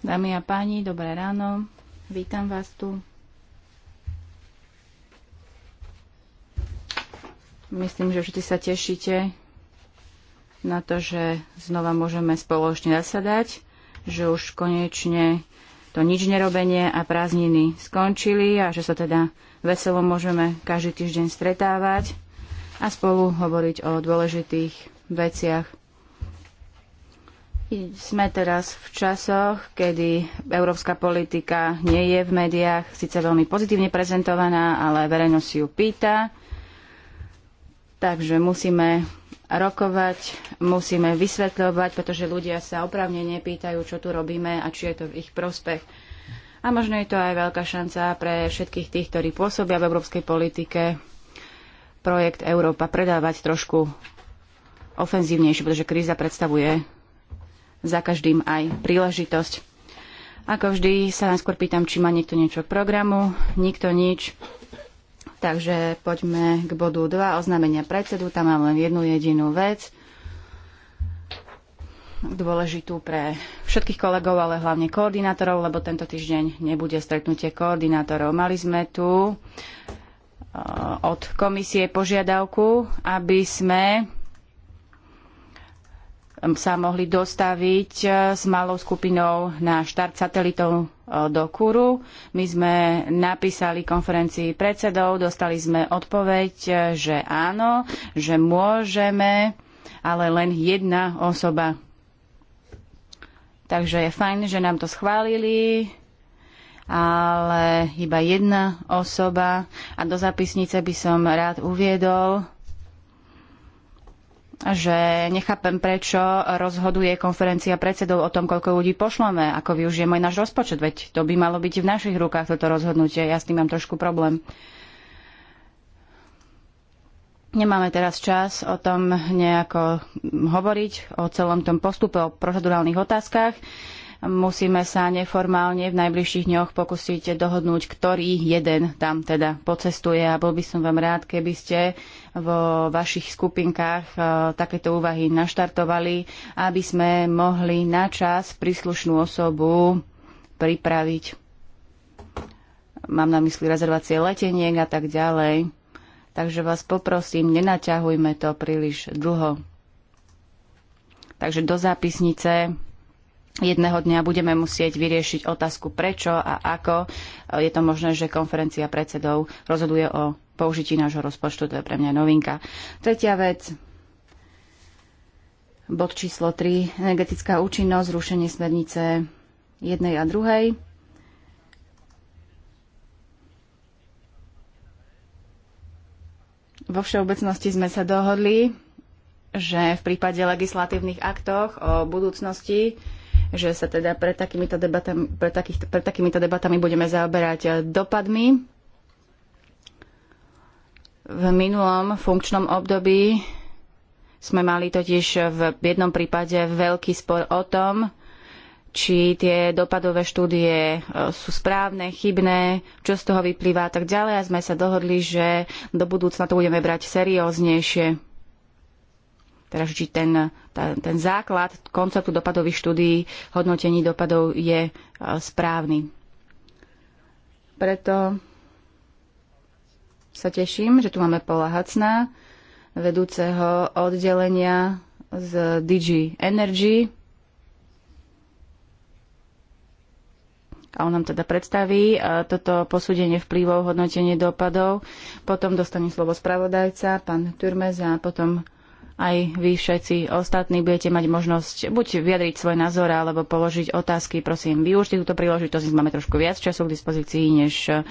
Dámy a páni, dobré ráno. Vítam vás tu. Myslím, že vždy sa tešíte na to, že znova môžeme spoločne zasadať, že už konečne to nič nerobenie a prázdniny skončili a že sa teda veselo môžeme každý týždeň stretávať a spolu hovoriť o dôležitých veciach sme teraz v časoch, kedy európska politika nie je v médiách síce veľmi pozitívne prezentovaná, ale verejnosť ju pýta. Takže musíme rokovať, musíme vysvetľovať, pretože ľudia sa opravne nepýtajú, čo tu robíme a či je to v ich prospech. A možno je to aj veľká šanca pre všetkých tých, ktorí pôsobia v európskej politike, projekt Európa predávať trošku ofenzívnejšie, pretože kríza predstavuje za každým aj príležitosť. Ako vždy sa najskôr pýtam, či má niekto niečo k programu. Nikto nič. Takže poďme k bodu 2, oznámenia predsedu. Tam mám len jednu jedinú vec, dôležitú pre všetkých kolegov, ale hlavne koordinátorov, lebo tento týždeň nebude stretnutie koordinátorov. Mali sme tu eh, od komisie požiadavku, aby sme Um, sa mohli dostaviť uh, s malou skupinou na štart satelitov uh, do Kuru. My sme napísali konferencii predsedov, dostali sme odpoveď, uh, že áno, že môžeme, ale len jedna osoba. Takže je fajn, že nám to schválili, ale iba jedna osoba. A do zapisnice by som rád uviedol, že nechápem, prečo rozhoduje konferencia predsedov o tom, koľko ľudí pošleme, ako využijeme aj náš rozpočet, veď to by malo byť v našich rukách toto rozhodnutie. Ja s tým mám trošku problém. Nemáme teraz čas o tom nejako hovoriť, o celom tom postupe, o procedurálnych otázkach. Musíme sa neformálne v najbližších dňoch pokúsiť dohodnúť, ktorý jeden tam teda pocestuje a bol by som vám rád, keby ste uh, vo vašich skupinkách e, takéto úvahy naštartovali, aby sme mohli na čas príslušnú osobu pripraviť. Mám na mysli rezervácie leteniek a tak ďalej. Takže vás poprosím, nenaťahujme to príliš dlho. Takže do zápisnice jedného dňa budeme musieť vyriešiť otázku prečo a ako. E, je to možné, že konferencia predsedov rozhoduje o použití nášho rozpočtu. To je pre mňa novinka. Tretia vec, bod číslo 3, energetická účinnosť, zrušenie smernice jednej a druhej. Vo všeobecnosti sme sa dohodli, že v prípade legislatívnych aktoch o budúcnosti že sa teda pred takýmito debatami, pred takých, pred takýmito debatami budeme zaoberať dopadmi v minulom funkčnom období sme mali totiž v jednom prípade veľký spor o tom, či tie dopadové štúdie e, sú správne, chybné, čo z toho vyplýva a tak ďalej. A sme sa dohodli, že do budúcna to budeme brať serióznejšie. Teda, či ten, tá, ten základ konceptu dopadových štúdií, hodnotení dopadov je e, správny. Preto sa teším, že tu máme Paula hacná, vedúceho oddelenia z DG Energy. A on nám teda predstaví e, toto posúdenie vplyvov, hodnotenie dopadov. Potom dostane slovo spravodajca, pán Turmez, a potom aj vy všetci ostatní budete mať možnosť buď vyjadriť svoj názor alebo položiť otázky. Prosím, využite túto príležitosť, máme trošku viac času k dispozícii než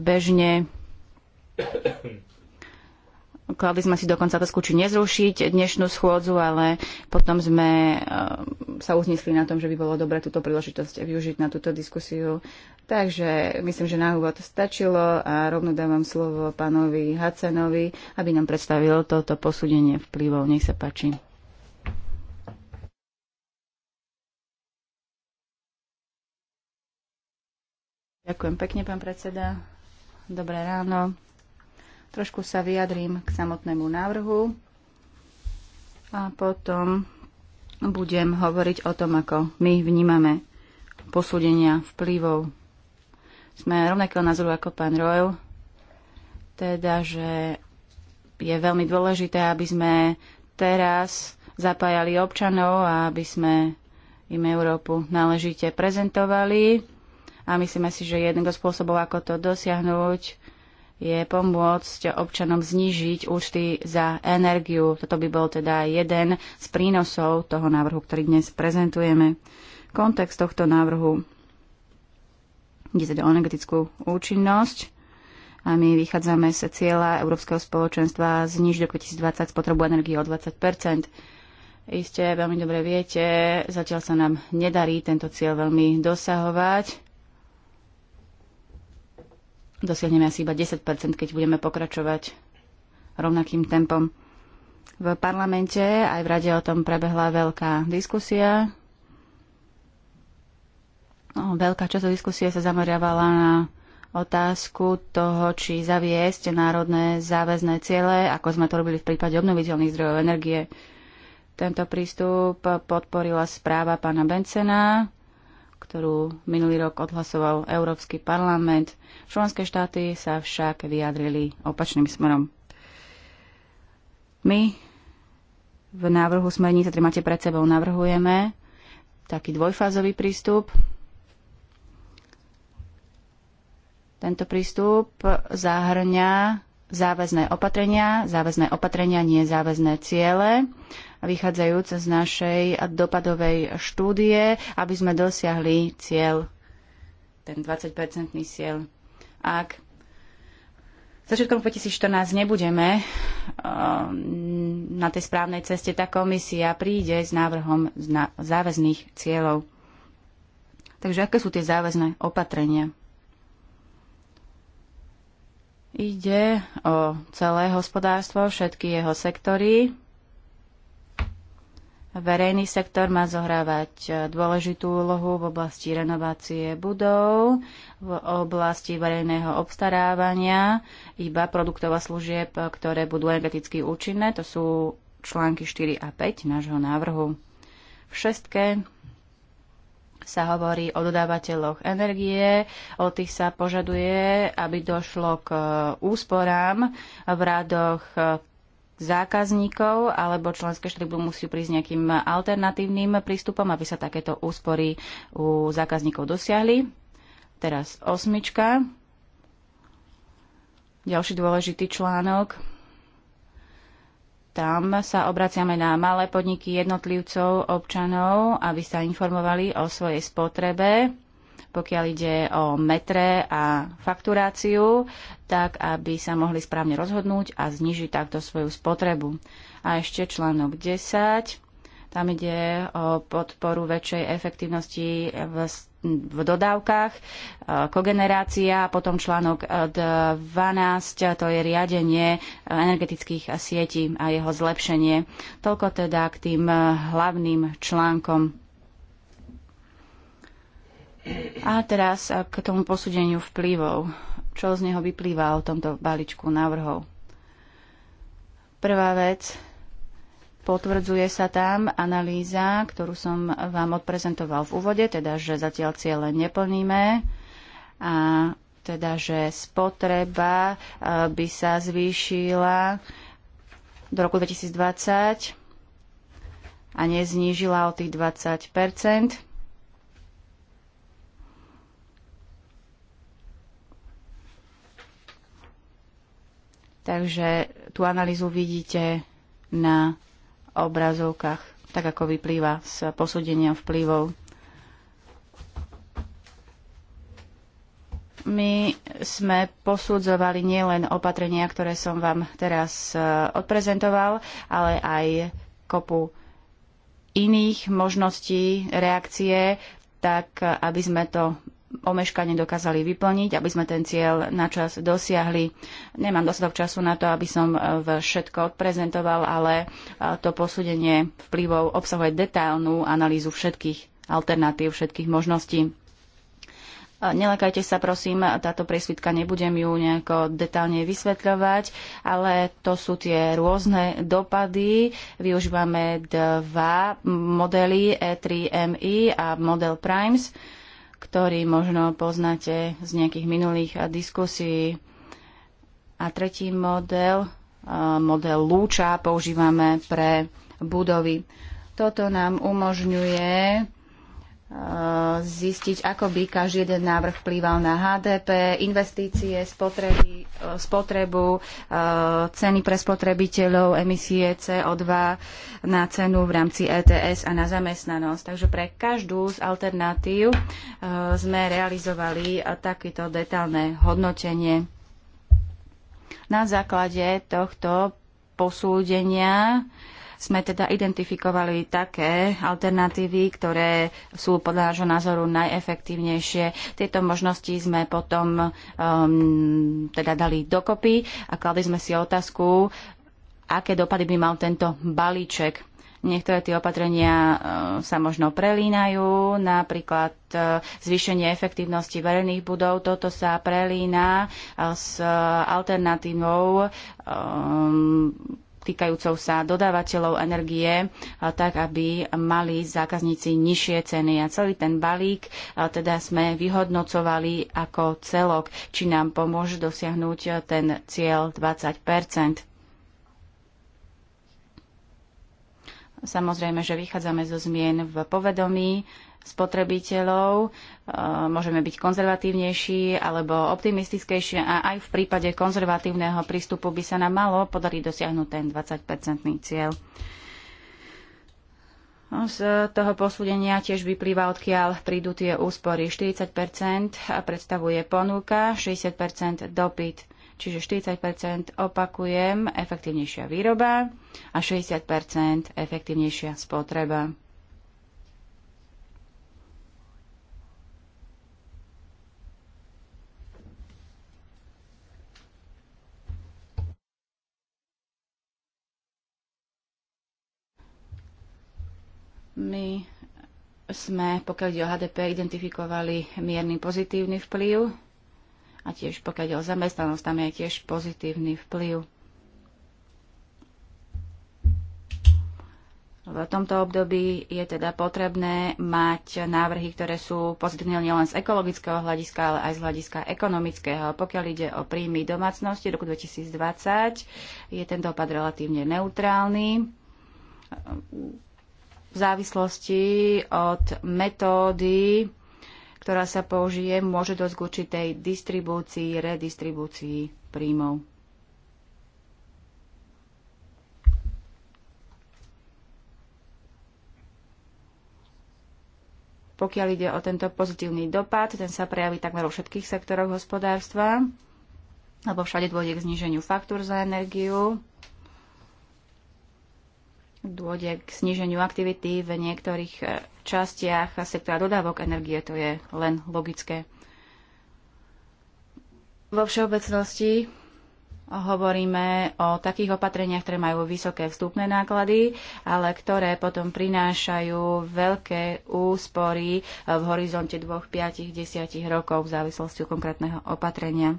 bežne. Kladli sme si dokonca otázku, či nezrušiť dnešnú schôdzu, ale potom sme eh, sa uznesli na tom, že by bolo dobré túto príležitosť využiť na túto diskusiu. Takže myslím, že na úvod stačilo a rovno dávam slovo pánovi Hacenovi, aby nám predstavil toto posúdenie vplyvov. Nech sa páči. Ďakujem pekne, pán predseda. Dobré ráno. Trošku sa vyjadrím k samotnému návrhu a potom budem hovoriť o tom, ako my vnímame posúdenia vplyvov. Sme rovnakého názoru ako pán Royal, teda, že je veľmi dôležité, aby sme teraz zapájali občanov a aby sme im Európu náležite prezentovali. A myslíme si, že jeden zo spôsobov, ako to dosiahnuť, je pomôcť občanom znížiť účty za energiu. Toto by bol teda jeden z prínosov toho návrhu, ktorý dnes prezentujeme. Kontext tohto návrhu ide teda o energetickú účinnosť a my vychádzame z cieľa Európskeho spoločenstva znižiť do 2020 spotrebu energie o 20 Iste veľmi dobre viete, zatiaľ sa nám nedarí tento cieľ veľmi dosahovať dosiahneme asi iba 10 keď budeme pokračovať rovnakým tempom. V parlamente aj v rade o tom prebehla veľká diskusia. No, veľká časť diskusie sa zameriavala na otázku toho, či zaviesť národné záväzné ciele, ako sme to robili v prípade obnoviteľných zdrojov energie. Tento prístup podporila správa pána Bencena ktorú minulý rok odhlasoval Európsky parlament. Členské štáty sa však vyjadrili opačným smerom. My v návrhu smernice, ktorý máte pred sebou, navrhujeme taký dvojfázový prístup. Tento prístup zahrňa záväzné opatrenia, záväzné opatrenia, nie záväzné ciele vychádzajúc z našej dopadovej štúdie, aby sme dosiahli cieľ, ten 20-percentný cieľ. Ak začiatkom 2014 nebudeme ehm, na tej správnej ceste, tá komisia príde s návrhom záväzných cieľov. Takže aké sú tie záväzné opatrenia? Ide o celé hospodárstvo, všetky jeho sektory, Verejný sektor má zohrávať e, dôležitú úlohu v oblasti renovácie budov, v oblasti verejného obstarávania, iba produktov a služieb, e, ktoré budú energeticky účinné. To sú články 4 a 5 nášho návrhu. V šestke sa hovorí o dodávateľoch energie, o tých sa požaduje, aby došlo k e, úsporám v radoch zákazníkov, alebo členské štáty musí prísť nejakým alternatívnym prístupom, aby sa takéto úspory u zákazníkov dosiahli. Teraz osmička. Ďalší dôležitý článok. Tam sa obraciame na malé podniky jednotlivcov, občanov, aby sa informovali o svojej spotrebe pokiaľ ide o metre a fakturáciu, tak aby sa mohli správne rozhodnúť a znižiť takto svoju spotrebu. A ešte článok 10. Tam ide o podporu väčšej efektívnosti v, v dodávkach, e, kogenerácia, potom článok 12, e, to je riadenie e, energetických sietí a jeho zlepšenie. Toľko teda k tým hlavným článkom. A teraz eh, k tomu posúdeniu vplyvov. Čo z neho vyplýva o tomto balíčku návrhov? Prvá vec, potvrdzuje sa tam analýza, ktorú som vám odprezentoval v úvode, teda, že zatiaľ cieľe neplníme a teda, že spotreba eh, by sa zvýšila do roku 2020 a neznížila o tých 20 Takže tú analýzu vidíte na obrazovkách, tak ako vyplýva z posúdenia vplyvov. My sme posudzovali nielen opatrenia, ktoré som vám teraz e, odprezentoval, ale aj kopu iných možností reakcie, tak e, aby sme to omeškanie dokázali vyplniť, aby sme ten cieľ na čas dosiahli. Nemám dostatok času na to, aby som e, všetko odprezentoval, ale e, to posúdenie vplyvov obsahuje detailnú analýzu všetkých alternatív, všetkých možností. E, nelakajte sa, prosím, táto presvitka nebudem ju nejako detálne vysvetľovať, ale to sú tie rôzne dopady. Využívame dva modely E3MI a model Primes ktorý možno poznáte z nejakých minulých eh, diskusí. A tretí model, eh, model lúča, používame pre budovy. Toto nám umožňuje E, zistiť, ako by každý jeden návrh vplýval na HDP, investície, spotreby, e, spotrebu, e, ceny pre spotrebiteľov, emisie CO2 na cenu v rámci ETS a na zamestnanosť. Takže pre každú z alternatív sme realizovali takéto detálne hodnotenie. Na základe tohto posúdenia sme teda identifikovali také alternatívy, ktoré sú podľa nášho názoru najefektívnejšie. Tieto možnosti sme potom um, teda dali dokopy a kladli sme si otázku, aké dopady by mal tento balíček. Niektoré tie opatrenia uh, sa možno prelínajú, napríklad uh, zvýšenie efektívnosti verejných budov, toto sa prelína uh, s alternatívou e, týkajúcou sa dodávateľov energie, tak aby mali zákazníci nižšie ceny. A celý ten balík teda sme vyhodnocovali ako celok, či nám pomôže dosiahnuť ten cieľ 20 Samozrejme, že vychádzame zo zmien v povedomí spotrebiteľov. Eh, môžeme byť konzervatívnejší alebo optimistickejšie a aj v prípade konzervatívneho prístupu by sa nám malo podariť dosiahnuť ten 20-percentný cieľ. No, z toho posúdenia tiež vyplýva, odkiaľ prídu tie úspory. 40 predstavuje ponuka, 60 dopyt. Čiže 40 opakujem, efektívnejšia výroba a 60 efektívnejšia spotreba. My sme, pokiaľ ide o HDP, identifikovali mierny pozitívny vplyv a tiež pokiaľ ide o zamestnanosť, tam je tiež pozitívny vplyv. V tomto období je teda potrebné mať návrhy, ktoré sú pozitívne nielen z ekologického hľadiska, ale aj z hľadiska ekonomického. Pokiaľ ide o príjmy domácnosti roku 2020, je tento dopad relatívne neutrálny v závislosti od metódy, ktorá sa použije, môže dosť k určitej distribúcii, redistribúcii príjmov. Pokiaľ ide o tento pozitívny dopad, ten sa prejaví takmer vo všetkých sektoroch hospodárstva, alebo všade dôjde k zníženiu faktúr za energiu, dôjde k sníženiu aktivity v niektorých e, častiach sektora dodávok energie. To je len logické. Vo všeobecnosti hovoríme o takých opatreniach, ktoré majú vysoké vstupné náklady, ale ktoré potom prinášajú veľké úspory v horizonte 2, 5, 10 rokov v závislosti od konkrétneho opatrenia.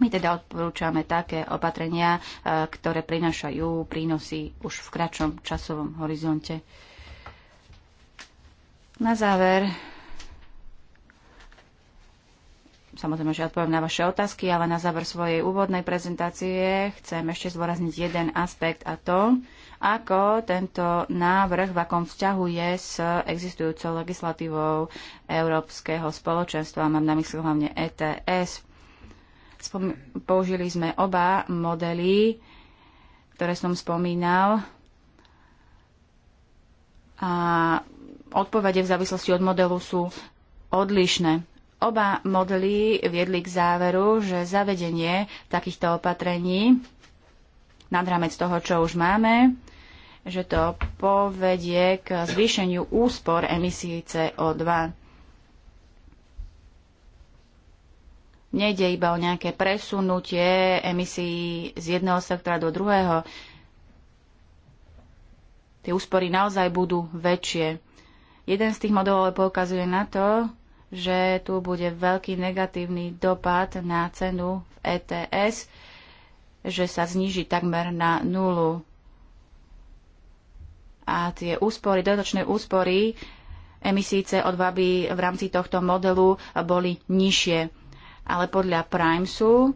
My teda odporúčame také opatrenia, e, ktoré prinašajú prínosy už v kratšom časovom horizonte. Na záver, samozrejme, že odpoviem na vaše otázky, ale na záver svojej úvodnej prezentácie chcem ešte zvorazniť jeden aspekt a to, ako tento návrh, v akom vzťahu je s existujúcou legislatívou Európskeho spoločenstva, mám na mysli hlavne ETS, Spom- použili sme oba modely, ktoré som spomínal. A odpovede v závislosti od modelu sú odlišné. Oba modely viedli k záveru, že zavedenie takýchto opatrení nad rámec toho, čo už máme, že to povedie k zvýšeniu úspor emisí CO2. Nejde iba o nejaké presunutie emisí z jedného sektora do druhého. Tie úspory naozaj budú väčšie. Jeden z tých modelov poukazuje na to, že tu bude veľký negatívny dopad na cenu v ETS, že sa zníži takmer na nulu. A tie úspory, dodatočné úspory emisí CO2 by v rámci tohto modelu boli nižšie ale podľa Primesu,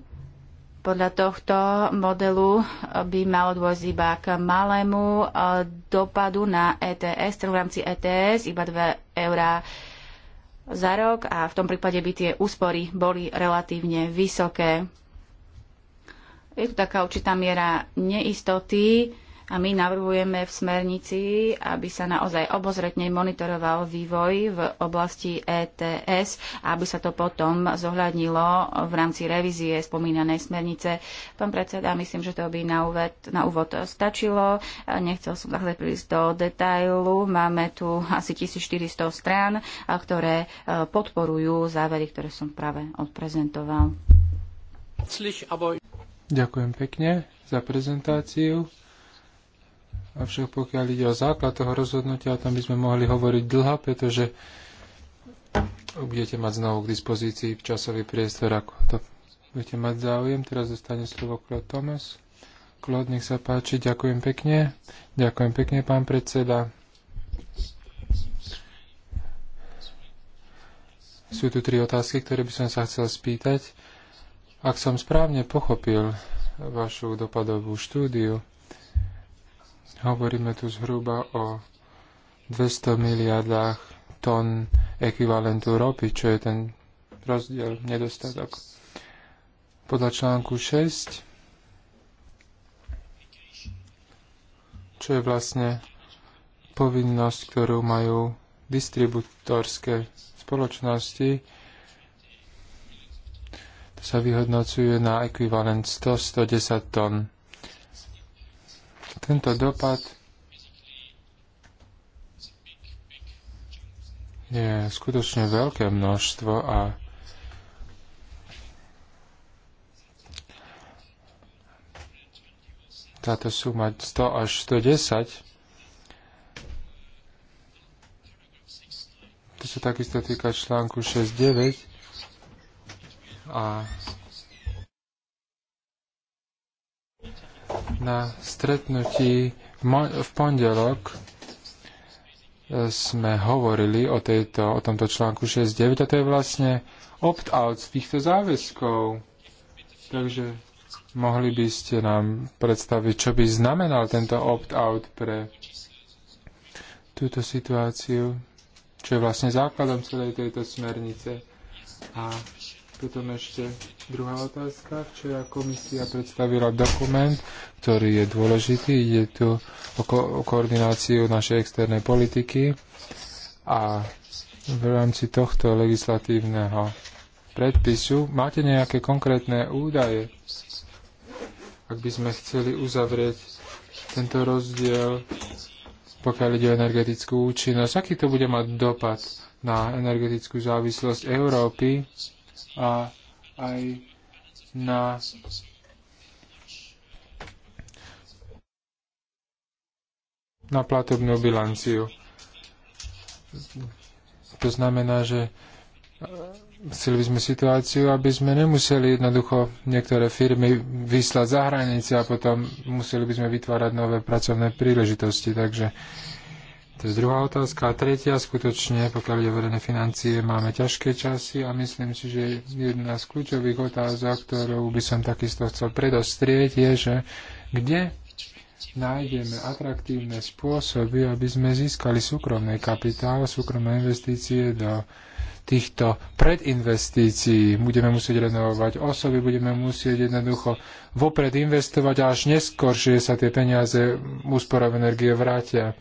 podľa tohto modelu by malo dôjsť iba k malému e, dopadu na ETS, v rámci ETS, iba 2 eurá za rok a v tom prípade by tie úspory boli relatívne vysoké. Je tu taká určitá miera neistoty, a my navrhujeme v smernici, aby sa naozaj obozretne monitoroval vývoj v oblasti ETS a aby sa to potom zohľadnilo v rámci revízie spomínanej smernice. Pán predseda, myslím, že to by na úvod, na úvod stačilo. Nechcel som takhle prísť do detailu. Máme tu asi 1400 strán, ktoré e, podporujú závery, ktoré som práve odprezentoval. Ďakujem pekne za prezentáciu. Avšak pokiaľ ide o základ toho rozhodnutia, tam by sme mohli hovoriť dlho, pretože budete mať znovu k dispozícii časový priestor, ako to budete mať záujem. Teraz dostane slovo Claude Thomas. Claude, nech sa páči, ďakujem pekne. Ďakujem pekne, pán predseda. Sú tu tri otázky, ktoré by som sa chcel spýtať. Ak som správne pochopil vašu dopadovú štúdiu, Hovoríme tu zhruba o 200 miliardách tón ekvivalentu ropy, čo je ten rozdiel, nedostatok. Podľa článku 6, čo je vlastne povinnosť, ktorú majú distributorské spoločnosti, to sa vyhodnocuje na ekvivalent 100-110 tón. Tento dopad je skutočne veľké množstvo a táto suma 100 až 110 to sa takisto týka článku 6.9 a Na stretnutí v pondelok e, sme hovorili o, tejto, o tomto článku 6.9 a to je vlastne opt-out z týchto záväzkov. Takže mohli by ste nám predstaviť, čo by znamenal tento opt-out pre túto situáciu, čo je vlastne základom celej tejto smernice. A potom ešte druhá otázka. Včera komisia predstavila dokument, ktorý je dôležitý. Ide tu o, ko- o koordináciu našej externej politiky a v rámci tohto legislatívneho predpisu máte nejaké konkrétne údaje, ak by sme chceli uzavrieť tento rozdiel, pokiaľ ide o energetickú účinnosť. Aký to bude mať dopad na energetickú závislosť Európy a aj na na platobnú bilanciu. To znamená, že e, chceli by sme situáciu, aby sme nemuseli jednoducho niektoré firmy vyslať za hranice a potom museli by sme vytvárať nové pracovné príležitosti. Takže to je druhá otázka. A tretia, skutočne, pokiaľ je verejné financie, máme ťažké časy a myslím si, že jedna z kľúčových otázok, ktorú by som takisto chcel predostrieť, je, že kde nájdeme atraktívne spôsoby, aby sme získali súkromný kapitál, súkromné investície do týchto predinvestícií. Budeme musieť renovovať osoby, budeme musieť jednoducho vopred investovať a až neskôr, že sa tie peniaze úsporov energie vrátia.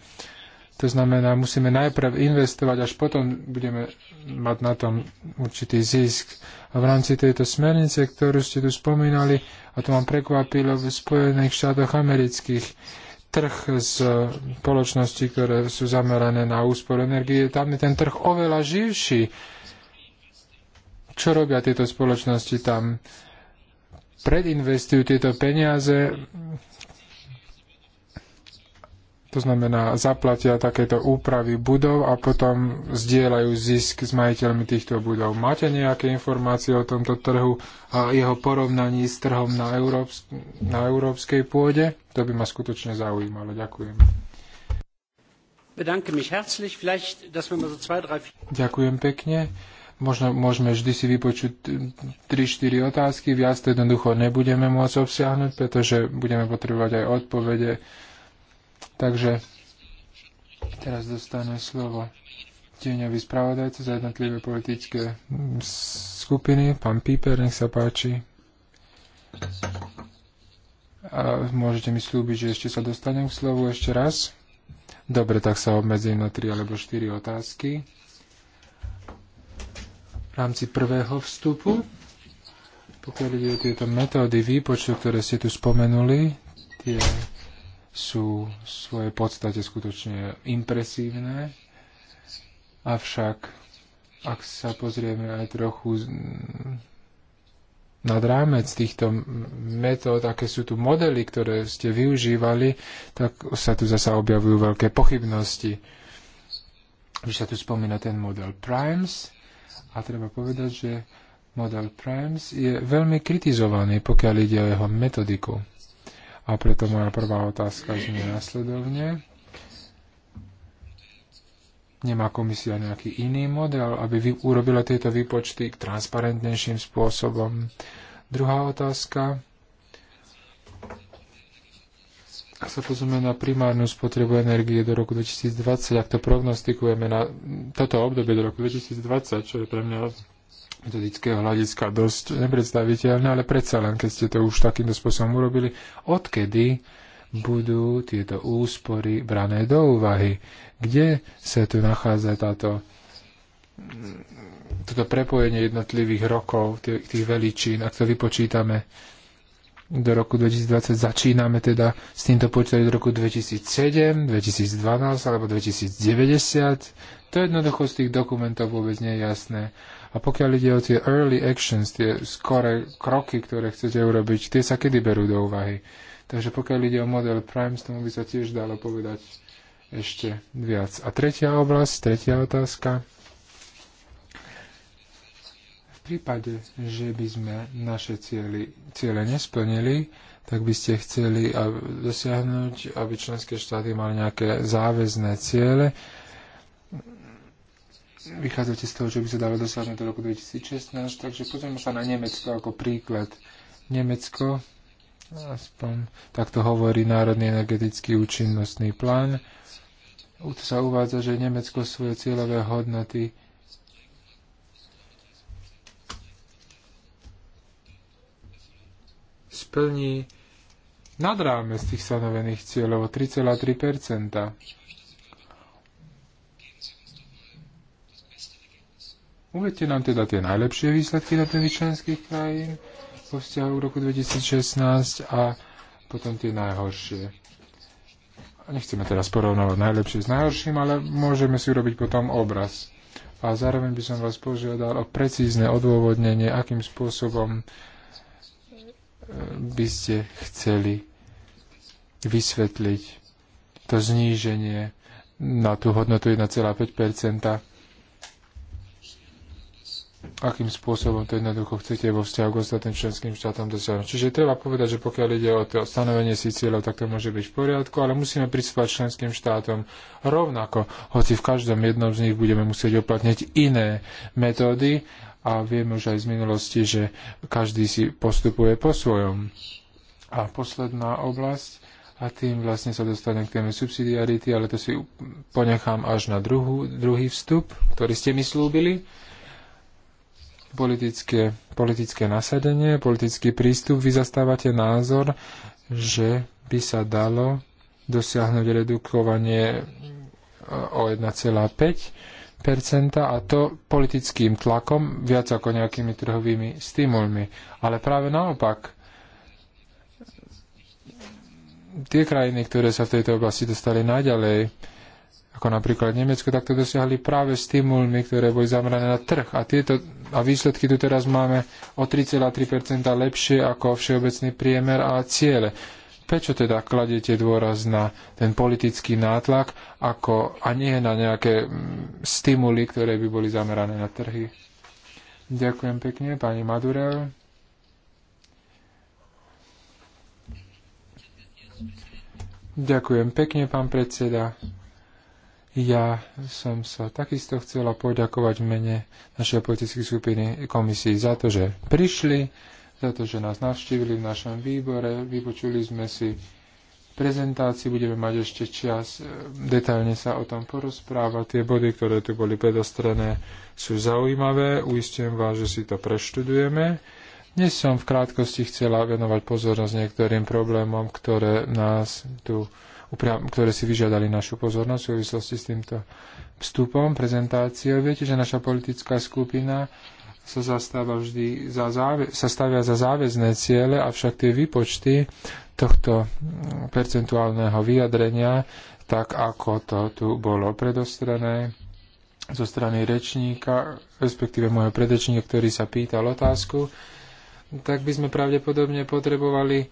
To znamená, musíme najprv investovať, až potom budeme mať na tom určitý zisk. A v rámci tejto smernice, ktorú ste tu spomínali, a to vám prekvapilo, v Spojených štátoch amerických trh z spoločností, ktoré sú zamerané na úspor energie, tam je ten trh oveľa živší. Čo robia tieto spoločnosti tam? Predinvestujú tieto peniaze to znamená zaplatia takéto úpravy budov a potom zdieľajú zisk s majiteľmi týchto budov. Máte nejaké informácie o tomto trhu a jeho porovnaní s trhom na, európs- na európskej pôde? To by ma skutočne zaujímalo. Ďakujem. Ďakujem pekne. Možno môžeme vždy si vypočuť 3-4 otázky, viac to jednoducho nebudeme môcť obsiahnuť, pretože budeme potrebovať aj odpovede Takže teraz dostane slovo tieňový spravodajca za jednotlivé politické skupiny, pán Piper, nech sa páči. A môžete mi slúbiť, že ešte sa dostanem k slovu ešte raz. Dobre, tak sa obmedzím na tri alebo štyri otázky. V rámci prvého vstupu, pokiaľ ide o tieto metódy výpočtu, ktoré ste tu spomenuli, tie sú v svojej podstate skutočne impresívne, avšak ak sa pozrieme aj trochu nad rámec týchto metód, aké sú tu modely, ktoré ste využívali, tak sa tu zasa objavujú veľké pochybnosti. Už sa tu spomína ten model Primes a treba povedať, že model Primes je veľmi kritizovaný, pokiaľ ide o jeho metodiku. A preto moja prvá otázka znie následovne. Nemá komisia nejaký iný model, aby vy, urobila tieto výpočty k transparentnejším spôsobom? Druhá otázka. Ak sa pozrieme na primárnu spotrebu energie do roku 2020, ak to prognostikujeme na toto obdobie do roku 2020, čo je pre mňa metodického hľadiska dosť nepredstaviteľné, ale predsa len, keď ste to už takýmto spôsobom urobili, odkedy budú tieto úspory brané do úvahy? Kde sa tu nachádza táto, toto prepojenie jednotlivých rokov, tých, tých veličín, ak to vypočítame do roku 2020, začíname teda s týmto počítať do roku 2007, 2012 alebo 2090, to jednoducho z tých dokumentov vôbec nie je jasné. A pokiaľ ide o tie early actions, tie skore kroky, ktoré chcete urobiť, tie sa kedy berú do úvahy? Takže pokiaľ ide o model Primes, tomu by sa tiež dalo povedať ešte viac. A tretia oblasť, tretia otázka. V prípade, že by sme naše cieľi, ciele nesplnili, tak by ste chceli dosiahnuť, aby členské štáty mali nejaké záväzné ciele, vychádzate z toho, že by sa dalo dosiahnuť do roku 2016, takže pozrieme sa na Nemecko ako príklad. Nemecko, aspoň takto hovorí Národný energetický účinnostný plán, tu sa uvádza, že Nemecko svoje cieľové hodnoty splní nad rámec tých stanovených cieľov o 3,3 Uvedte nám teda tie najlepšie výsledky na ten členských krajín po vzťahu roku 2016 a potom tie najhoršie. Nechceme teraz porovnávať najlepšie s najhorším, ale môžeme si urobiť potom obraz. A zároveň by som vás požiadal o precízne odôvodnenie, akým spôsobom e, by ste chceli vysvetliť to zníženie na tú hodnotu 1,5 akým spôsobom to jednoducho chcete vo vzťahu k ostatným členským štátom dosiahnuť. Čiže treba povedať, že pokiaľ ide o to stanovenie si cieľov, tak to môže byť v poriadku, ale musíme prispať členským štátom rovnako, hoci v každom jednom z nich budeme musieť uplatniť iné metódy a vieme už aj z minulosti, že každý si postupuje po svojom. A posledná oblasť, a tým vlastne sa dostanem k téme subsidiarity, ale to si ponechám až na druhú, druhý vstup, ktorý ste mi slúbili politické, politické nasadenie, politický prístup. Vy zastávate názor, že by sa dalo dosiahnuť redukovanie eh, o 1,5 a to politickým tlakom viac ako nejakými trhovými stimulmi. Ale práve naopak, tie krajiny, ktoré sa v tejto oblasti dostali najďalej, ako napríklad Nemecko, tak to dosiahli práve stimulmi, ktoré boli zamerané na trh. A, tieto, a výsledky tu teraz máme o 3,3% lepšie ako všeobecný priemer a ciele. Prečo teda kladete dôraz na ten politický nátlak ako, a nie na nejaké mm, stimuly, ktoré by boli zamerané na trhy? Ďakujem pekne, pani Madurel. Ďakujem pekne, pán predseda. Ja som sa takisto chcela poďakovať v mene našej politickej skupiny komisii za to, že prišli, za to, že nás navštívili v našom výbore, vypočuli sme si prezentácii budeme mať ešte čas e, detailne sa o tom porozprávať. Tie body, ktoré tu boli predostrené, sú zaujímavé. Uistujem vás, že si to preštudujeme. Dnes som v krátkosti chcela venovať pozornosť niektorým problémom, ktoré nás tu upriam, ktoré si vyžiadali našu pozornosť v súvislosti s týmto vstupom, prezentáciou. Viete, že naša politická skupina sa zastáva vždy za záve, sa stavia za záväzné ciele, avšak tie výpočty tohto mm, percentuálneho vyjadrenia, tak ako to tu bolo predostrené zo strany rečníka, respektíve môjho predrečníka, ktorý sa pýtal otázku, tak by sme pravdepodobne potrebovali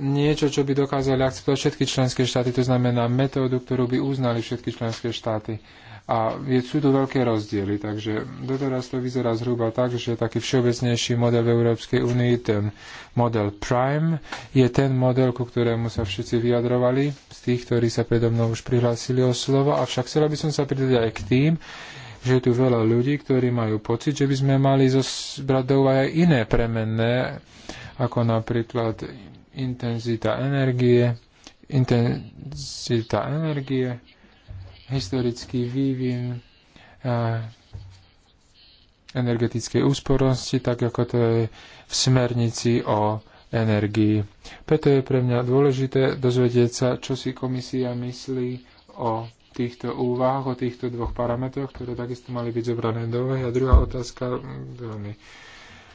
niečo, čo by dokázali akceptovať všetky členské štáty, to znamená metódu, ktorú by uznali všetky členské štáty. A sú tu veľké rozdiely, takže doteraz to vyzerá zhruba tak, že taký všeobecnejší model v Európskej únii, ten model Prime, je ten model, ku ktorému sa všetci vyjadrovali, z tých, ktorí sa predo mnou už prihlásili o slovo, avšak chcela by som sa pridať aj k tým, že je tu veľa ľudí, ktorí majú pocit, že by sme mali zobrať do aj iné premenné, ako napríklad intenzita energie, intenzita energie, historický vývin eh, energetickej úspornosti, tak ako to je v smernici o energii. Preto je pre mňa dôležité dozvedieť sa, čo si komisia myslí o týchto úvah, o týchto dvoch parametroch, ktoré takisto mali byť zobrané do úvahy. A druhá otázka, mm, veľmi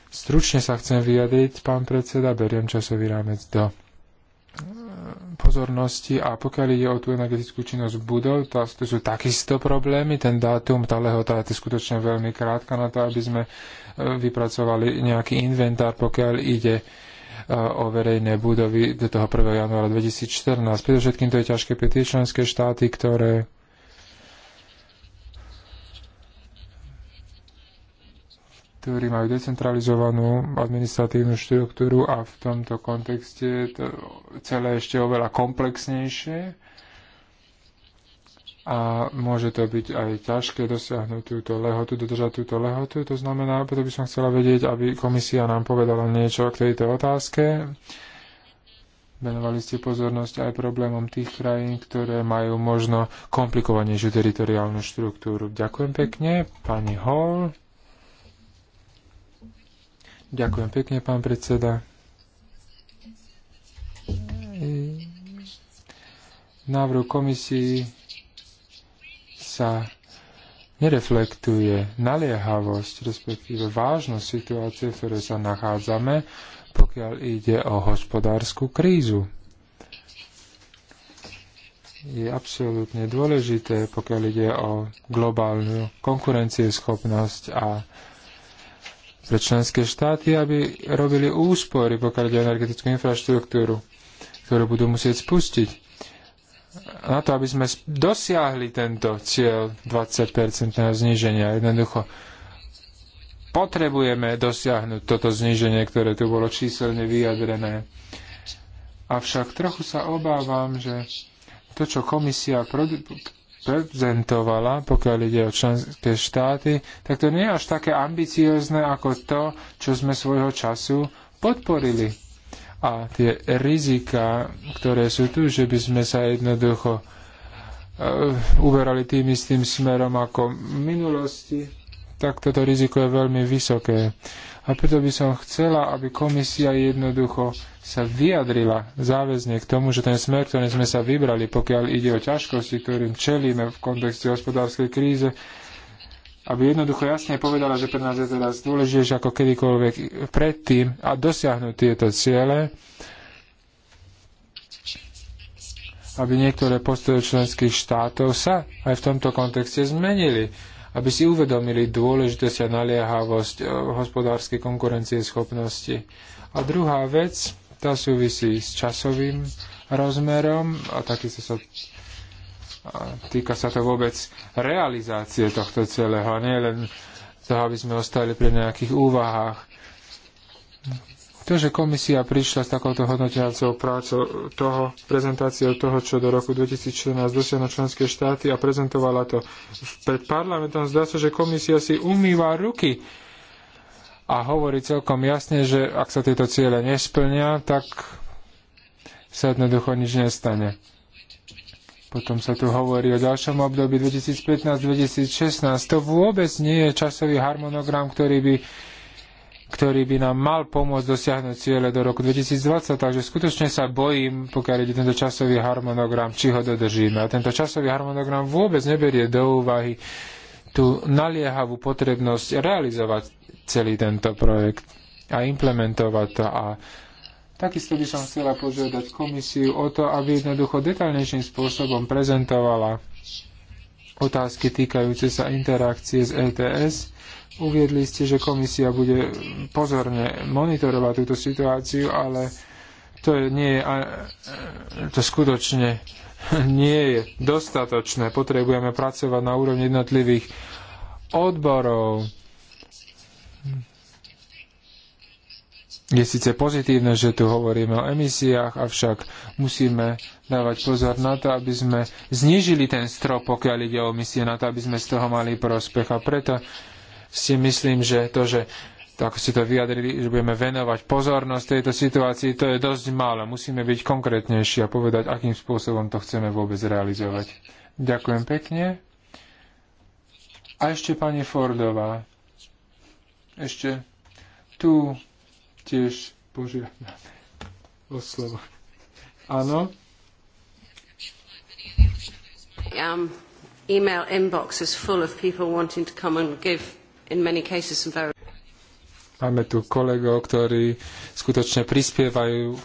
Stručne sa chcem vyjadriť, pán predseda, beriem časový rámec do e, pozornosti a pokiaľ ide o tú energetickú činnosť budov, to, to sú takisto problémy, ten dátum, tá lehota je skutočne veľmi krátka na to, aby sme e, vypracovali nejaký inventár, pokiaľ ide e, o verejné budovy do toho 1. januára 2014. Predovšetkým to je ťažké pre tie členské štáty, ktoré ktorí majú decentralizovanú administratívnu štruktúru a v tomto kontexte je to celé ešte oveľa komplexnejšie a môže to byť aj ťažké dosiahnuť túto lehotu, dodržať túto lehotu. To znamená, preto by som chcela vedieť, aby komisia nám povedala niečo k tejto otázke. Venovali ste pozornosť aj problémom tých krajín, ktoré majú možno komplikovanejšiu teritoriálnu štruktúru. Ďakujem pekne, pani Hall. Ďakujem pekne, pán predseda. Návrh komisii sa nereflektuje naliehavosť, respektíve vážnosť situácie, v ktorej sa nachádzame, pokiaľ ide o hospodárskú krízu. Je absolútne dôležité, pokiaľ ide o globálnu konkurencieschopnosť a pre členské štáty, aby robili úspory, pokiaľ ide o energetickú infraštruktúru, ktorú budú musieť spustiť. Na to, aby sme dosiahli tento cieľ 20% zníženia, jednoducho potrebujeme dosiahnuť toto zníženie, ktoré tu bolo číselne vyjadrené. Avšak trochu sa obávam, že to, čo komisia prezentovala, pokiaľ ide o členské štáty, tak to nie je až také ambiciozne ako to, čo sme svojho času podporili. A tie rizika, ktoré sú tu, že by sme sa jednoducho e, uverali tým istým smerom ako v minulosti, tak toto riziko je veľmi vysoké. A preto by som chcela, aby komisia jednoducho sa vyjadrila záväzne k tomu, že ten smer, ktorým sme sa vybrali, pokiaľ ide o ťažkosti, ktorým čelíme v kontexte hospodárskej kríze, aby jednoducho jasne povedala, že pre nás je teraz dôležitejšie ako kedykoľvek predtým a dosiahnuť tieto ciele, aby niektoré postoje členských štátov sa aj v tomto kontexte zmenili aby si uvedomili dôležitosť a naliehavosť eh, hospodárskej schopnosti. A druhá vec, tá súvisí s časovým rozmerom a takisto sa týka sa to vôbec realizácie tohto celého, a nie len toho, aby sme ostali pri nejakých úvahách. To, že komisia prišla s takouto hodnotiacou prácou toho, prezentáciou toho, čo do roku 2014 dosiahla členské štáty a prezentovala to pred parlamentom, zdá sa, že komisia si umýva ruky a hovorí celkom jasne, že ak sa tieto ciele nesplnia, tak sa jednoducho nič nestane. Potom sa tu hovorí o ďalšom období 2015-2016. To vôbec nie je časový harmonogram, ktorý by ktorý by nám mal pomôcť dosiahnuť ciele do roku 2020, takže skutočne sa bojím, pokiaľ ide tento časový harmonogram, či ho dodržíme. A tento časový harmonogram vôbec neberie do úvahy tú naliehavú potrebnosť realizovať celý tento projekt a implementovať to. A takisto by som chcela požiadať komisiu o to, aby jednoducho detaľnejším spôsobom prezentovala otázky týkajúce sa interakcie s ETS Uviedli ste, že komisia bude pozorne monitorovať túto situáciu, ale to nie je, to skutočne nie je dostatočné. Potrebujeme pracovať na úrovni jednotlivých odborov. Je síce pozitívne, že tu hovoríme o emisiách, avšak musíme dávať pozor na to, aby sme znížili ten strop, pokiaľ ide o emisie, na to, aby sme z toho mali prospech. A preto si myslím, že to, že to, ako si to vyjadrili, že budeme venovať pozornosť tejto situácii, to je dosť málo. Musíme byť konkrétnejší a povedať, akým spôsobom to chceme vôbec realizovať. Ďakujem pekne. A ešte pani Fordová. Ešte tu tiež požiadame o slovo. Áno? Um, email inbox is full of people wanting to come and give in many cases some very Máme tu kolegov, ktorí skutočne prispievajú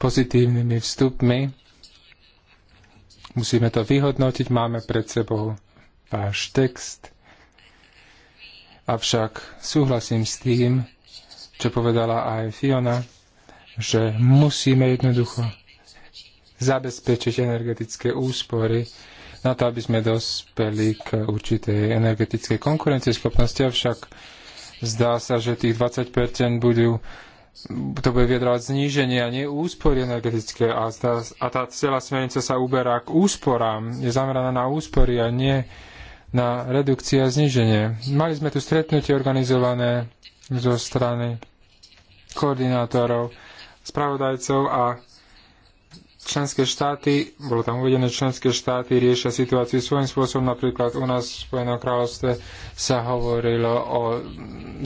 pozitívnymi vstupmi. Musíme to vyhodnotiť, máme pred sebou váš text. Avšak súhlasím s tým, čo povedala aj Fiona, že musíme jednoducho zabezpečiť energetické úspory na to, aby sme dospeli k určitej energetickej konkurencieschopnosti, avšak zdá sa, že tých 20% budú to bude viedrať zníženie a nie úspory energetické. A, tá, a tá celá smernica sa uberá k úsporám, je zameraná na úspory a nie na redukcie a zníženie. Mali sme tu stretnutie organizované zo strany koordinátorov, spravodajcov a Členské štáty, bolo tam uvedené, členské štáty riešia situáciu svojím spôsobom. Napríklad u nás v Spojenom kráľovstve sa hovorilo o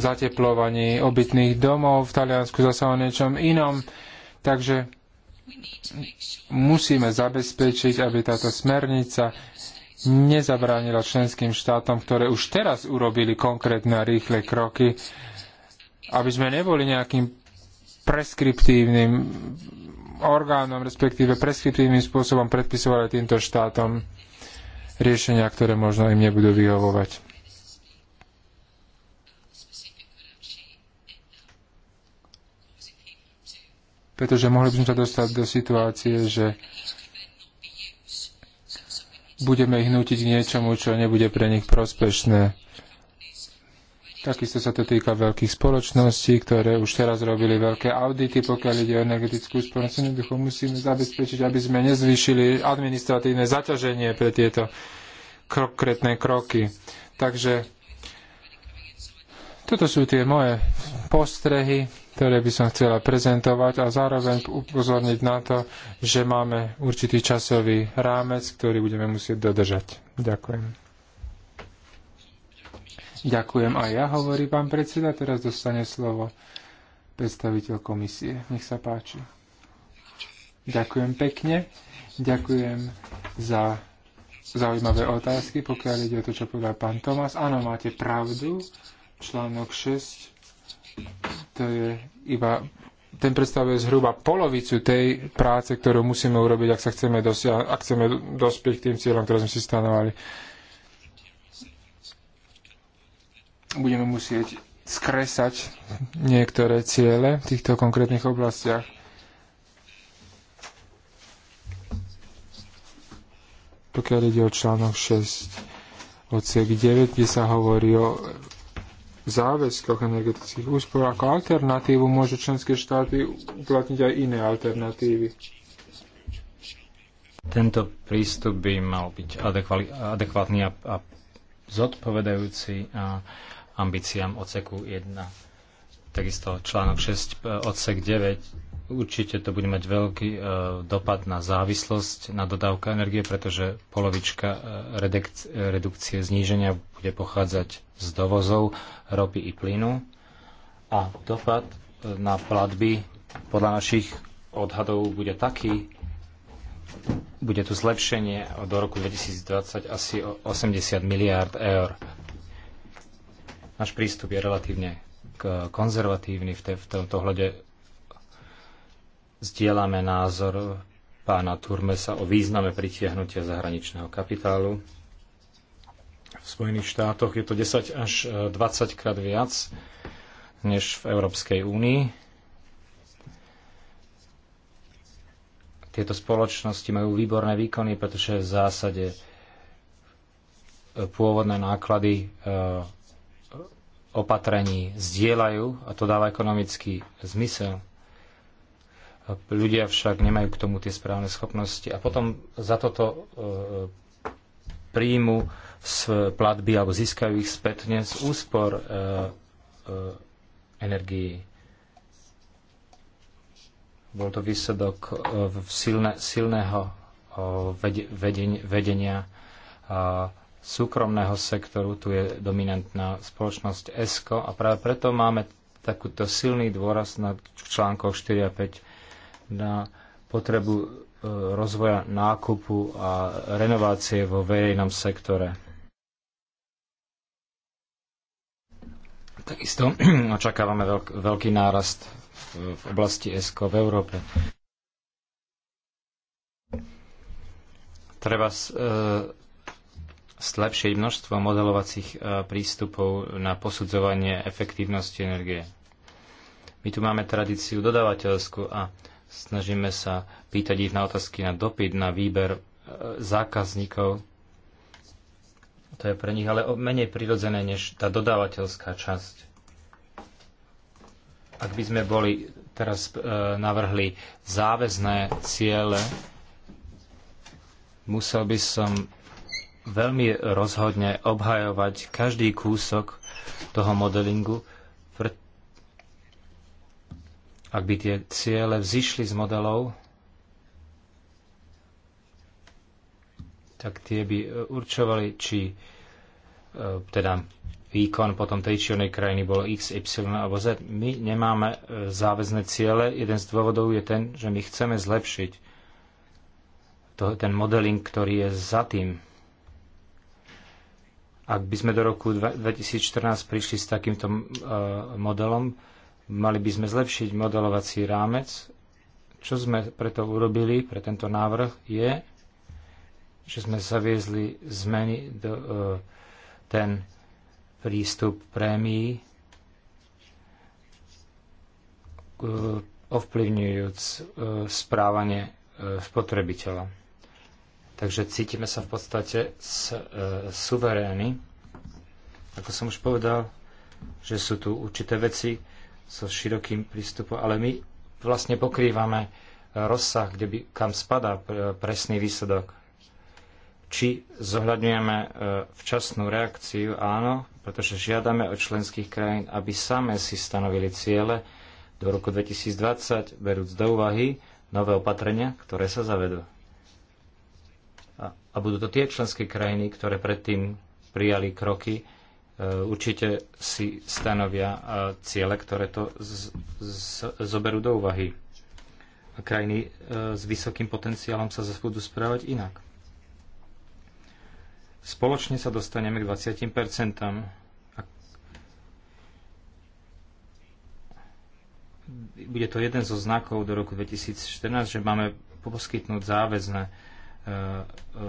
zateplovaní obytných domov, v Taliansku zase o niečom inom. Takže musíme zabezpečiť, aby táto smernica nezabránila členským štátom, ktoré už teraz urobili konkrétne a rýchle kroky, aby sme neboli nejakým preskriptívnym orgánom, respektíve preskriptívnym spôsobom predpisovali týmto štátom riešenia, ktoré možno im nebudú vyhovovať. Pretože mohli by sme sa dostať do situácie, že budeme ich nútiť k niečomu, čo nebude pre nich prospešné. Takisto sa to týka veľkých spoločností, ktoré už teraz robili veľké audity, pokiaľ ide o energetickú spoločnosť, Jednoducho musíme zabezpečiť, aby sme nezvýšili administratívne zaťaženie pre tieto konkrétne kroky. Takže toto sú tie moje postrehy, ktoré by som chcela prezentovať a zároveň upozorniť na to, že máme určitý časový rámec, ktorý budeme musieť dodržať. Ďakujem. Ďakujem aj ja, hovorí pán predseda. Teraz dostane slovo predstaviteľ komisie. Nech sa páči. Ďakujem pekne. Ďakujem za zaujímavé otázky, pokiaľ ide o to, čo povedal pán Tomás. Áno, máte pravdu. Článok 6, to je iba ten predstavuje zhruba polovicu tej práce, ktorú musíme urobiť, ak, sa chceme, dosia- ak chceme dospieť k tým cieľom, ktoré sme si stanovali. budeme musieť skresať niektoré ciele v týchto konkrétnych oblastiach. Pokiaľ ide o článok 6 odsek 9, kde sa hovorí o záväzkoch energetických úspor ako alternatívu môže členské štáty uplatniť aj iné alternatívy. Tento prístup by mal byť adekvátny a, a zodpovedajúci A, a, ambíciám oceku 1. Takisto článok 6, e, odsek 9. Určite to bude mať veľký e, dopad na závislosť na dodávka energie, pretože polovička e, redukcie zníženia bude pochádzať z dovozov ropy i plynu. A dopad na platby podľa našich odhadov bude taký, bude tu zlepšenie do roku 2020 asi 80 miliárd eur. Náš prístup je relatívne konzervatívny v, te, v tomto hľade. Zdieľame názor pána Turmesa o význame pritiahnutia zahraničného kapitálu. V Spojených štátoch je to 10 až 20 e, krát viac než v Európskej únii. tieto spoločnosti majú výborné výkony, pretože v zásade e, pôvodné náklady e, opatrení zdieľajú a to dáva ekonomický zmysel. Ľudia však nemajú k tomu tie správne schopnosti a potom za toto e, príjmu z platby alebo získajú ich spätne z úspor e, e, Bol to výsledok e, silného vedenia a súkromného sektoru, tu je dominantná spoločnosť ESCO a práve preto máme takúto silný dôraz na článkoch 4 a 5 na potrebu e, rozvoja nákupu a renovácie vo verejnom sektore. Takisto očakávame veľký nárast v oblasti ESCO v Európe. treba e, zlepšiť množstvo modelovacích e, prístupov na posudzovanie efektívnosti energie. My tu máme tradíciu dodávateľskú a snažíme sa pýtať ich na otázky na dopyt, na výber e, zákazníkov. To je pre nich ale menej prirodzené než tá dodávateľská časť. Ak by sme boli teraz e, navrhli záväzné ciele, musel by som veľmi rozhodne obhajovať každý kúsok toho modelingu, ak by tie ciele vzýšli z modelov, tak tie by e, určovali, či e, teda výkon potom tej či onej krajiny bolo X, Y alebo Z. My nemáme e, záväzne ciele. Jeden z dôvodov je ten, že my chceme zlepšiť to, ten modeling, ktorý je za tým ak by sme do roku 2014 prišli s takýmto e, modelom, mali by sme zlepšiť modelovací rámec. Čo sme preto urobili pre tento návrh je, že sme zaviezli zmeny do, e, ten prístup prémií e, ovplyvňujúc správanie spotrebiteľa. Takže cítime sa v podstate s, e, suverény. Ako som už povedal, že sú tu určité veci so širokým prístupom, ale my vlastne pokrývame e, rozsah, kde by, kam spadá e, presný výsledok. Či zohľadňujeme e, včasnú reakciu? Áno, pretože žiadame od členských krajín, aby same si stanovili ciele do roku 2020, berúc do úvahy nové opatrenia, ktoré sa zavedú a budú to tie členské krajiny, ktoré predtým prijali kroky, e, určite si stanovia e, ciele, ktoré to z, z, zoberú do úvahy. A krajiny e, s vysokým potenciálom sa zase budú správať inak. Spoločne sa dostaneme k 20 Bude to jeden zo znakov do roku 2014, že máme poskytnúť záväzné Eh,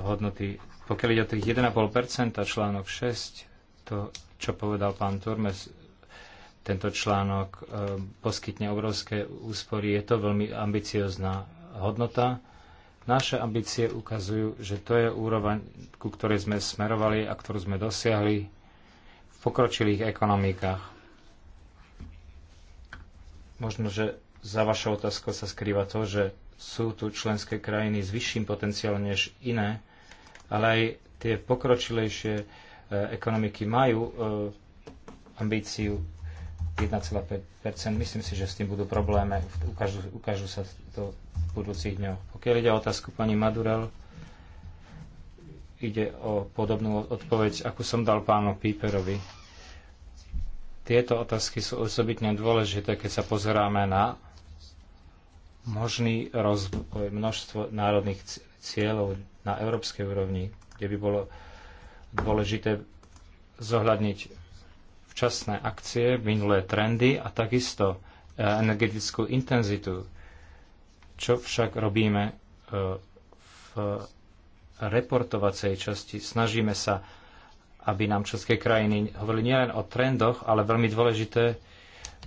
hodnoty. Pokiaľ ide o tých 1,5%, článok 6, to, čo povedal pán Turmes, tento článok eh, poskytne obrovské úspory. Je to veľmi ambiciozná hodnota. Naše ambície ukazujú, že to je úroveň, ku ktorej sme smerovali a ktorú sme dosiahli v pokročilých ekonomikách. Možno, že za vašou otázkou sa skrýva to, že sú tu členské krajiny s vyšším potenciálom než iné, ale aj tie pokročilejšie e, ekonomiky majú e, ambíciu 1,5 Myslím si, že s tým budú problémy. Ukážu, ukážu sa to v budúcich dňoch. Pokiaľ ide o otázku pani Madurel, ide o podobnú odpoveď, akú som dal pánu Píperovi. Tieto otázky sú osobitne dôležité, keď sa pozeráme na možný rozvoj množstvo národných cieľov na európskej úrovni, kde by bolo dôležité zohľadniť včasné akcie, minulé trendy a takisto e, energetickú intenzitu, čo však robíme e, v reportovacej časti. Snažíme sa, aby nám české krajiny hovorili nielen o trendoch, ale veľmi dôležité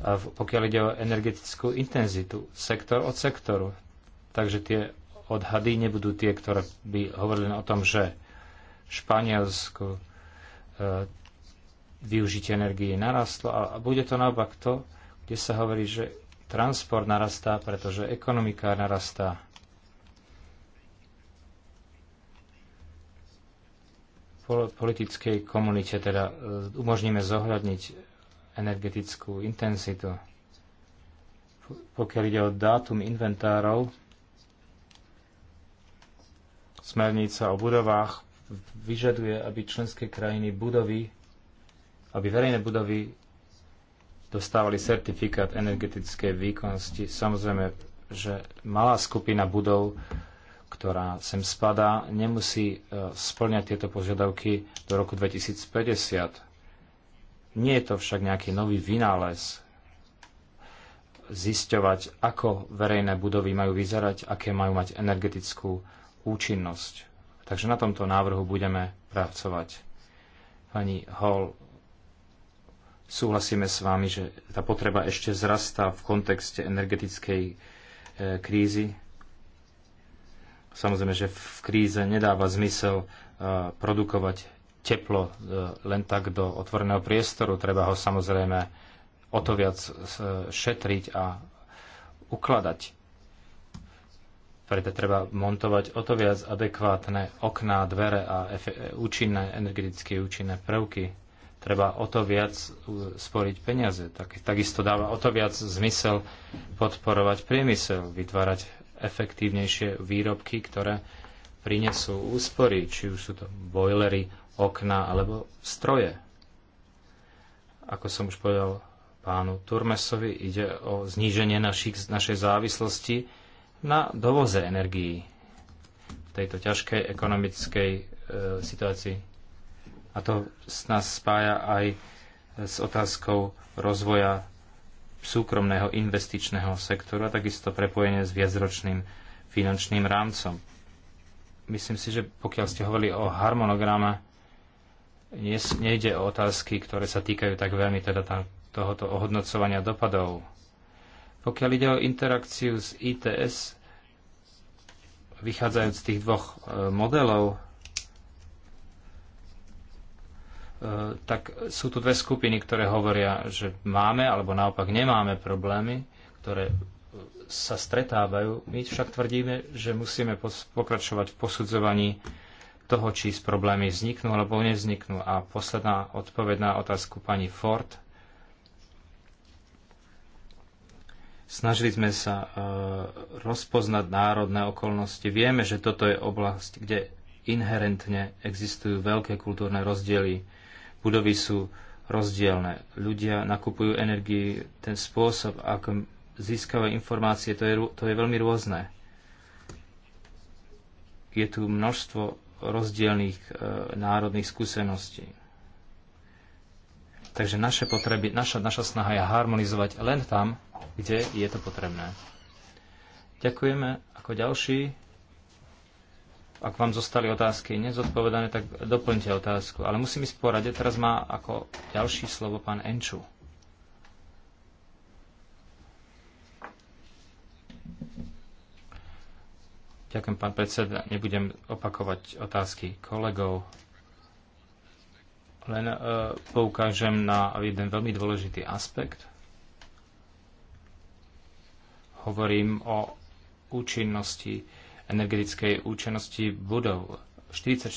pokiaľ ide o energetickú intenzitu, sektor od sektoru. Takže tie odhady nebudú tie, ktoré by hovorili o tom, že Španielsku e, využitie energie narastlo a, bude to naopak to, kde sa hovorí, že transport narastá, pretože ekonomika narastá. politickej komunite teda e, umožníme zohľadniť energetickú intenzitu. Pokiaľ ide o dátum inventárov, smernica o budovách vyžaduje, aby členské krajiny budovy, aby verejné budovy dostávali certifikát energetickej výkonnosti. Samozrejme, že malá skupina budov, ktorá sem spadá, nemusí e, splňať tieto požiadavky do roku 2050 nie je to však nejaký nový vynález zisťovať, ako verejné budovy majú vyzerať, aké majú mať energetickú účinnosť. Takže na tomto návrhu budeme pracovať. Pani Hall, súhlasíme s vami, že tá potreba ešte zrastá v kontexte energetickej e, krízy. Samozrejme, že v kríze nedáva zmysel e, produkovať teplo e, len tak do otvoreného priestoru. Treba ho samozrejme o to viac e, šetriť a ukladať. Preto treba montovať o to viac adekvátne okná, dvere a e, účinné, energeticky účinné prvky. Treba o to viac sporiť peniaze. Tak, takisto dáva o to viac zmysel podporovať priemysel, vytvárať efektívnejšie výrobky, ktoré prinesú úspory, či už sú to bojlery, okná alebo stroje. Ako som už povedal pánu Turmesovi, ide o zníženie našich, našej závislosti na dovoze energií v tejto ťažkej ekonomickej e, situácii. A to nás spája aj s otázkou rozvoja súkromného investičného sektora, takisto prepojenie s viacročným finančným rámcom. Myslím si, že pokiaľ ste hovorili o harmonograme, nejde o otázky, ktoré sa týkajú tak veľmi teda tam, tohoto ohodnocovania dopadov. Pokiaľ ide o interakciu s ITS, vychádzajúc z tých dvoch e, modelov, e, tak sú tu dve skupiny, ktoré hovoria, že máme alebo naopak nemáme problémy, ktoré e, sa stretávajú. My však tvrdíme, že musíme pokračovať v posudzovaní toho, či z problémy vzniknú alebo nevzniknú. A posledná odpoveď na otázku pani Ford. Snažili sme sa e, rozpoznať národné okolnosti. Vieme, že toto je oblasť, kde inherentne existujú veľké kultúrne rozdiely. Budovy sú rozdielne. Ľudia nakupujú energii, ten spôsob, ako získavajú informácie, to je, to je veľmi rôzne. Je tu množstvo rozdielných e, národných skúseností. Takže naše potreby, naša, naša snaha je harmonizovať len tam, kde je to potrebné. Ďakujeme ako ďalší. Ak vám zostali otázky nezodpovedané, tak doplňte otázku. Ale musím ísť poradiť. Teraz má ako ďalší slovo pán Enču. Ďakujem, pán predseda. Nebudem opakovať otázky kolegov. Len e, poukážem na jeden veľmi dôležitý aspekt. Hovorím o účinnosti, energetickej účinnosti budov. 44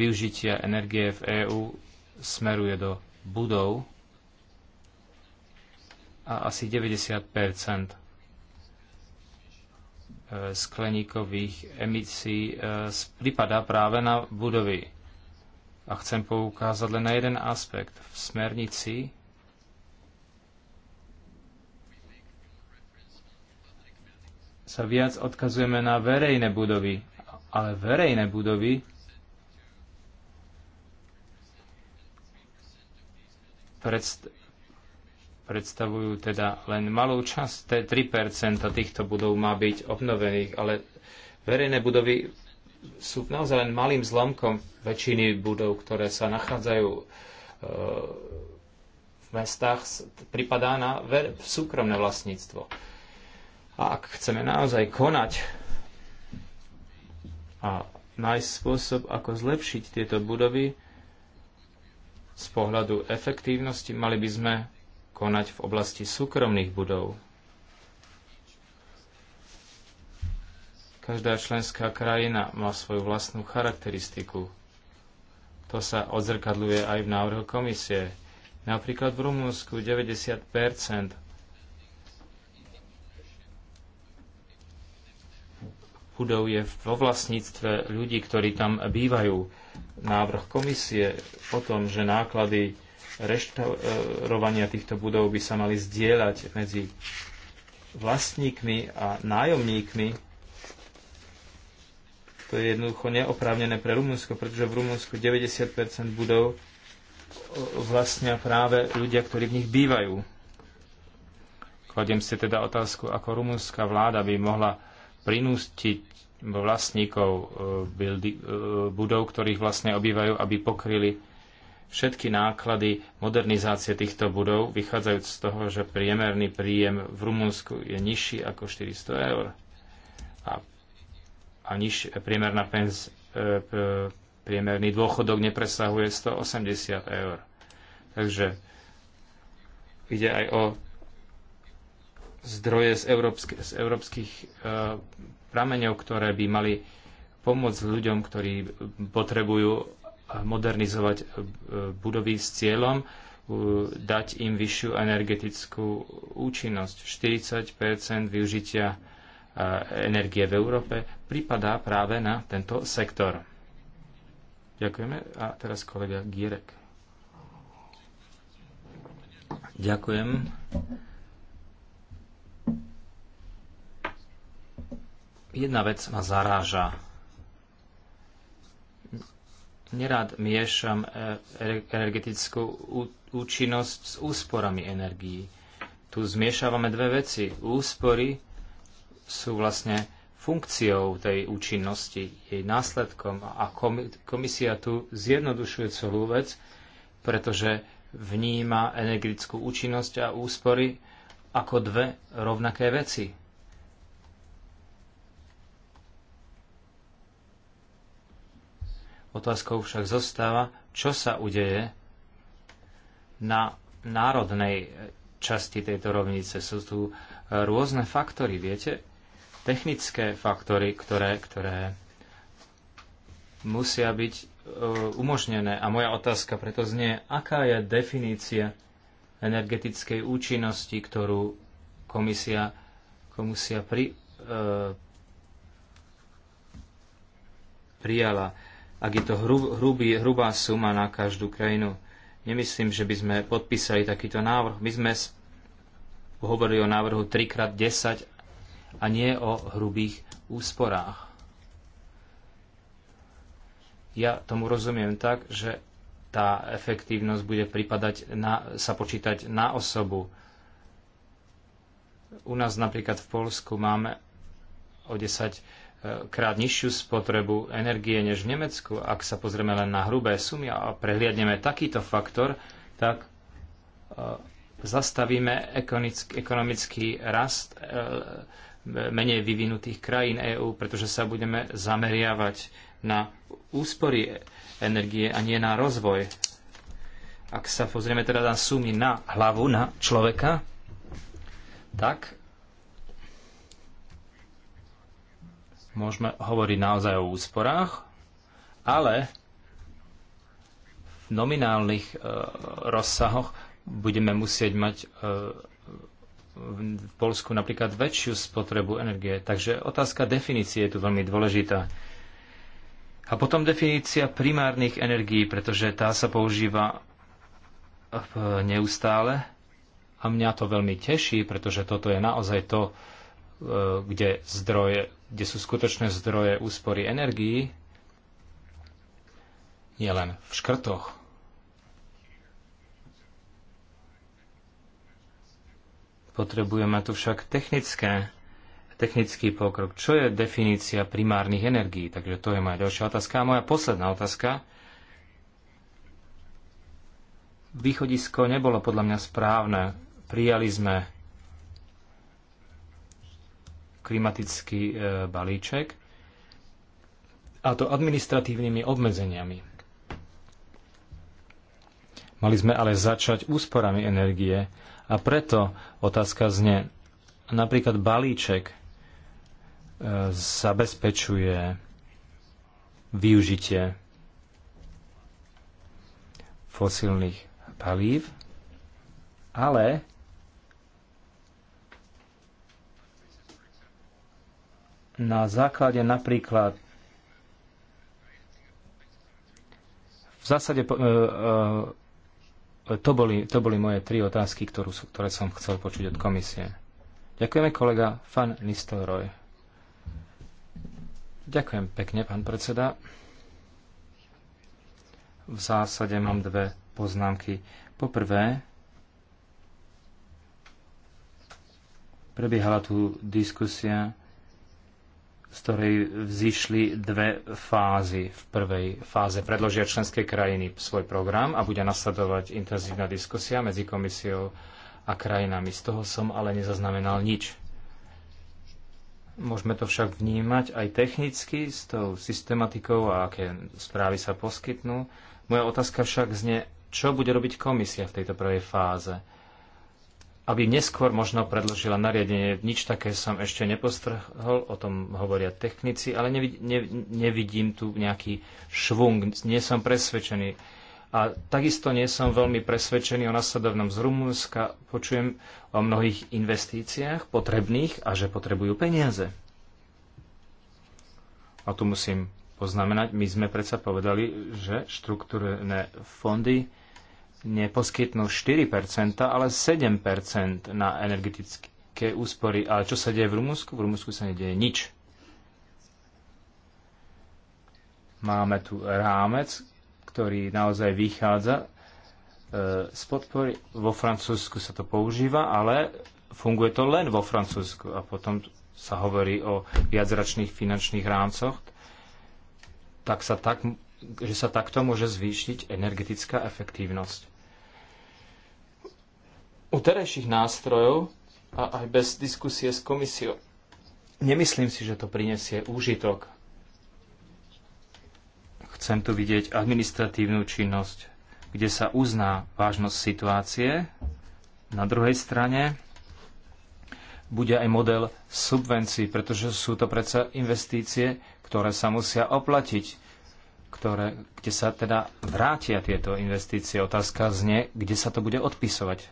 využitia energie v EÚ smeruje do budov a asi 90 skleníkových emisí pripadá e, práve na budovy. A chcem poukázať len na jeden aspekt. V smernici sa viac odkazujeme na verejné budovy, ale verejné budovy predstavujú predstavujú teda len malú časť, 3% týchto budov má byť obnovených, ale verejné budovy sú naozaj len malým zlomkom väčšiny budov, ktoré sa nachádzajú e, v mestách, pripadá na súkromné vlastníctvo. A ak chceme naozaj konať a nájsť spôsob, ako zlepšiť tieto budovy z pohľadu efektívnosti, mali by sme konať v oblasti súkromných budov. Každá členská krajina má svoju vlastnú charakteristiku. To sa odzrkadľuje aj v návrhu komisie. Napríklad v Rumunsku 90 budov je vo vlastníctve ľudí, ktorí tam bývajú. Návrh komisie o tom, že náklady reštaurovania týchto budov by sa mali zdieľať medzi vlastníkmi a nájomníkmi. To je jednoducho neoprávnené pre Rumunsko, pretože v Rumunsku 90 budov vlastnia práve ľudia, ktorí v nich bývajú. Kladiem si teda otázku, ako rumunská vláda by mohla prinústiť vlastníkov eh, eh, budov, ktorých vlastne obývajú, aby pokryli Všetky náklady modernizácie týchto budov vychádzajú z toho, že priemerný príjem v Rumunsku je nižší ako 400 eur a, a niž, priemerná pens, e, priemerný dôchodok nepresahuje 180 eur. Takže ide aj o zdroje z, európske, z európskych e, prameňov, ktoré by mali pomôcť ľuďom, ktorí potrebujú modernizovať e, budovy s cieľom e, dať im vyššiu energetickú účinnosť. 40 využitia e, energie v Európe pripadá práve na tento sektor. Ďakujeme. A teraz kolega Gierek. Ďakujem. Jedna vec ma zaráža Nerád miešam e, e, energetickú účinnosť s úsporami energií. Tu zmiešavame dve veci. Úspory sú vlastne funkciou tej účinnosti, jej následkom a komisia tu zjednodušuje celú vec, pretože vníma energetickú účinnosť a úspory ako dve rovnaké veci. Otázkou však zostáva, čo sa udeje na národnej časti tejto rovnice. Sú tu rôzne faktory, viete? Technické faktory, ktoré, ktoré musia byť e, umožnené. A moja otázka preto znie, aká je definícia energetickej účinnosti, ktorú komisia, komisia pri, e, prijala ak je to hrubý, hrubá suma na každú krajinu. Nemyslím, že by sme podpísali takýto návrh. My sme hovorili o návrhu 3x10 a nie o hrubých úsporách. Ja tomu rozumiem tak, že tá efektívnosť bude pripadať na, sa počítať na osobu. U nás napríklad v Polsku máme o 10 krát nižšiu spotrebu energie než v Nemecku. Ak sa pozrieme len na hrubé sumy a prehliadneme takýto faktor, tak e, zastavíme ekonomický, rast e, menej vyvinutých krajín EÚ, pretože sa budeme zameriavať na úspory energie a nie na rozvoj. Ak sa pozrieme teda na sumy na hlavu, na človeka, tak Môžeme hovoriť naozaj o úsporách, ale v nominálnych e, rozsahoch budeme musieť mať e, v Polsku napríklad väčšiu spotrebu energie. Takže otázka definície je tu veľmi dôležitá. A potom definícia primárnych energií, pretože tá sa používa neustále a mňa to veľmi teší, pretože toto je naozaj to, e, kde zdroje kde sú skutočné zdroje úspory nie len v škrtoch. Potrebujeme tu však technické, technický pokrok. Čo je definícia primárnych energií? Takže to je moja ďalšia otázka. A moja posledná otázka. Východisko nebolo podľa mňa správne. Prijali sme klimatický e, balíček, a to administratívnymi obmedzeniami. Mali sme ale začať úsporami energie a preto otázka zne, napríklad balíček e, zabezpečuje využitie fosílnych palív, ale na základe napríklad v zásade e, e, to, boli, to boli moje tri otázky, ktorú, ktoré som chcel počuť od komisie. Ďakujeme kolega Fan Nistelroj. Ďakujem pekne, pán predseda. V zásade mám dve poznámky. Poprvé, prebiehala tu diskusia z ktorej vzýšli dve fázy. V prvej fáze predložia členské krajiny svoj program a bude nasledovať intenzívna diskusia medzi komisiou a krajinami. Z toho som ale nezaznamenal nič. Môžeme to však vnímať aj technicky s tou systematikou a aké správy sa poskytnú. Moja otázka však znie, čo bude robiť komisia v tejto prvej fáze aby neskôr možno predložila nariadenie. Nič také som ešte nepostrhol, o tom hovoria technici, ale nevidím, ne, nevidím tu nejaký švung, nie som presvedčený. A takisto nie som veľmi presvedčený o nasledovnom z Rumunska. Počujem o mnohých investíciách potrebných a že potrebujú peniaze. A tu musím poznamenať, my sme predsa povedali, že štruktúrne fondy neposkytnú 4%, ale 7% na energetické úspory. Ale čo sa deje v Rumunsku? V Rumunsku sa nedieje nič. Máme tu rámec, ktorý naozaj vychádza e, z podpory. Vo Francúzsku sa to používa, ale funguje to len vo Francúzsku. A potom sa hovorí o viacračných finančných rámcoch, tak sa tak že sa takto môže zvýšiť energetická efektívnosť. U terajších nástrojov a aj bez diskusie s komisiou nemyslím si, že to prinesie úžitok. Chcem tu vidieť administratívnu činnosť, kde sa uzná vážnosť situácie. Na druhej strane bude aj model subvencií, pretože sú to predsa investície, ktoré sa musia oplatiť ktoré, kde sa teda vrátia tieto investície. Otázka znie, kde sa to bude odpisovať.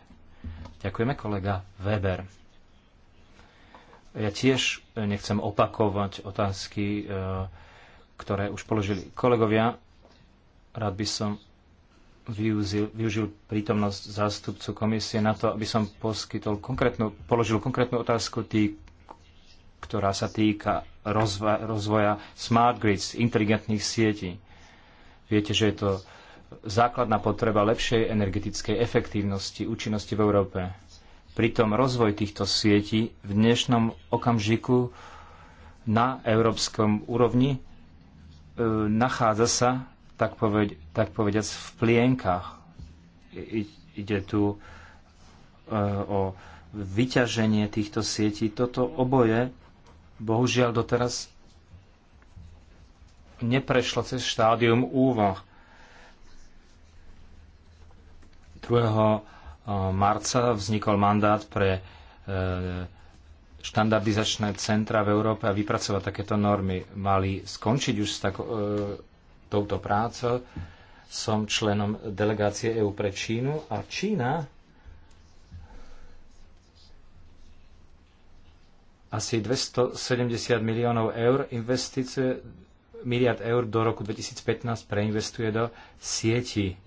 Ďakujeme, kolega Weber. Ja tiež nechcem opakovať otázky, e, ktoré už položili kolegovia. Rád by som využil, využil prítomnosť zástupcu komisie na to, aby som poskytol konkrétnu, položil konkrétnu otázku, tý, ktorá sa týka rozvoja smart grids, inteligentných sietí. Viete, že je to základná potreba lepšej energetickej efektívnosti, účinnosti v Európe. Pritom rozvoj týchto sietí v dnešnom okamžiku na európskom úrovni e, nachádza sa, tak, poved, tak povediac, v plienkach. I, ide tu e, o vyťaženie týchto sietí. Toto oboje bohužiaľ doteraz neprešlo cez štádium úvah. 2. Eh, marca vznikol mandát pre eh, štandardizačné centra v Európe a vypracovať takéto normy. Mali skončiť už s tako, eh, touto prácou. Som členom delegácie EÚ pre Čínu a Čína asi 270 miliónov eur investície miliard eur do roku 2015 preinvestuje do sieti.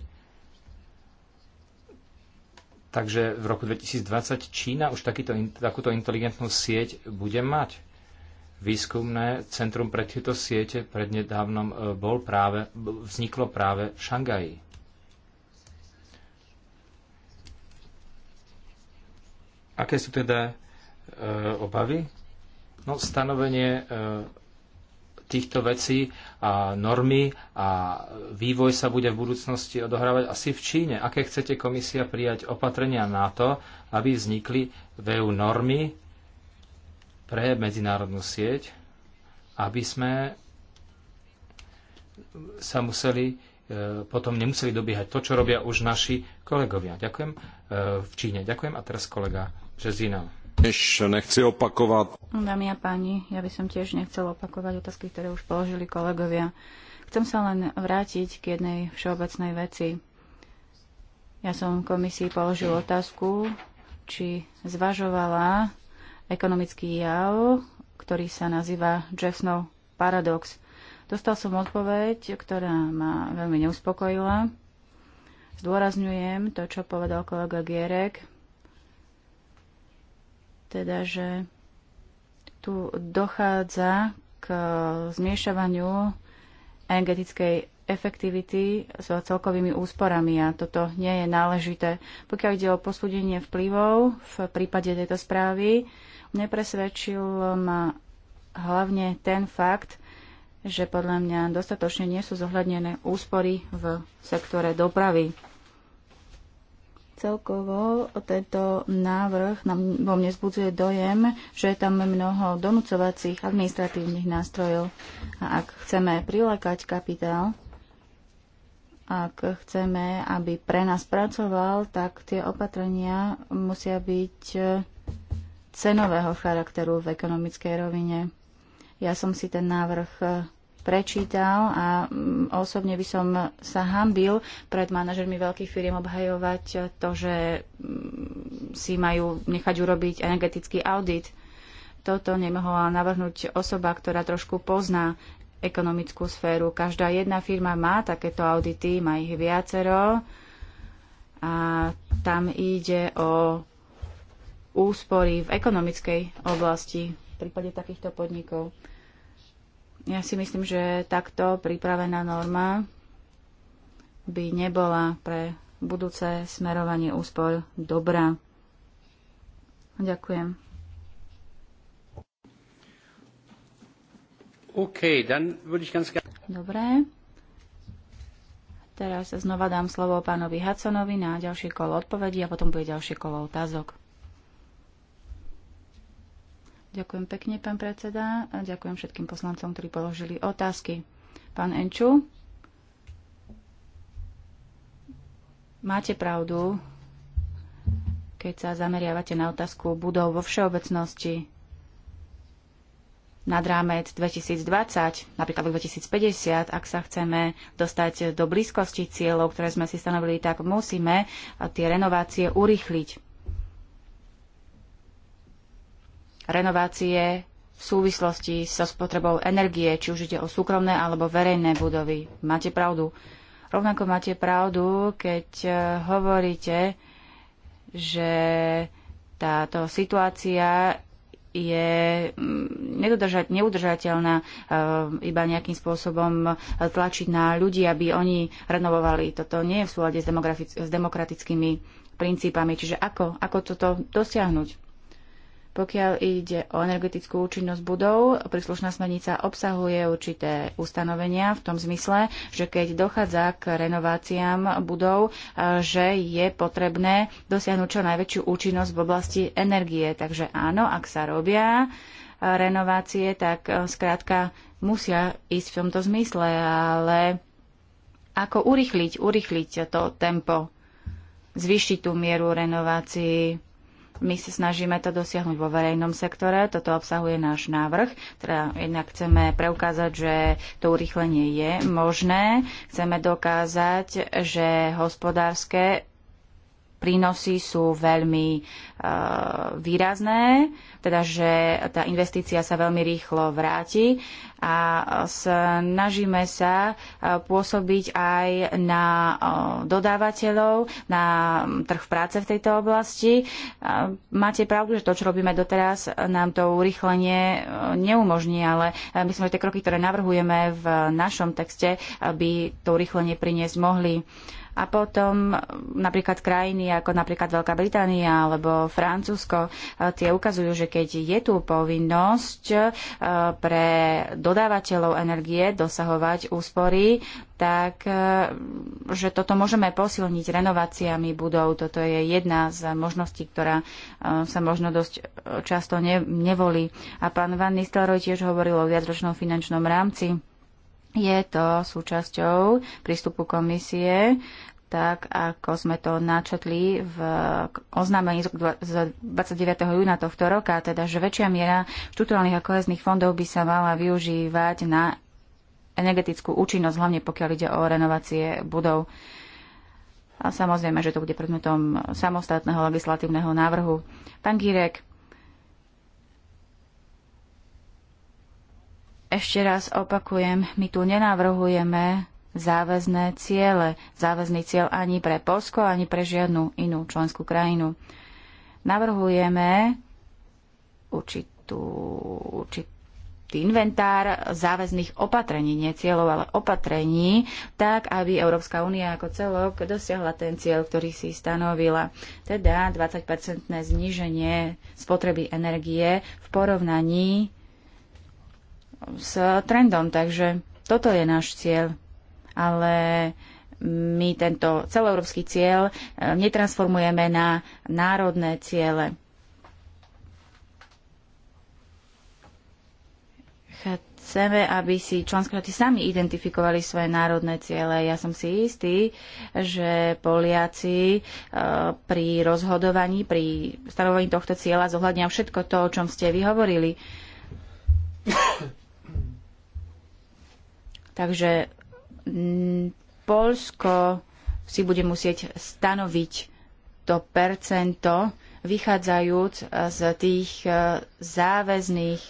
Takže v roku 2020 Čína už takýto, takúto inteligentnú sieť bude mať. Výskumné centrum pre tieto siete prednedávnom e, bol práve, vzniklo práve v Šangaji. Aké sú teda e, obavy? No, stanovenie e, týchto vecí a normy a vývoj sa bude v budúcnosti odohrávať asi v Číne. Aké chcete komisia prijať opatrenia na to, aby vznikli v EU normy pre medzinárodnú sieť, aby sme sa museli e, potom nemuseli dobiehať to, čo robia už naši kolegovia. Ďakujem e, v Číne. Ďakujem a teraz kolega Žezina. Nechci opakovať. No, dámy a páni, ja by som tiež nechcel opakovať otázky, ktoré už položili kolegovia. Chcem sa len vrátiť k jednej všeobecnej veci. Ja som komisii položil otázku, či zvažovala ekonomický jav, ktorý sa nazýva Jeffsonov paradox. Dostal som odpoveď, ktorá ma veľmi neuspokojila. Zdôrazňujem to, čo povedal kolega Gierek, teda, že tu dochádza k zmiešavaniu energetickej efektivity s celkovými úsporami a toto nie je náležité. Pokiaľ ide o posúdenie vplyvov v prípade tejto správy, nepresvedčil ma hlavne ten fakt, že podľa mňa dostatočne nie sú zohľadnené úspory v sektore dopravy. Celkovo tento návrh nám, vo mne zbudzuje dojem, že je tam mnoho donúcovacích administratívnych nástrojov. A ak chceme prilákať kapitál, ak chceme, aby pre nás pracoval, tak tie opatrenia musia byť cenového charakteru v ekonomickej rovine. Ja som si ten návrh prečítal a mm, osobne by som sa hambil pred manažermi veľkých firiem obhajovať to, že mm, si majú nechať urobiť energetický audit. Toto nemohla navrhnúť osoba, ktorá trošku pozná ekonomickú sféru. Každá jedna firma má takéto audity, má ich viacero a tam ide o úspory v ekonomickej oblasti v prípade takýchto podnikov. Ja si myslím, že takto pripravená norma by nebola pre budúce smerovanie úspor dobrá. Ďakujem. Okay, dann würde ich ganz Dobre. Teraz znova dám slovo pánovi Hudsonovi na ďalšie kolo odpovedí a potom bude ďalšie kolo otázok. Ďakujem pekne, pán predseda, a ďakujem všetkým poslancom, ktorí položili otázky. Pán Enču, máte pravdu, keď sa zameriavate na otázku budov vo všeobecnosti nad rámec 2020, napríklad 2050, ak sa chceme dostať do blízkosti cieľov, ktoré sme si stanovili, tak musíme tie renovácie urýchliť. renovácie v súvislosti so spotrebou energie, či už ide o súkromné alebo verejné budovy. Máte pravdu. Rovnako máte pravdu, keď e, hovoríte, že táto situácia je mm, neudržateľná e, iba nejakým spôsobom e, tlačiť na ľudí, aby oni renovovali. Toto nie je v súlade s, s demokratickými princípami. Čiže ako, ako toto dosiahnuť? Pokiaľ ide o energetickú účinnosť budov, príslušná smernica obsahuje určité ustanovenia v tom zmysle, že keď dochádza k renováciám budov, e, že je potrebné dosiahnuť čo najväčšiu účinnosť v oblasti energie. Takže áno, ak sa robia e, renovácie, tak e, skrátka musia ísť v tomto zmysle, ale ako urychliť, urychliť to tempo, zvýšiť tú mieru renovácií my sa snažíme to dosiahnuť vo verejnom sektore, toto obsahuje náš návrh, teda jednak chceme preukázať, že to urýchlenie je možné, chceme dokázať, že hospodárske prínosy sú veľmi e, výrazné, teda že tá investícia sa veľmi rýchlo vráti a snažíme sa e, pôsobiť aj na e, dodávateľov, na trh práce v tejto oblasti. E, máte pravdu, že to, čo robíme doteraz, nám to urychlenie neumožní, ale myslím, že tie kroky, ktoré navrhujeme v našom texte, aby to urychlenie priniesť mohli. Uh, a potom napríklad krajiny ako napríklad Veľká Británia alebo Francúzsko, e, tie ukazujú, že keď je tu povinnosť e, pre dodávateľov energie dosahovať úspory, tak e, že toto môžeme posilniť renováciami budov. Toto je jedna z možností, ktorá sa možno dosť často nevolí. A pán Van Nistelrooy tiež hovoril o viacročnom finančnom rámci je to súčasťou prístupu komisie, tak ako sme to načetli v oznámení z 29. júna tohto roka, teda že väčšia miera štruktúrnych a kohezných fondov by sa mala využívať na energetickú účinnosť, hlavne pokiaľ ide o renovácie budov. A samozrejme, že to bude predmetom samostatného legislatívneho návrhu. Pán Gírek, Ešte raz opakujem, my tu nenavrhujeme záväzné ciele, záväzný cieľ ani pre Polsko, ani pre žiadnu inú členskú krajinu. Navrhujeme určitú, určitý inventár záväzných opatrení, nie cieľov, ale opatrení, tak aby Európska únia ako celok dosiahla ten cieľ, ktorý si stanovila, teda 20-percentné zníženie spotreby energie v porovnaní s trendom, takže toto je náš cieľ. Ale my tento celoeurópsky cieľ e, netransformujeme na národné ciele. Chceme, aby si členské štáty sami identifikovali svoje národné ciele. Ja som si istý, že Poliaci e, pri rozhodovaní, pri stanovení tohto cieľa zohľadňujú všetko to, o čom ste vyhovorili. Takže mm, Polsko si bude musieť stanoviť to percento, vychádzajúc e, z tých e, záväzných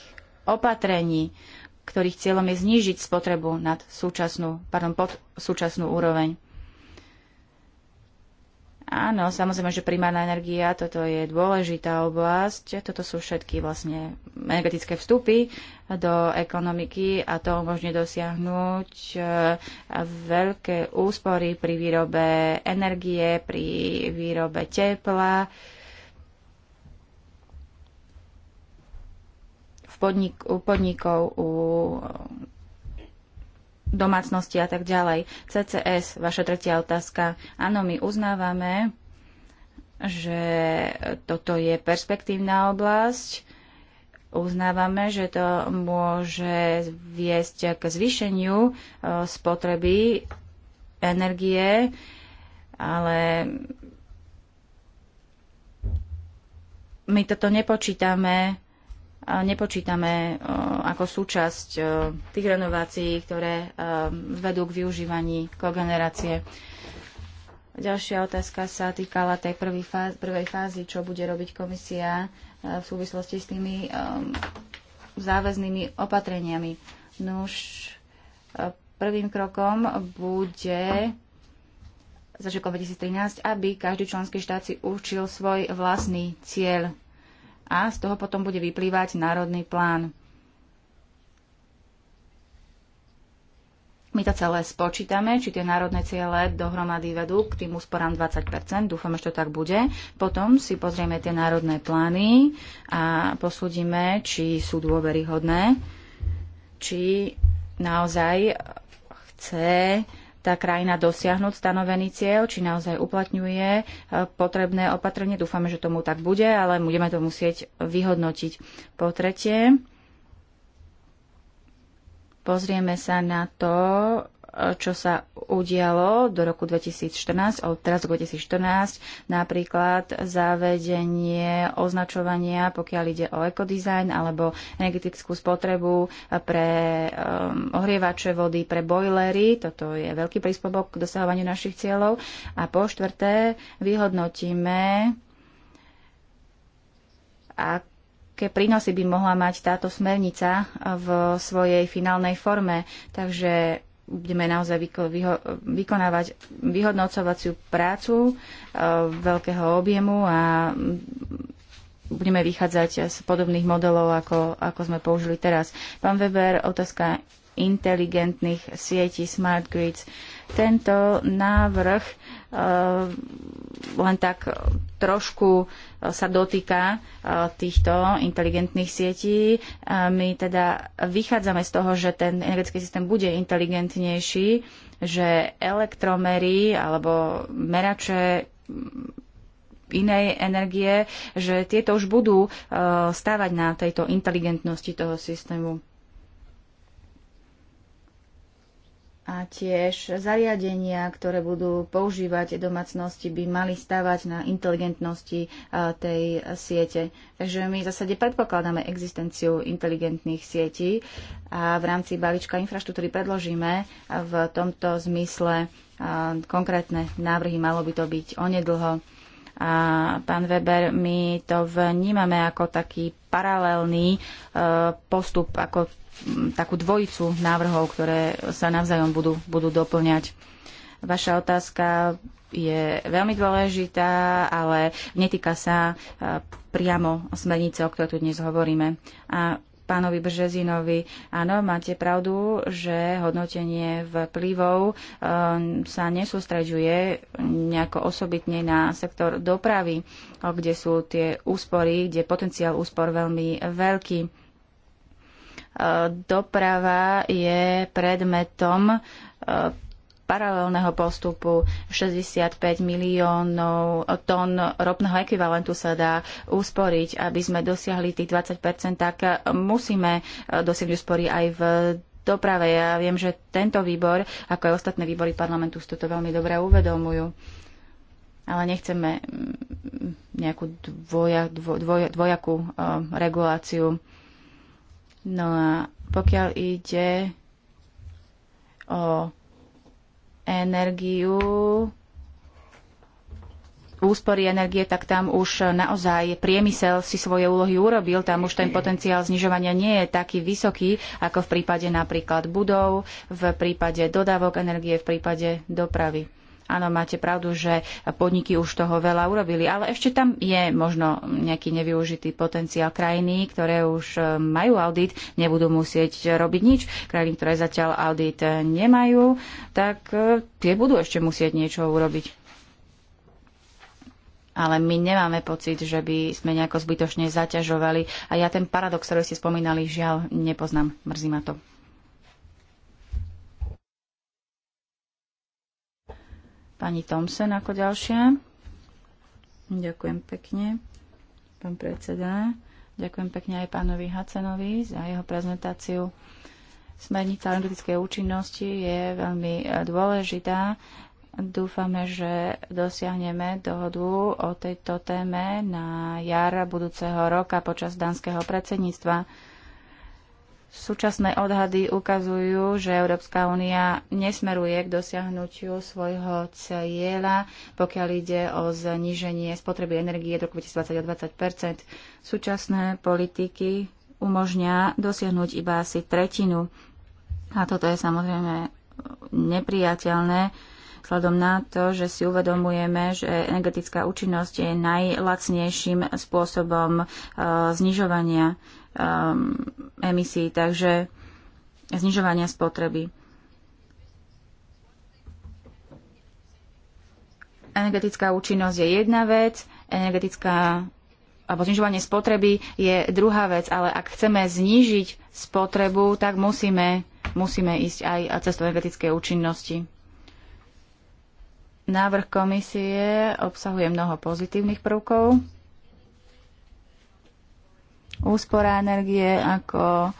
opatrení, ktorých cieľom je znížiť spotrebu nad súčasnú, pardon, pod súčasnú úroveň. Áno, samozrejme, že primárna energia, toto je dôležitá oblasť. Toto sú všetky vlastne energetické vstupy do ekonomiky a to umožňuje dosiahnuť eh, veľké úspory pri výrobe energie, pri výrobe tepla. podnik, u podnikov, u domácnosti a tak ďalej. CCS, vaša tretia otázka. Áno, my uznávame, že toto je perspektívna oblasť. Uznávame, že to môže viesť k zvýšeniu e, spotreby energie, ale my toto nepočítame nepočítame e, ako súčasť e, tých renovácií, ktoré e, vedú k využívaní kogenerácie. Ďalšia otázka sa týkala tej prvej fázy, prvej fázy, čo bude robiť komisia v súvislosti s tými záväznými opatreniami. Nuž, prvým krokom bude začiatkom 2013, aby každý členský štát si určil svoj vlastný cieľ a z toho potom bude vyplývať národný plán. My to celé spočítame, či tie národné ciele dohromady vedú k tým úsporám 20%, dúfam, že to tak bude. Potom si pozrieme tie národné plány a posúdime, či sú dôveryhodné, či naozaj chce tá krajina dosiahnuť stanovený cieľ, či naozaj uplatňuje e, potrebné opatrenie. Dúfame, že tomu tak bude, ale budeme to musieť vyhodnotiť. Po tretie, pozrieme sa na to, čo sa udialo do roku 2014, od teraz do 2014, napríklad zavedenie označovania, pokiaľ ide o ekodizajn alebo energetickú spotrebu pre um, ohrievače vody, pre bojlery. Toto je veľký príspevok k dosahovaniu našich cieľov. A po štvrté, vyhodnotíme, aké prínosy by mohla mať táto smernica v svojej finálnej forme. Takže budeme naozaj vyko, vyho, vykonávať vyhodnocovaciu prácu e, veľkého objemu a budeme vychádzať z podobných modelov, ako, ako sme použili teraz. Pán Weber, otázka inteligentných sietí smart grids. Tento návrh Ehm, len tak trošku eh, sa dotýka eh, týchto inteligentných sietí. Eh, my teda vychádzame z toho, že ten energetický systém bude inteligentnejší, že elektromery alebo merače mm, inej energie, že tieto už budú stávať na tejto inteligentnosti toho systému. a tiež zariadenia, ktoré budú používať domácnosti, by mali stávať na inteligentnosti e, tej siete. Takže my v zásade predpokladáme existenciu inteligentných sietí a v rámci balíčka infraštruktúry predložíme v tomto zmysle e, konkrétne návrhy. Malo by to byť onedlho. A pán Weber, my to vnímame ako taký paralelný e, postup, ako takú dvojicu návrhov, ktoré sa navzájom budú, budú doplňať. Vaša otázka je veľmi dôležitá, ale netýka sa priamo smernice, o ktorej tu dnes hovoríme. A pánovi Bržezinovi. Áno, máte pravdu, že hodnotenie vplyvov sa nesústreďuje nejako osobitne na sektor dopravy, kde sú tie úspory, kde potenciál úspor veľmi veľký doprava je predmetom e, paralelného postupu 65 miliónov tón ropného ekvivalentu sa dá usporiť. Aby sme dosiahli tých 20 tak musíme e, dosiahnuť úspory aj v doprave. Ja viem, že tento výbor, ako aj ostatné výbory parlamentu, si toto veľmi dobre uvedomujú. Ale nechceme mm, nejakú dvoja, dvo, dvoja, dvojakú uh, reguláciu No a pokiaľ ide o energiu, úspory energie, tak tam už naozaj priemysel si svoje úlohy urobil, tam už ten potenciál znižovania nie je taký vysoký, ako v prípade napríklad budov, v prípade dodávok energie, v prípade dopravy. Áno, máte pravdu, že podniky už toho veľa urobili, ale ešte tam je možno nejaký nevyužitý potenciál krajiny, ktoré už e, majú audit, nebudú musieť robiť nič. Krajiny, ktoré zatiaľ audit nemajú, tak e, tie budú ešte musieť niečo urobiť. Ale my nemáme pocit, že by sme nejako zbytočne zaťažovali. A ja ten paradox, ktorý ste spomínali, žiaľ, nepoznám. Mrzí ma to. Pani Tomsen ako ďalšia. Ďakujem pekne, pán predseda. Ďakujem pekne aj pánovi Hacenovi za jeho prezentáciu. Smernica energetickej účinnosti je veľmi e, dôležitá. Dúfame, že dosiahneme dohodu o tejto téme na jar budúceho roka počas dánskeho predsedníctva. Súčasné odhady ukazujú, že Európska únia nesmeruje k dosiahnutiu svojho cieľa, pokiaľ ide o zníženie spotreby energie do roku 2020 o 20 Súčasné politiky umožňa dosiahnuť iba asi tretinu. A toto je samozrejme nepriateľné, vzhľadom na to, že si uvedomujeme, že energetická účinnosť je najlacnejším spôsobom e, znižovania um, emisí, takže znižovania spotreby. Energetická účinnosť je jedna vec, energetická alebo znižovanie spotreby je druhá vec, ale ak chceme znížiť spotrebu, tak musíme, musíme ísť aj cestou energetickej účinnosti. Návrh komisie obsahuje mnoho pozitívnych prvkov úspora energie, ako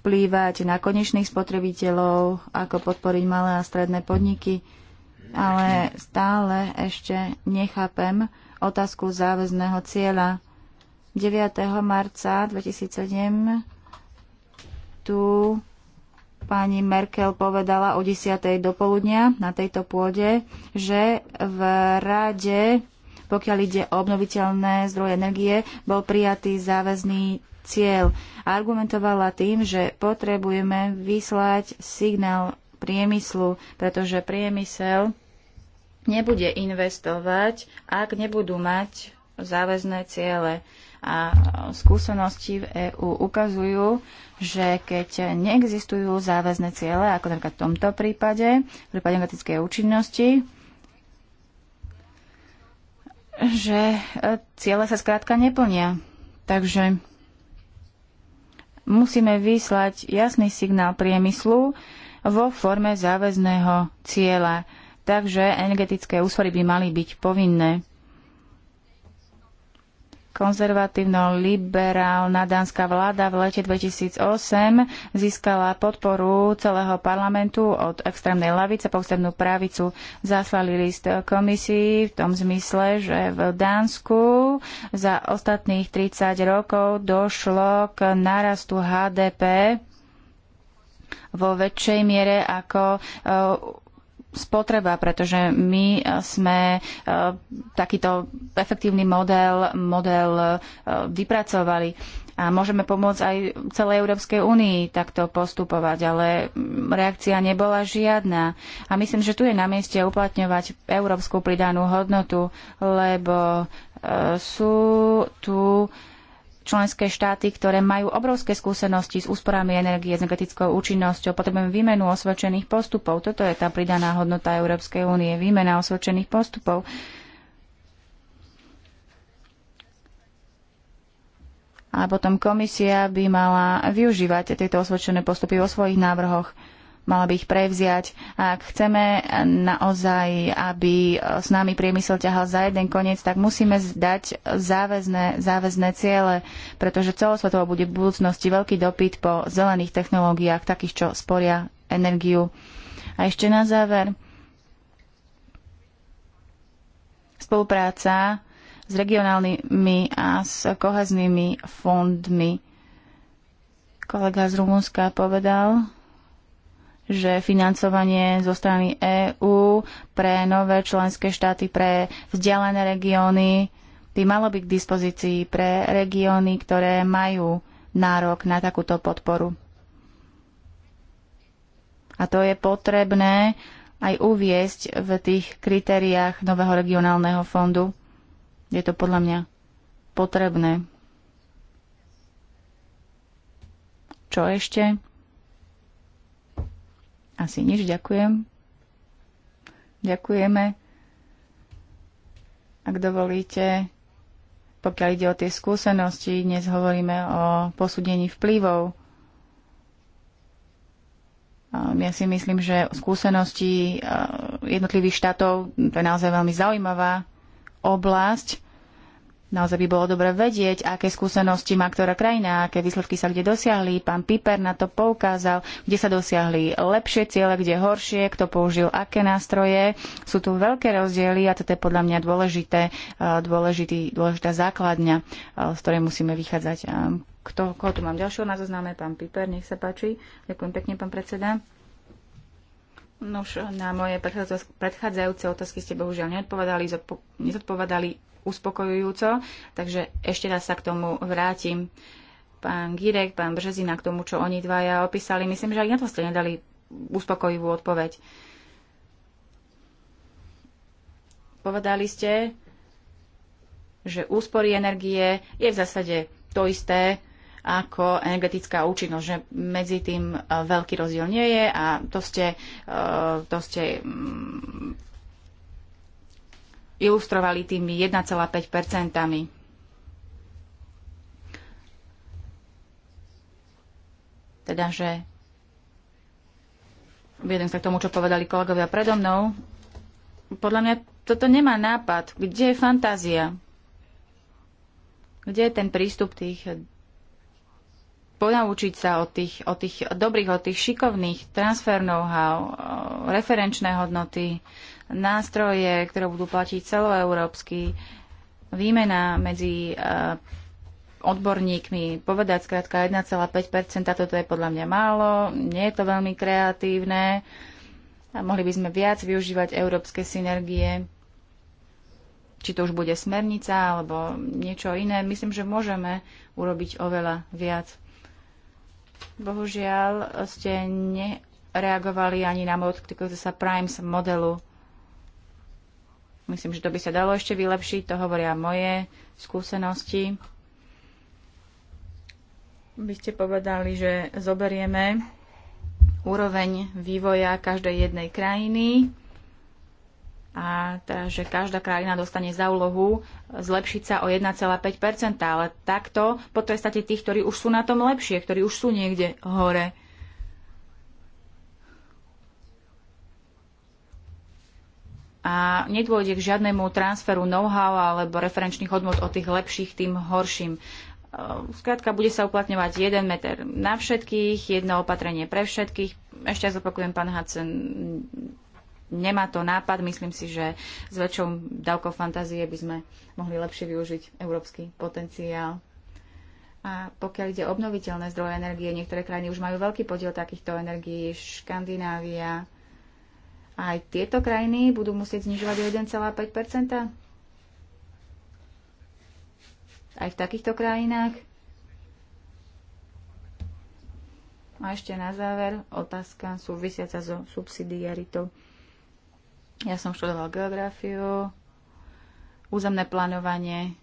vplývať na konečných spotrebiteľov, ako podporiť malé a stredné podniky, ale stále ešte nechápem otázku záväzného cieľa. 9. marca 2007 tu pani Merkel povedala o 10. dopoludnia na tejto pôde, že v rade pokiaľ ide o obnoviteľné zdroje energie, bol prijatý záväzný cieľ. argumentovala tým, že potrebujeme vyslať signál priemyslu, pretože priemysel nebude investovať, ak nebudú mať záväzné ciele. A skúsenosti v EÚ ukazujú, že keď neexistujú záväzné ciele, ako napríklad v tomto prípade, v prípade energetickej účinnosti, že e, ciele sa skrátka neplnia. Takže musíme vyslať jasný signál priemyslu vo forme záväzného cieľa. Takže energetické úspory by mali byť povinné konzervatívno-liberálna dánska vláda v lete 2008 získala podporu celého parlamentu od extrémnej lavice po extrémnu pravicu. Zaslali list komisii v tom zmysle, že v Dánsku za ostatných 30 rokov došlo k narastu HDP vo väčšej miere ako e, spotreba, pretože my e, sme e, takýto efektívny model, model e, vypracovali a môžeme pomôcť aj celej Európskej únii takto postupovať, ale mm, reakcia nebola žiadna. A myslím, že tu je na mieste uplatňovať európsku pridanú hodnotu, lebo sú tu členské štáty, ktoré majú obrovské skúsenosti s úsporami energie, s energetickou účinnosťou. Potrebujeme výmenu osvedčených postupov. Toto je tá pridaná hodnota Európskej únie, výmena osvedčených postupov. A potom komisia by mala využívať tieto osvedčené postupy vo svojich návrhoch mala by ich prevziať. Ak chceme naozaj, aby e, s nami priemysel ťahal za jeden koniec, tak musíme dať záväzné, záväzne ciele, pretože celosvetovo bude v budúcnosti veľký dopyt po zelených technológiách, takých, čo sporia energiu. A ešte na záver. Spolupráca s regionálnymi a s koheznými fondmi. Kolega z Rumunska povedal, že financovanie zo strany EÚ pre nové členské štáty, pre vzdialené regióny by malo byť k dispozícii pre regióny, ktoré majú nárok na takúto podporu. A to je potrebné aj uviesť v tých kritériách nového regionálneho fondu. Je to podľa mňa potrebné. Čo ešte? Asi nič, ďakujem. Ďakujeme. Ak dovolíte, pokiaľ ide o tie skúsenosti, dnes hovoríme o posúdení vplyvov. Ja si myslím, že skúsenosti jednotlivých štátov to je naozaj veľmi zaujímavá oblasť Naozaj by bolo dobre vedieť, aké skúsenosti má ktorá krajina, aké výsledky sa kde dosiahli. Pán Piper na to poukázal, kde sa dosiahli lepšie ciele, kde horšie, kto použil aké nástroje. Sú tu veľké rozdiely a toto je podľa mňa dôležité, eh, dôležitý, dôležitá základňa, eh, z ktorej musíme vychádzať. Kto, koho tu mám ďalšieho na zozname? Pán Piper, nech sa páči. Ďakujem pekne, pán predseda. No už na moje predchádzajúce otázky ste bohužiaľ neodpovedali, nezodpovedali uspokojujúco, takže ešte raz sa k tomu vrátim. Pán Girek, pán Březina k tomu, čo oni dvaja opísali, myslím, že aj na to ste nedali uspokojivú odpoveď. Povedali ste, že úspory energie je v zásade to isté, ako energetická účinnosť, že medzi tým e, veľký rozdiel nie je a to ste, e, to ste mm, ilustrovali tými 1,5 Teda, že viedem sa k tomu, čo povedali kolegovia predo mnou. Podľa mňa toto nemá nápad. Kde je fantázia? Kde je ten prístup tých ponaučiť sa od tých, od tých dobrých, od tých šikovných transfer know-how, referenčné hodnoty, nástroje, ktoré budú platiť celoeurópsky, výmena medzi e, odborníkmi. Povedať skrátka 1,5%, toto je podľa mňa málo, nie je to veľmi kreatívne. A mohli by sme viac využívať európske synergie, či to už bude smernica alebo niečo iné. Myslím, že môžeme urobiť oveľa viac. Bohužiaľ ste nereagovali ani na mod, ktorý sa Primes modelu Myslím, že to by sa dalo ešte vylepšiť, to hovoria moje skúsenosti. By ste povedali, že zoberieme úroveň vývoja každej jednej krajiny a teda, že každá krajina dostane za úlohu zlepšiť sa o 1,5%, ale takto potrestate tých, ktorí už sú na tom lepšie, ktorí už sú niekde hore. a nedôjde k žiadnemu transferu know-how alebo referenčných hodnot od tých lepších tým horším. E, Skrátka, bude sa uplatňovať jeden meter na všetkých, jedno opatrenie pre všetkých. Ešte raz opakujem, pán Hudson, nemá to nápad. Myslím si, že s väčšou dávkou fantázie by sme mohli lepšie využiť európsky potenciál. A pokiaľ ide obnoviteľné zdroje energie, niektoré krajiny už majú veľký podiel takýchto energií. Škandinávia, aj tieto krajiny budú musieť znižovať o 1,5 Aj v takýchto krajinách. A ešte na záver otázka súvisiaca so subsidiaritou. Ja som študoval geografiu, územné plánovanie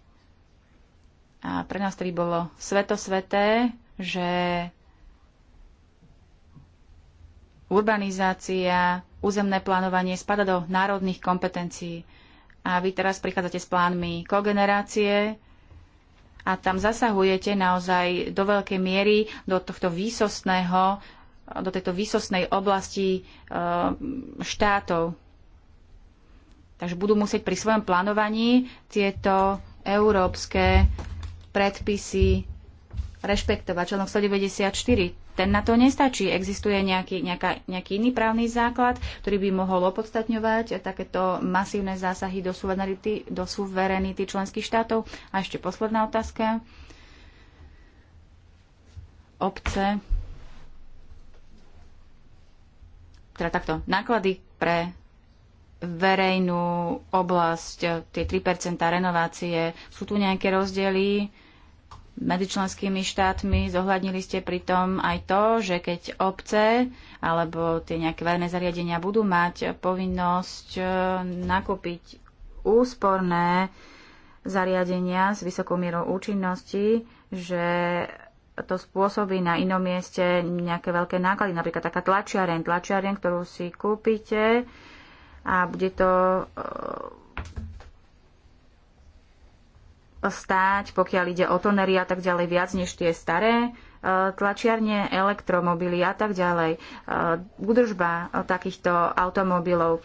a pre nás tedy bolo sveto sveto-sveté, že urbanizácia územné plánovanie spada do národných kompetencií. A vy teraz prichádzate s plánmi kogenerácie a tam zasahujete naozaj do veľkej miery do tohto výsostného, do tejto výsostnej oblasti e, štátov. Takže budú musieť pri svojom plánovaní tieto európske predpisy rešpektovať. Článok 194 ten na to nestačí. Existuje nejaký, nejaká, nejaký iný právny základ, ktorý by mohol opodstatňovať takéto masívne zásahy do suverenity, do suverenity členských štátov. A ešte posledná otázka. Obce. Teda takto. Náklady pre verejnú oblasť, tie 3% renovácie, sú tu nejaké rozdiely? medzi členskými štátmi. Zohľadnili ste pritom aj to, že keď obce alebo tie nejaké verejné zariadenia budú mať povinnosť e, nakúpiť úsporné zariadenia s vysokou mierou účinnosti, že to spôsobí na inom mieste nejaké veľké náklady, napríklad taká tlačiareň, tlačiareň, ktorú si kúpite a bude to e, stáť, pokiaľ ide o tonery a tak ďalej, viac než tie staré e, tlačiarne, elektromobily a tak ďalej, e, údržba e, takýchto automobilov.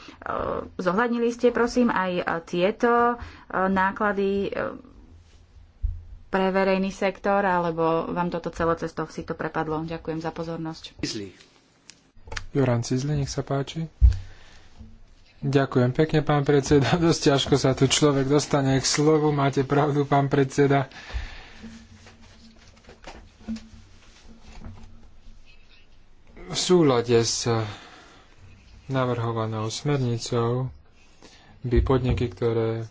Zohľadnili ste, prosím, aj tieto náklady pre verejný sektor, alebo vám toto celé cestou si to prepadlo? Ďakujem za pozornosť. Cizli. Joran Cizli, nech sa páči. Ďakujem pekne, pán predseda. Dosť ťažko sa tu človek dostane k slovu. Máte pravdu, pán predseda. V súlade s navrhovanou smernicou by podniky, ktoré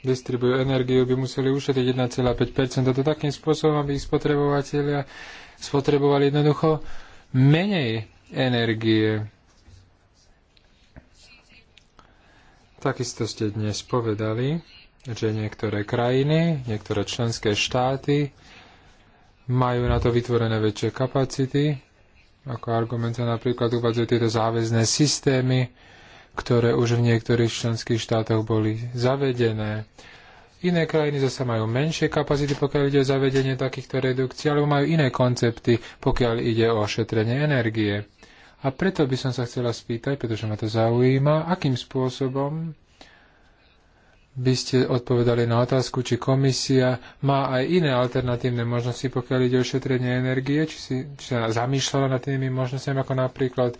distribujú energiu, by museli ušetriť 1,5 a to takým spôsobom, aby ich spotrebovateľia spotrebovali jednoducho menej energie. Takisto ste dnes povedali, že niektoré krajiny, niektoré členské štáty majú na to vytvorené väčšie kapacity. Ako argument sa napríklad uvádzajú tieto záväzné systémy, ktoré už v niektorých členských štátoch boli zavedené. Iné krajiny zase majú menšie kapacity, pokiaľ ide o zavedenie takýchto redukcií, alebo majú iné koncepty, pokiaľ ide o šetrenie energie. A preto by som sa chcela spýtať, pretože ma to zaujíma, akým spôsobom by ste odpovedali na otázku, či komisia má aj iné alternatívne možnosti, pokiaľ ide o šetrenie energie, či, si, či sa zamýšľala nad tými možnosťami, ako napríklad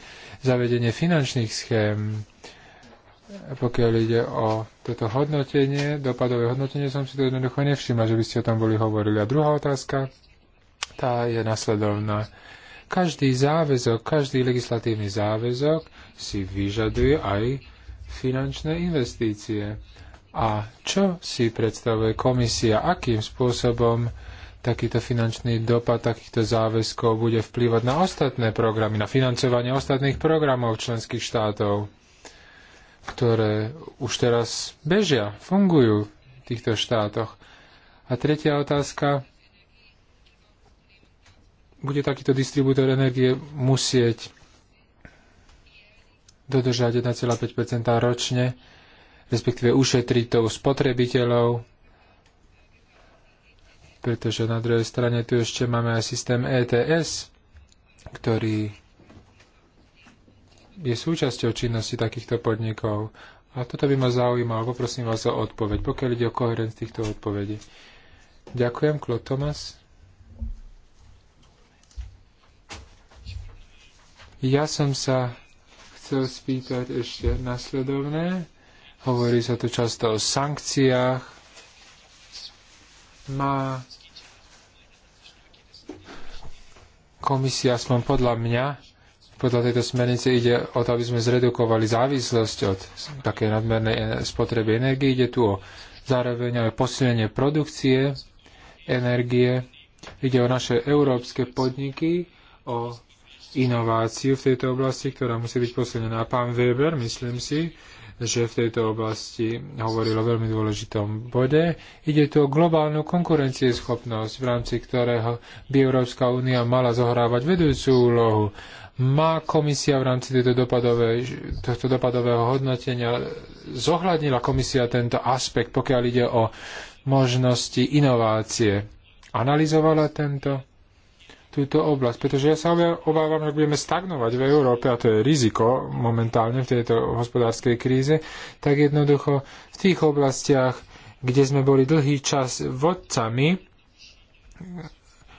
zavedenie finančných schém. Pokiaľ ide o toto hodnotenie, dopadové hodnotenie, som si to jednoducho nevšimla, že by ste o tom boli hovorili. A druhá otázka, tá je nasledovná. Každý záväzok, každý legislatívny záväzok si vyžaduje aj finančné investície. A čo si predstavuje komisia, akým spôsobom takýto finančný dopad takýchto záväzkov bude vplývať na ostatné programy, na financovanie ostatných programov členských štátov, ktoré už teraz bežia, fungujú v týchto štátoch. A tretia otázka, bude takýto distribútor energie musieť dodržať 1,5 ročne, respektíve ušetriť to spotrebiteľov, pretože na druhej strane tu ešte máme aj systém ETS, ktorý je súčasťou činnosti takýchto podnikov. A toto by ma zaujímalo, poprosím vás o odpoveď, pokiaľ ide o koherenc týchto odpovedí. Ďakujem, Klot Tomas. Ja som sa chcel spýtať ešte nasledovné. Hovorí sa tu často o sankciách. Má komisia, aspoň podľa mňa, podľa tejto smernice ide o to, aby sme zredukovali závislosť od také nadmernej spotreby energie. Ide tu o zároveň aj posilnenie produkcie energie. Ide o naše európske podniky, o inováciu v tejto oblasti, ktorá musí byť posilnená. Pán Weber, myslím si, že v tejto oblasti hovoril o veľmi dôležitom bode. Ide tu o globálnu konkurencieschopnosť, v rámci ktorého by Európska únia mala zohrávať vedúcu úlohu. Má komisia v rámci tejto dopadovej, tohto dopadového hodnotenia zohľadnila komisia tento aspekt, pokiaľ ide o možnosti inovácie? Analizovala tento túto oblasť. Pretože ja sa obávam, že budeme stagnovať v Európe, a to je riziko momentálne v tejto hospodárskej kríze, tak jednoducho v tých oblastiach, kde sme boli dlhý čas vodcami,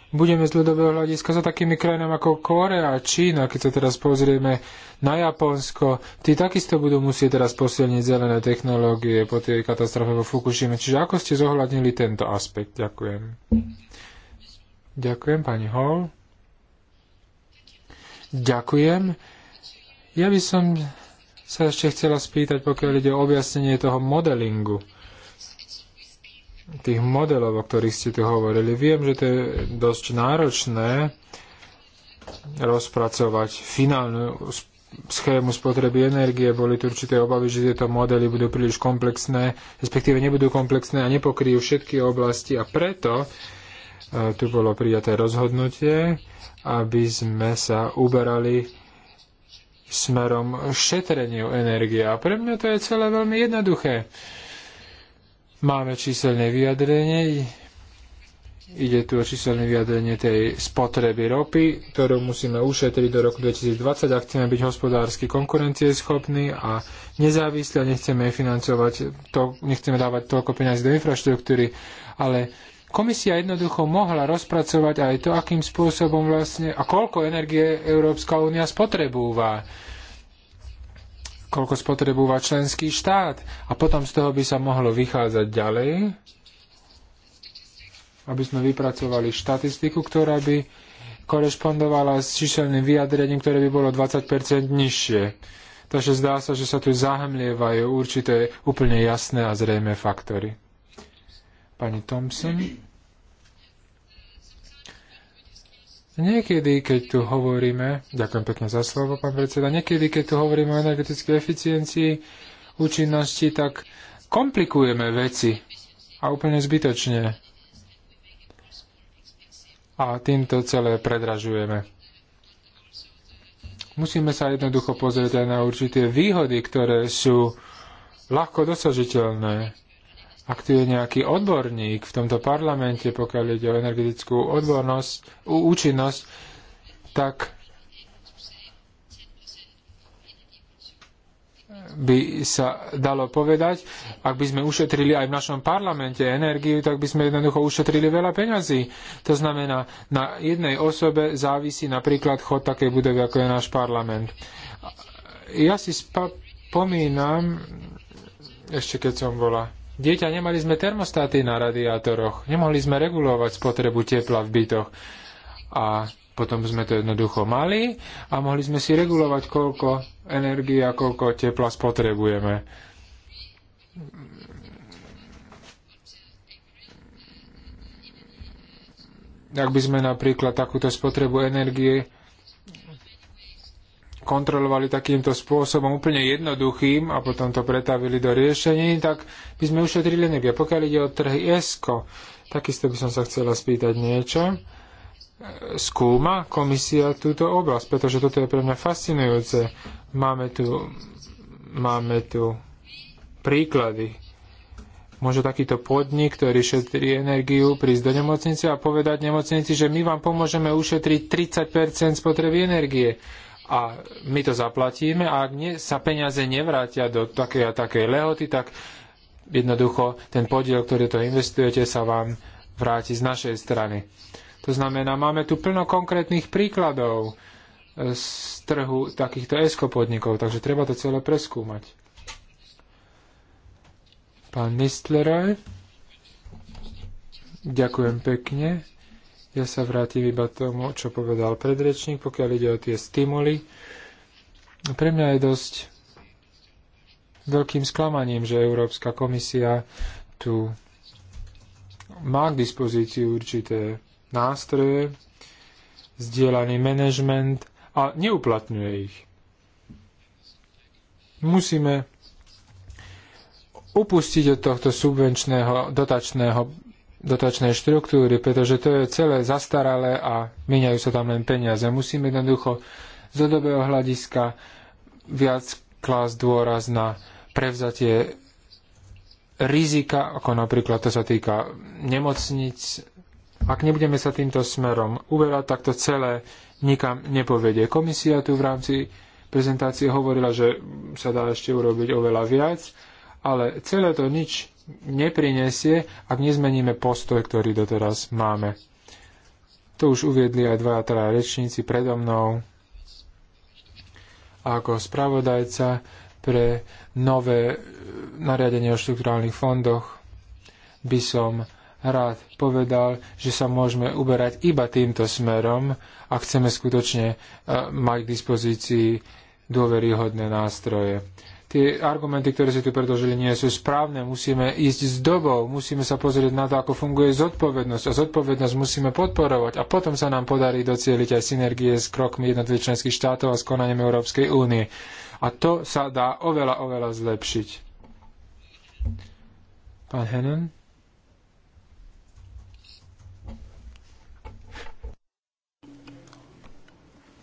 budeme z ľudového hľadiska za takými krajinami ako Korea Čína, keď sa teraz pozrieme na Japonsko, tí takisto budú musieť teraz posilniť zelené technológie po tej katastrofe vo Fukushime. Čiže ako ste zohľadnili tento aspekt? Ďakujem. Ďakujem, pani Hall. Ďakujem. Ja by som sa ešte chcela spýtať, pokiaľ ide o objasnenie toho modelingu, tých modelov, o ktorých ste tu hovorili. Viem, že to je dosť náročné rozpracovať finálnu schému spotreby energie. Boli tu určité obavy, že tieto modely budú príliš komplexné, respektíve nebudú komplexné a nepokryjú všetky oblasti a preto E, tu bolo prijaté rozhodnutie, aby sme sa uberali smerom šetreniu energie. A pre mňa to je celé veľmi jednoduché. Máme číselné vyjadrenie, Ide tu o číselné vyjadrenie tej spotreby ropy, ktorú musíme ušetriť do roku 2020 a chceme byť hospodársky konkurencieschopní a nezávislí a nechceme financovať to, nechceme dávať toľko peňazí do infraštruktúry, ale Komisia jednoducho mohla rozpracovať aj to, akým spôsobom vlastne a koľko energie Európska únia spotrebúva koľko spotrebúva členský štát. A potom z toho by sa mohlo vychádzať ďalej, aby sme vypracovali štatistiku, ktorá by korešpondovala s číselným vyjadrením, ktoré by bolo 20% nižšie. Takže zdá sa, že sa tu zahmlievajú určité úplne jasné a zrejme faktory. Pani Thompson. Niekedy, keď tu hovoríme, ďakujem pekne za slovo, pán predseda, niekedy, keď tu hovoríme o energetickej eficiencii, účinnosti, tak komplikujeme veci a úplne zbytočne. A týmto celé predražujeme. Musíme sa jednoducho pozrieť aj na určité výhody, ktoré sú ľahko dosažiteľné ak tu je nejaký odborník v tomto parlamente, pokiaľ ide o energetickú odbornosť, účinnosť, tak by sa dalo povedať, ak by sme ušetrili aj v našom parlamente energiu, tak by sme jednoducho ušetrili veľa peňazí. To znamená, na jednej osobe závisí napríklad chod takej budovy, ako je náš parlament. Ja si spomínam, ešte keď som bola dieťa, nemali sme termostáty na radiátoroch, nemohli sme regulovať spotrebu tepla v bytoch. A potom sme to jednoducho mali a mohli sme si regulovať, koľko energie a koľko tepla spotrebujeme. Ak by sme napríklad takúto spotrebu energie kontrolovali takýmto spôsobom úplne jednoduchým a potom to pretavili do riešení, tak by sme ušetrili energie. Pokiaľ ide o trhy ESCO, takisto by som sa chcela spýtať niečo. E, skúma komisia túto oblasť, pretože toto je pre mňa fascinujúce. Máme tu, máme tu príklady. Môže takýto podnik, ktorý šetrí energiu, prísť do nemocnice a povedať nemocnici, že my vám pomôžeme ušetriť 30 spotreby energie a my to zaplatíme a ak nie, sa peniaze nevrátia do takej a takej lehoty, tak jednoducho ten podiel, ktorý to investujete, sa vám vráti z našej strany. To znamená, máme tu plno konkrétnych príkladov e, z trhu takýchto eskopodnikov, podnikov, takže treba to celé preskúmať. Pán Nistleroj, ďakujem pekne. Ja sa vrátim iba tomu, čo povedal predrečník, pokiaľ ide o tie stimuly. Pre mňa je dosť veľkým sklamaním, že Európska komisia tu má k dispozícii určité nástroje, zdieľaný manažment a neuplatňuje ich. Musíme upustiť od tohto subvenčného dotačného dotačnej štruktúry, pretože to je celé zastaralé a míňajú sa tam len peniaze. Musíme jednoducho z dlhodobého hľadiska viac klásť dôraz na prevzatie rizika, ako napríklad to sa týka nemocnic. Ak nebudeme sa týmto smerom uverať, tak to celé nikam nepovedie. Komisia tu v rámci prezentácie hovorila, že sa dá ešte urobiť oveľa viac, ale celé to nič neprinesie, ak nezmeníme postoj, ktorý doteraz máme. To už uviedli aj dvaja teda rečníci predo mnou. A ako spravodajca pre nové e, nariadenie o štruktúrálnych fondoch by som rád povedal, že sa môžeme uberať iba týmto smerom a chceme skutočne e, mať k dispozícii dôveryhodné nástroje tie argumenty, ktoré si tu predložili, nie sú správne. Musíme ísť s dobou, musíme sa pozrieť na to, ako funguje zodpovednosť a zodpovednosť musíme podporovať a potom sa nám podarí docieliť aj synergie s krokmi jednotlivých členských štátov a s konaním Európskej únie. A to sa dá oveľa, oveľa zlepšiť. Pán Henen?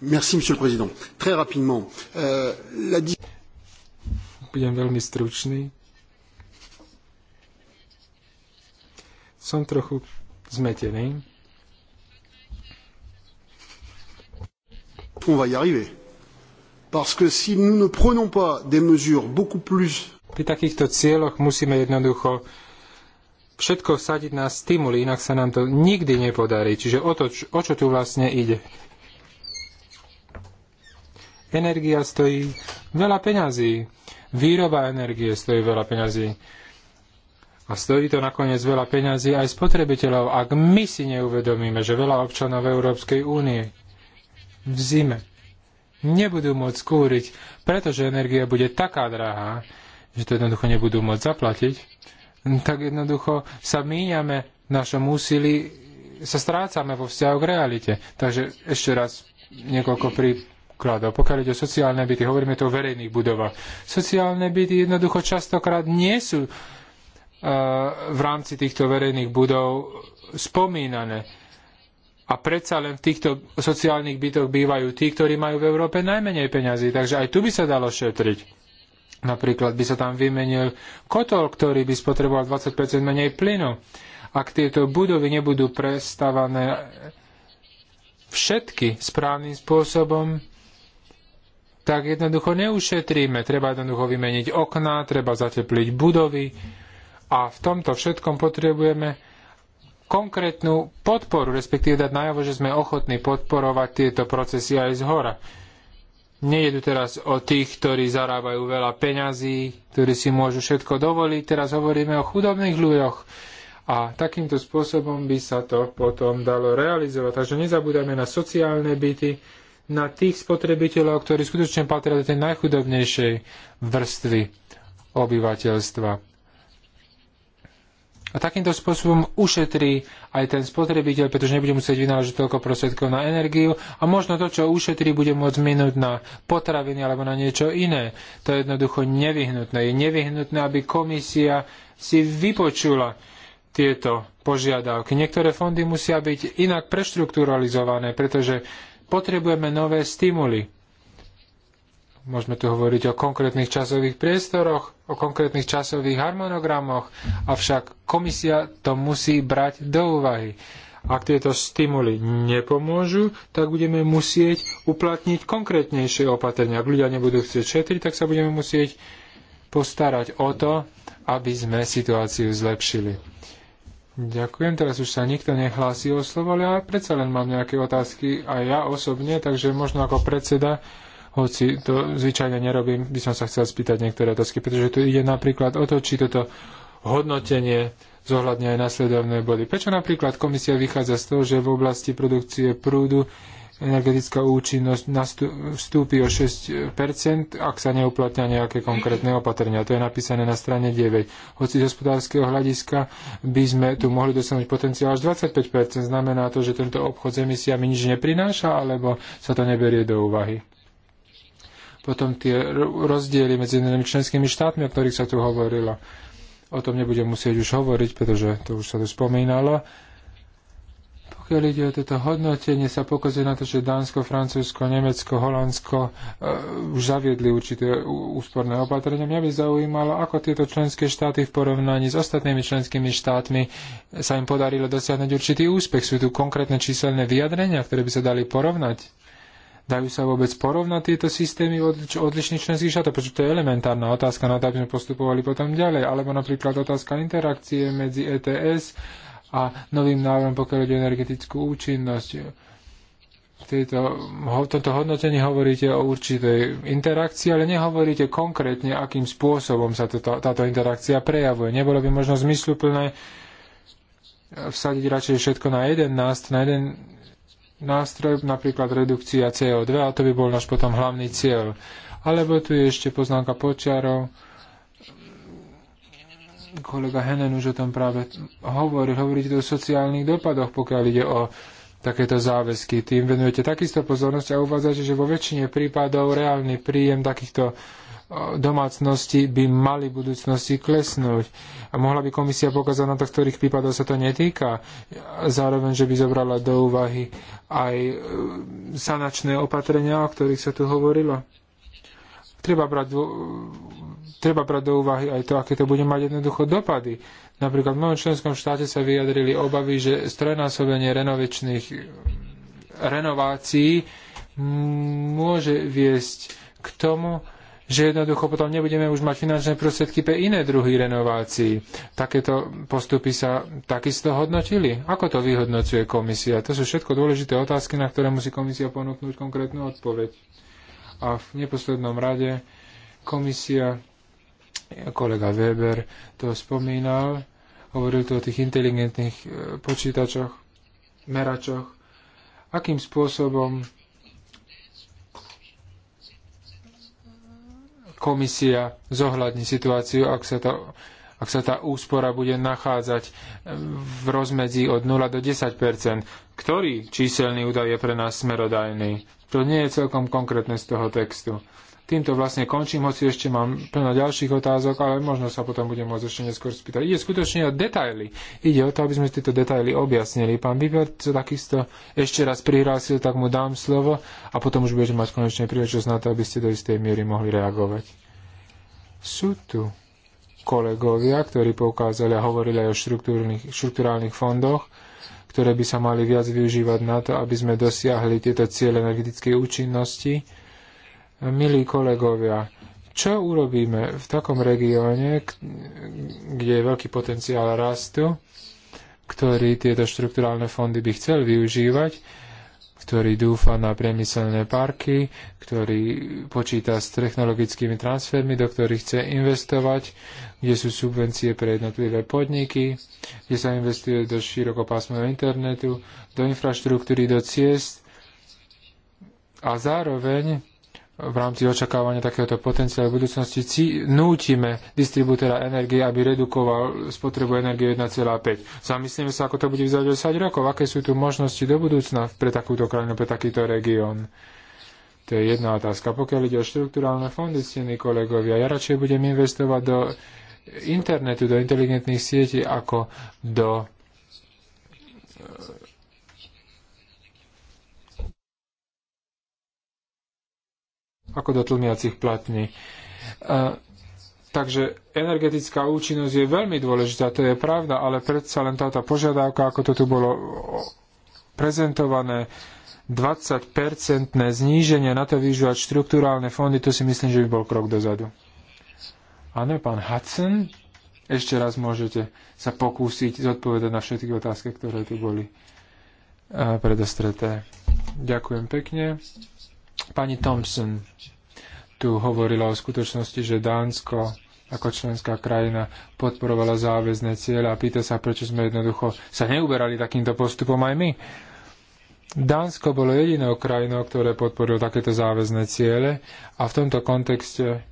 Merci, Monsieur le Président. Très rapidement, euh, la budem veľmi stručný. Som trochu zmetený. On va y arriver. Parce que si nous ne prenons pas des mesures beaucoup plus... Pri takýchto cieľoch musíme jednoducho všetko vsadiť na stimuly, inak sa nám to nikdy nepodarí. Čiže o, to, o čo tu vlastne ide? Energia stojí veľa peňazí. Výroba energie stojí veľa peňazí. A stojí to nakoniec veľa peňazí aj spotrebiteľov, ak my si neuvedomíme, že veľa občanov Európskej únie v zime nebudú môcť kúriť, pretože energia bude taká drahá, že to jednoducho nebudú môcť zaplatiť, tak jednoducho sa míňame v našom úsilí, sa strácame vo vzťahu k realite. Takže ešte raz niekoľko prí, vkladov. Pokiaľ ide o sociálne byty, hovoríme tu o verejných budovách. Sociálne byty jednoducho častokrát nie sú eh, v rámci týchto verejných budov spomínané. A predsa len v týchto sociálnych bytoch bývajú tí, ktorí majú v Európe najmenej peňazí, takže aj tu by sa dalo šetriť. Napríklad by sa tam vymenil kotol, ktorý by spotreboval 20% menej plynu. Ak tieto budovy nebudú prestavané všetky správnym spôsobom, tak jednoducho neušetríme. Treba jednoducho vymeniť okná, treba zatepliť budovy a v tomto všetkom potrebujeme konkrétnu podporu, respektíve dať najavo, že sme ochotní podporovať tieto procesy aj z hora. Nejde tu teraz o tých, ktorí zarábajú veľa peňazí, ktorí si môžu všetko dovoliť, teraz hovoríme o chudobných ľuďoch. A takýmto spôsobom by sa to potom dalo realizovať. Takže nezabúdame na sociálne byty, na tých spotrebiteľov, ktorí skutočne patria do tej najchudobnejšej vrstvy obyvateľstva. A takýmto spôsobom ušetrí aj ten spotrebiteľ, pretože nebude musieť vynaložiť toľko prostriedkov na energiu a možno to, čo ušetrí, bude môcť minúť na potraviny alebo na niečo iné. To je jednoducho nevyhnutné. Je nevyhnutné, aby komisia si vypočula tieto požiadavky. Niektoré fondy musia byť inak preštrukturalizované, pretože Potrebujeme nové stimuly. Môžeme tu hovoriť o konkrétnych časových priestoroch, o konkrétnych časových harmonogramoch, avšak komisia to musí brať do úvahy. Ak tieto stimuly nepomôžu, tak budeme musieť uplatniť konkrétnejšie opatrenia. Ak ľudia nebudú chcieť šetriť, tak sa budeme musieť postarať o to, aby sme situáciu zlepšili. Ďakujem, teraz už sa nikto nehlási o slovo, ale ja predsa len mám nejaké otázky aj ja osobne, takže možno ako predseda, hoci to zvyčajne nerobím, by som sa chcel spýtať niektoré otázky, pretože tu ide napríklad o to, či toto hodnotenie zohľadňuje aj nasledovné body. Prečo napríklad komisia vychádza z toho, že v oblasti produkcie prúdu energetická účinnosť vstúpi o 6%, ak sa neuplatňa nejaké konkrétne opatrenia. To je napísané na strane 9. Hoci z hospodárskeho hľadiska by sme tu mohli dosiahnuť potenciál až 25%. Znamená to, že tento obchod s emisiami nič neprináša, alebo sa to neberie do úvahy potom tie rozdiely medzi jednými členskými štátmi, o ktorých sa tu hovorilo. O tom nebudem musieť už hovoriť, pretože to už sa tu spomínalo. Pokiaľ ide o toto hodnotenie, sa pokazuje na to, že Dánsko, Francúzsko, Nemecko, Holandsko e, už zaviedli určité úsporné opatrenia. Mňa by zaujímalo, ako tieto členské štáty v porovnaní s ostatnými členskými štátmi sa im podarilo dosiahnuť určitý úspech. Sú tu konkrétne číselné vyjadrenia, ktoré by sa dali porovnať? Dajú sa vôbec porovnať tieto systémy od odlišných členských štátov? Pretože to je elementárna otázka na to, aby sme postupovali potom ďalej. Alebo napríklad otázka interakcie medzi ETS a novým návrhom, pokiaľ ide energetickú účinnosť. V tejto, ho, tomto hodnotení hovoríte o určitej interakcii, ale nehovoríte konkrétne, akým spôsobom sa to, táto interakcia prejavuje. Nebolo by možno zmysluplné vsadiť radšej všetko na jeden nástroj, na jeden nástroj, napríklad redukcia CO2, a to by bol náš potom hlavný cieľ. Alebo tu je ešte poznámka počiarov, kolega Henen už o tom práve hovorí. hovoríte o sociálnych dopadoch, pokiaľ ide o takéto záväzky. Tým venujete takisto pozornosť a uvádzate, že vo väčšine prípadov reálny príjem takýchto domácnosti by mali v budúcnosti klesnúť. A mohla by komisia pokázať na to, ktorých prípadov sa to netýka. Zároveň, že by zobrala do úvahy aj e, sanačné opatrenia, o ktorých sa tu hovorilo. Treba brať treba brať do úvahy aj to, aké to bude mať jednoducho dopady. Napríklad v mojom členskom štáte sa vyjadrili obavy, že strojnásobenie renovečných renovácií môže viesť k tomu, že jednoducho potom nebudeme už mať finančné prostriedky pre iné druhy renovácií. Takéto postupy sa takisto hodnotili. Ako to vyhodnocuje komisia? To sú všetko dôležité otázky, na ktoré musí komisia ponúknuť konkrétnu odpoveď. A v neposlednom rade komisia kolega Weber to spomínal, hovoril tu o tých inteligentných e, počítačoch, meračoch, akým spôsobom komisia zohľadní situáciu, ak sa, to, ak sa tá úspora bude nachádzať v rozmedzi od 0 do 10 Ktorý číselný údaj je pre nás smerodajný? To nie je celkom konkrétne z toho textu. Týmto vlastne končím, hoci ešte mám plno ďalších otázok, ale možno sa potom budem môcť ešte neskôr spýtať. Ide skutočne o detaily. Ide o to, aby sme tieto detaily objasnili. Pán Vyber sa takisto ešte raz prihlásil, tak mu dám slovo a potom už budete mať konečne príležitosť na to, aby ste do istej miery mohli reagovať. Sú tu kolegovia, ktorí poukázali a hovorili aj o štruktúrálnych fondoch, ktoré by sa mali viac využívať na to, aby sme dosiahli tieto ciele energetickej účinnosti Milí kolegovia, čo urobíme v takom regióne, kde je veľký potenciál rastu, ktorý tieto štrukturálne fondy by chcel využívať, ktorý dúfa na priemyselné parky, ktorý počíta s technologickými transfermi, do ktorých chce investovať, kde sú subvencie pre jednotlivé podniky, kde sa investuje do širokopásmového internetu, do infraštruktúry, do ciest a zároveň v rámci očakávania takéhoto potenciálu v budúcnosti nútime distribútora energie, aby redukoval spotrebu energie 1,5. Zamyslíme sa, ako to bude za 10 rokov, aké sú tu možnosti do budúcna pre takúto krajinu, pre takýto región. To je jedna otázka. Pokiaľ ide o štruktúrálne fondy, ctení kolegovia, ja radšej budem investovať do internetu, do inteligentných sietí, ako do ako do tlmiacich platní. A, takže energetická účinnosť je veľmi dôležitá, to je pravda, ale predsa len táto požiadavka, ako to tu bolo prezentované, 20-percentné zníženie na to vyžívať štruktúrálne fondy, to si myslím, že by bol krok dozadu. Áno, pán Hudson, ešte raz môžete sa pokúsiť zodpovedať na všetky otázky, ktoré tu boli eh, predostreté. Ďakujem pekne. Pani Thompson tu hovorila o skutočnosti, že Dánsko ako členská krajina podporovala záväzné cieľa a pýta sa, prečo sme jednoducho sa neuberali takýmto postupom aj my. Dánsko bolo jedinou krajinou, ktoré podporilo takéto záväzné ciele a v tomto kontexte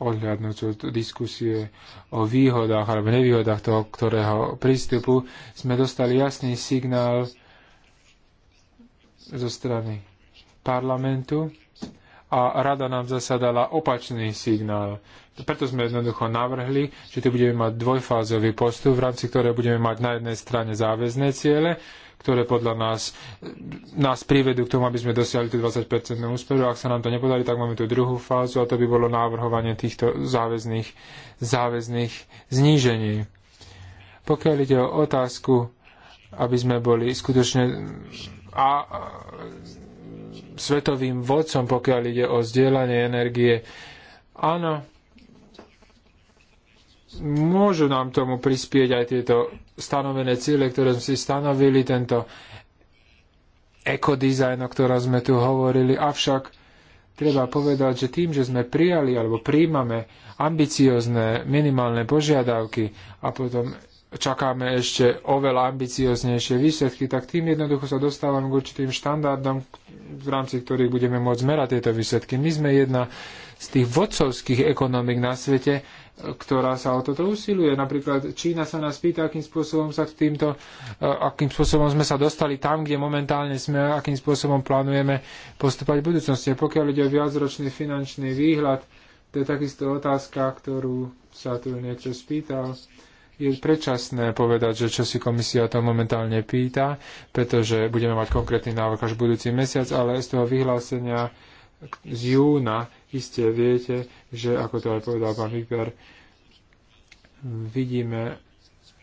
odhľadnúť od diskusie o výhodách alebo nevýhodách toho, ktorého prístupu, sme dostali jasný signál zo strany parlamentu a rada nám zasadala dala opačný signál. Preto sme jednoducho navrhli, že tu budeme mať dvojfázový postup, v rámci ktorého budeme mať na jednej strane záväzné ciele, ktoré podľa nás nás privedú k tomu, aby sme dosiahli tú 20% úsporu. Ak sa nám to nepodarí, tak máme tú druhú fázu a to by bolo návrhovanie týchto záväzných, záväzných znížení. Pokiaľ ide o otázku, aby sme boli skutočne a svetovým vodcom, pokiaľ ide o zdieľanie energie. Áno, môžu nám tomu prispieť aj tieto stanovené ciele, ktoré sme si stanovili, tento ekodizajn, o ktorom sme tu hovorili. Avšak treba povedať, že tým, že sme prijali alebo príjmame ambiciozne minimálne požiadavky a potom čakáme ešte oveľa ambicioznejšie výsledky, tak tým jednoducho sa dostávame k určitým štandardom, v rámci ktorých budeme môcť merať tieto výsledky. My sme jedna z tých vodcovských ekonomik na svete, ktorá sa o toto usiluje. Napríklad Čína sa nás pýta, akým spôsobom sa k týmto, eh, akým spôsobom sme sa dostali tam, kde momentálne sme, akým spôsobom plánujeme postupovať v budúcnosti. A pokiaľ ide o viacročný finančný výhľad, to je takisto otázka, ktorú sa tu niečo spýtal je predčasné povedať, že čo si komisia to momentálne pýta, pretože budeme mať konkrétny návrh až budúci mesiac, ale z toho vyhlásenia z júna iste viete, že ako to aj povedal pán Vikber, vidíme,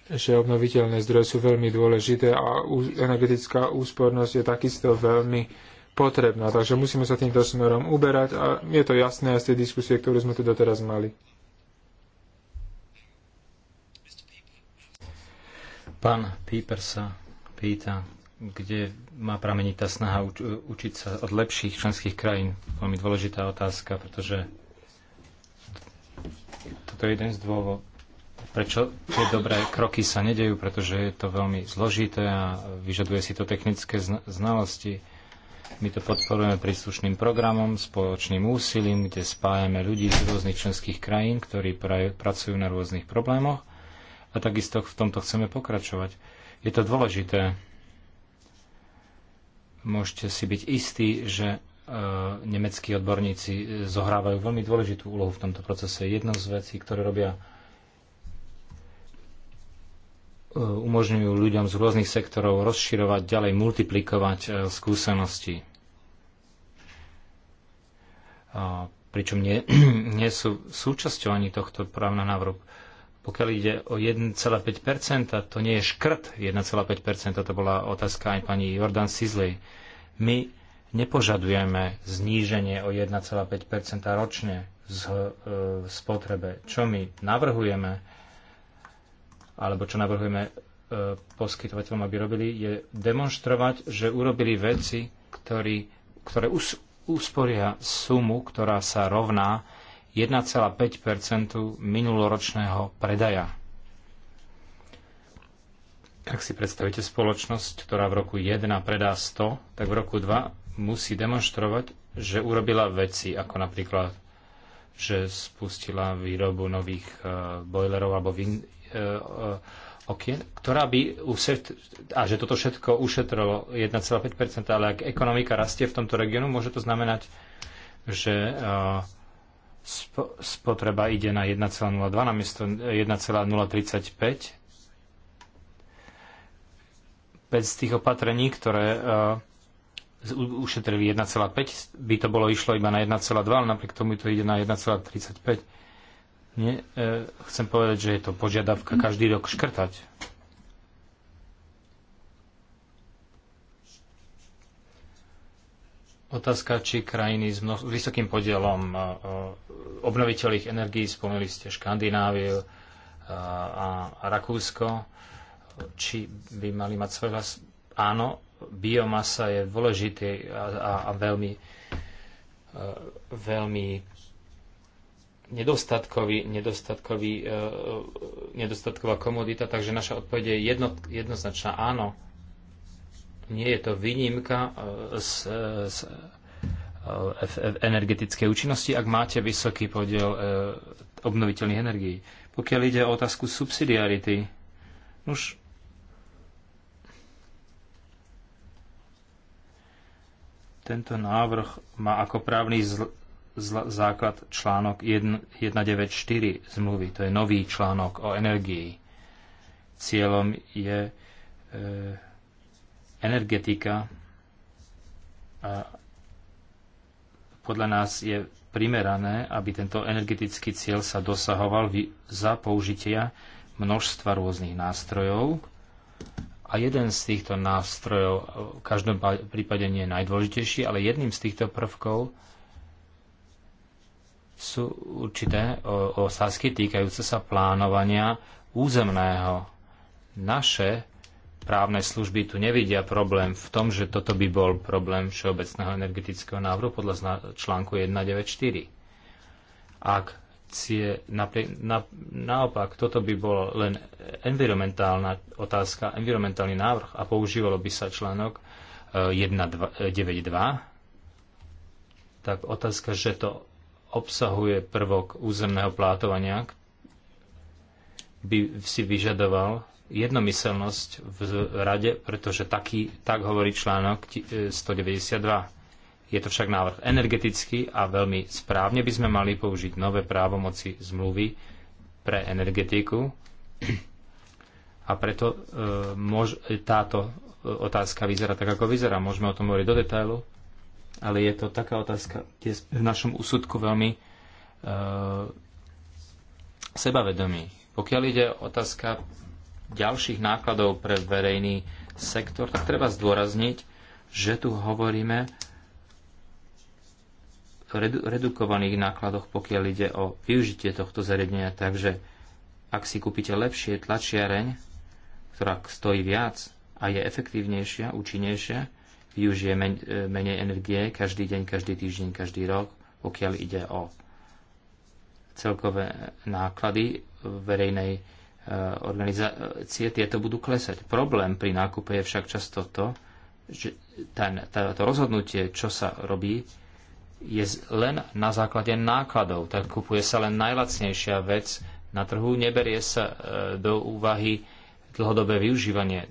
že obnoviteľné zdroje sú veľmi dôležité a energetická úspornosť je takisto veľmi potrebná. Takže musíme sa týmto smerom uberať a je to jasné aj z tej diskusie, ktorú sme tu doteraz mali. Pán Píper sa pýta, kde má prameniť tá snaha uč- učiť sa od lepších členských krajín. Veľmi dôležitá otázka, pretože toto je jeden z dôvodov, prečo tie dobré kroky sa nedejú, pretože je to veľmi zložité a vyžaduje si to technické znalosti. My to podporujeme príslušným programom, spoločným úsilím, kde spájame ľudí z rôznych členských krajín, ktorí pracujú na rôznych problémoch a takisto v tomto chceme pokračovať. Je to dôležité. Môžete si byť istí, že e, nemeckí odborníci e, zohrávajú veľmi dôležitú úlohu v tomto procese. Jedno z vecí, ktoré robia e, umožňujú ľuďom z rôznych sektorov rozširovať, ďalej multiplikovať skúsenosti. Pričom nie, nie sú súčasťou ani tohto právna návrhu pokiaľ ide o 1,5%, to nie je škrt 1,5%, to bola otázka aj pani Jordan Sisley. My nepožadujeme zníženie o 1,5% ročne z e, spotrebe. Čo my navrhujeme, alebo čo navrhujeme e, poskytovateľom, aby robili, je demonstrovať, že urobili veci, ktorý, ktoré us, usporia sumu, ktorá sa rovná 1,5 minuloročného predaja. Ak si predstavíte spoločnosť, ktorá v roku 1 predá 100, tak v roku 2 musí demonstrovať, že urobila veci, ako napríklad, že spustila výrobu nových e, bojlerov alebo vin, e, e, okien, ktorá by uset, a že toto všetko ušetrilo 1,5%, ale ak ekonomika rastie v tomto regiónu, môže to znamenať, že e, spotreba ide na 1,02 namiesto 1,035. E, Bez tých opatrení, ktoré e, ušetrili 1,5, by to bolo išlo iba na 1,2, ale napriek tomu to ide na 1,35. Nie, e, chcem povedať, že je to požiadavka každý rok škrtať. Otázka, či krajiny s, s vysokým podielom e, e, obnoviteľných energií, spomenuli ste Škandináviu e, a, a Rakúsko, či by mali mať svoj hlas. Áno, biomasa je dôležitý a, a, a veľmi, veľmi nedostatkový, nedostatkový, nedostatková komodita, takže naša odpoveď je jedno, jednoznačná áno nie je to výnimka e, z, e, z e, energetickej účinnosti, ak máte vysoký podiel obnoviteľných energií. Pokiaľ ide o otázku subsidiarity, už tento návrh má ako právny zl- zl- základ článok 1, 194 zmluvy. To je nový článok o energii. Cieľom je e, energetika podľa nás je primerané, aby tento energetický cieľ sa dosahoval za použitia množstva rôznych nástrojov. A jeden z týchto nástrojov, v každom prípade nie je najdôležitejší, ale jedným z týchto prvkov sú určité otázky týkajúce sa plánovania územného. Naše právne služby tu nevidia problém v tom, že toto by bol problém Všeobecného energetického návrhu podľa článku 194. Ak cie, napriek, na, naopak, toto by bol len environmentálna otázka, environmentálny návrh a používalo by sa článok 192, eh, tak otázka, že to obsahuje prvok územného plátovania, by si vyžadoval jednomyselnosť v rade, pretože taký, tak hovorí článok 192. E, je to však návrh energetický a veľmi správne by sme mali použiť nové právomoci zmluvy pre energetiku a preto e, táto e, otázka vyzerá tak, ako vyzerá. Môžeme o tom hovoriť do detailu, ale je to taká otázka, kde v našom úsudku veľmi e, sebavedomí. Pokiaľ ide otázka ďalších nákladov pre verejný sektor, tak treba zdôrazniť, že tu hovoríme o redukovaných nákladoch, pokiaľ ide o využitie tohto zariadenia. Takže ak si kúpite lepšie tlačiareň, ktorá stojí viac a je efektívnejšia, účinnejšia, využije e, menej energie každý deň, každý týždeň, každý rok, pokiaľ ide o celkové náklady verejnej Eh, organizácie, tieto budú klesať. Problém pri nákupe je však často to, že ten, to rozhodnutie, čo sa robí, je len na základe nákladov. Tak kupuje sa len najlacnejšia vec na trhu, neberie sa eh, do úvahy dlhodobé využívanie.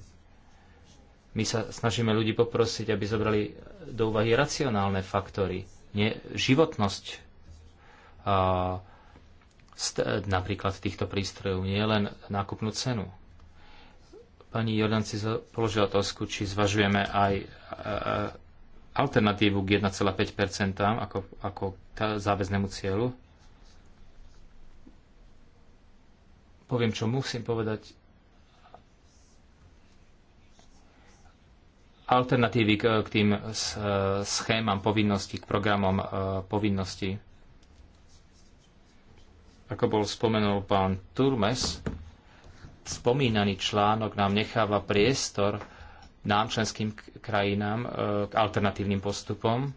My sa snažíme ľudí poprosiť, aby zobrali eh, do úvahy racionálne faktory, nie životnosť napríklad týchto prístrojov, nie len nákupnú cenu. Pani si položila otázku, či zvažujeme aj e, e, alternatívu k 1,5 ako, ako záväznému cieľu. Poviem, čo musím povedať. Alternatívy k, k tým e, schémam povinností, k programom povinností ako bol spomenul pán Turmes, spomínaný článok nám necháva priestor nám, členským krajinám, e, k alternatívnym postupom.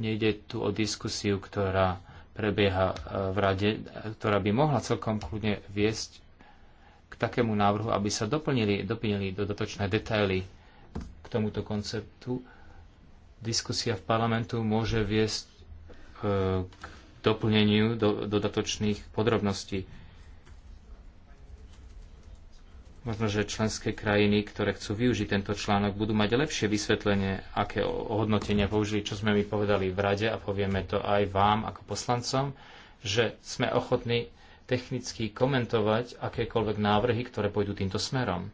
Nejde tu o diskusiu, ktorá prebieha e, v rade, e, ktorá by mohla celkom kľudne viesť k takému návrhu, aby sa doplnili, doplnili dodatočné detaily k tomuto konceptu. Diskusia v parlamentu môže viesť k doplneniu do, dodatočných podrobností. Možno, že členské krajiny, ktoré chcú využiť tento článok, budú mať lepšie vysvetlenie, aké ohodnotenia použili, čo sme my povedali v rade a povieme to aj vám ako poslancom, že sme ochotní technicky komentovať akékoľvek návrhy, ktoré pôjdu týmto smerom.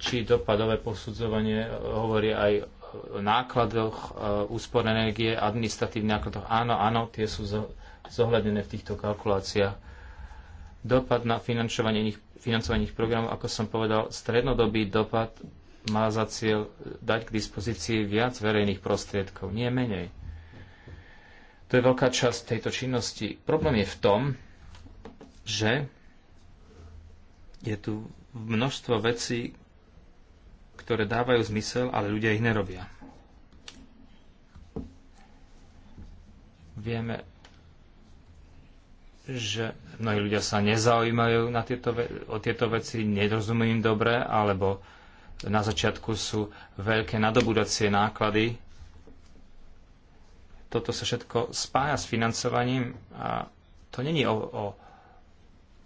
Či dopadové posudzovanie hovorí aj nákladoch e, úspor energie, administratívnych nákladoch. Áno, áno, tie sú zohľadnené v týchto kalkuláciách. Dopad na financovanie ich, financovanie ich programov, ako som povedal, strednodobý dopad má za cieľ dať k dispozícii viac verejných prostriedkov, nie menej. To je veľká časť tejto činnosti. Problém je v tom, že je tu množstvo vecí, ktoré dávajú zmysel, ale ľudia ich nerobia. Vieme, že mnohí ľudia sa nezaujímajú na tieto, o tieto veci, nedozumujú im dobre, alebo na začiatku sú veľké nadobudacie náklady. Toto sa všetko spája s financovaním a to není o, o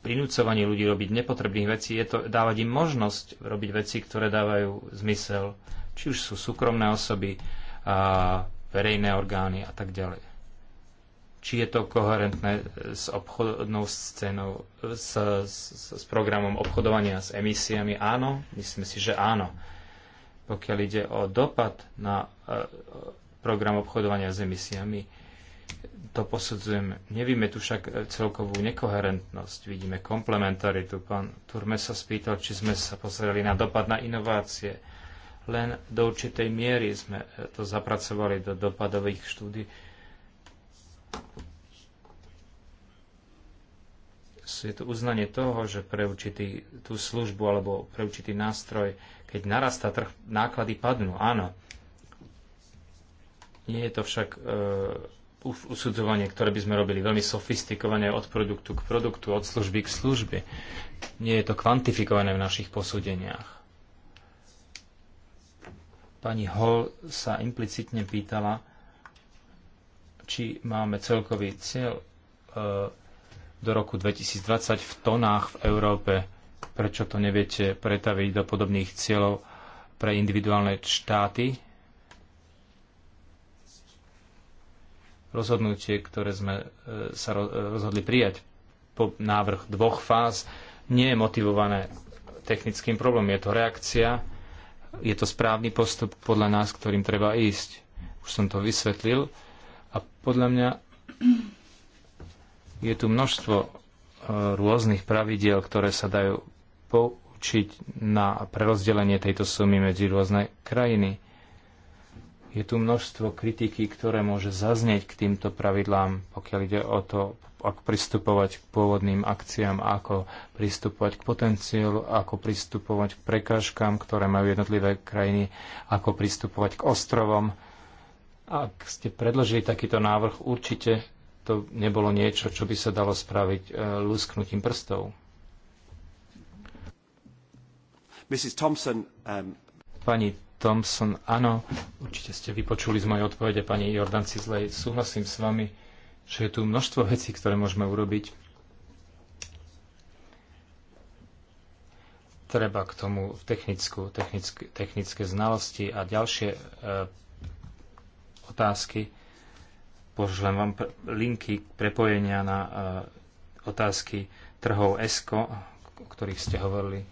prinúcovanie ľudí robiť nepotrebných vecí, je to dávať im možnosť robiť veci, ktoré dávajú zmysel, či už sú súkromné osoby, a verejné orgány a tak ďalej. Či je to koherentné s obchodnou scénou, s, s, s programom obchodovania s emisiami? Áno, myslím si, že áno. Pokiaľ ide o dopad na e, program obchodovania s emisiami, to posudzujem. Nevieme tu však e, celkovú nekoherentnosť, vidíme komplementaritu. Pán Turme sa spýtal, či sme sa pozreli na dopad na inovácie. Len do určitej miery sme e, to zapracovali do dopadových štúdí. Je to uznanie toho, že pre určitý tú službu alebo pre určitý nástroj, keď narastá trh, náklady padnú, áno. Nie je to však e, usudzovanie, ktoré by sme robili veľmi sofistikované od produktu k produktu, od služby k službe. Nie je to kvantifikované v našich posúdeniach. Pani Hall sa implicitne pýtala, či máme celkový cieľ e, do roku 2020 v tonách v Európe. Prečo to neviete pretaviť do podobných cieľov pre individuálne štáty? Rozhodnutie, ktoré sme e, sa e, rozhodli prijať po návrh dvoch fáz, nie je motivované technickým problémom. Je to reakcia, je to správny postup podľa nás, ktorým treba ísť. Už som to vysvetlil. A podľa mňa je tu množstvo e, rôznych pravidiel, ktoré sa dajú poučiť na prerozdelenie tejto sumy medzi rôzne krajiny. Je tu množstvo kritiky, ktoré môže zaznieť k týmto pravidlám, pokiaľ ide o to, ako pristupovať k pôvodným akciám, ako pristupovať k potenciálu, ako pristupovať k prekážkám, ktoré majú jednotlivé krajiny, ako pristupovať k ostrovom. Ak ste predložili takýto návrh, určite to nebolo niečo, čo by sa dalo spraviť e, lusknutím prstov. Mrs. Thompson, um... Pani Thompson, áno, určite ste vypočuli z mojej odpovede pani Jordan Cizlej. Súhlasím s vami, že je tu množstvo vecí, ktoré môžeme urobiť. Treba k tomu technickú, technické, technické znalosti a ďalšie e, otázky. Pošlem vám pr- linky prepojenia na e, otázky trhov ESCO, o ktorých ste hovorili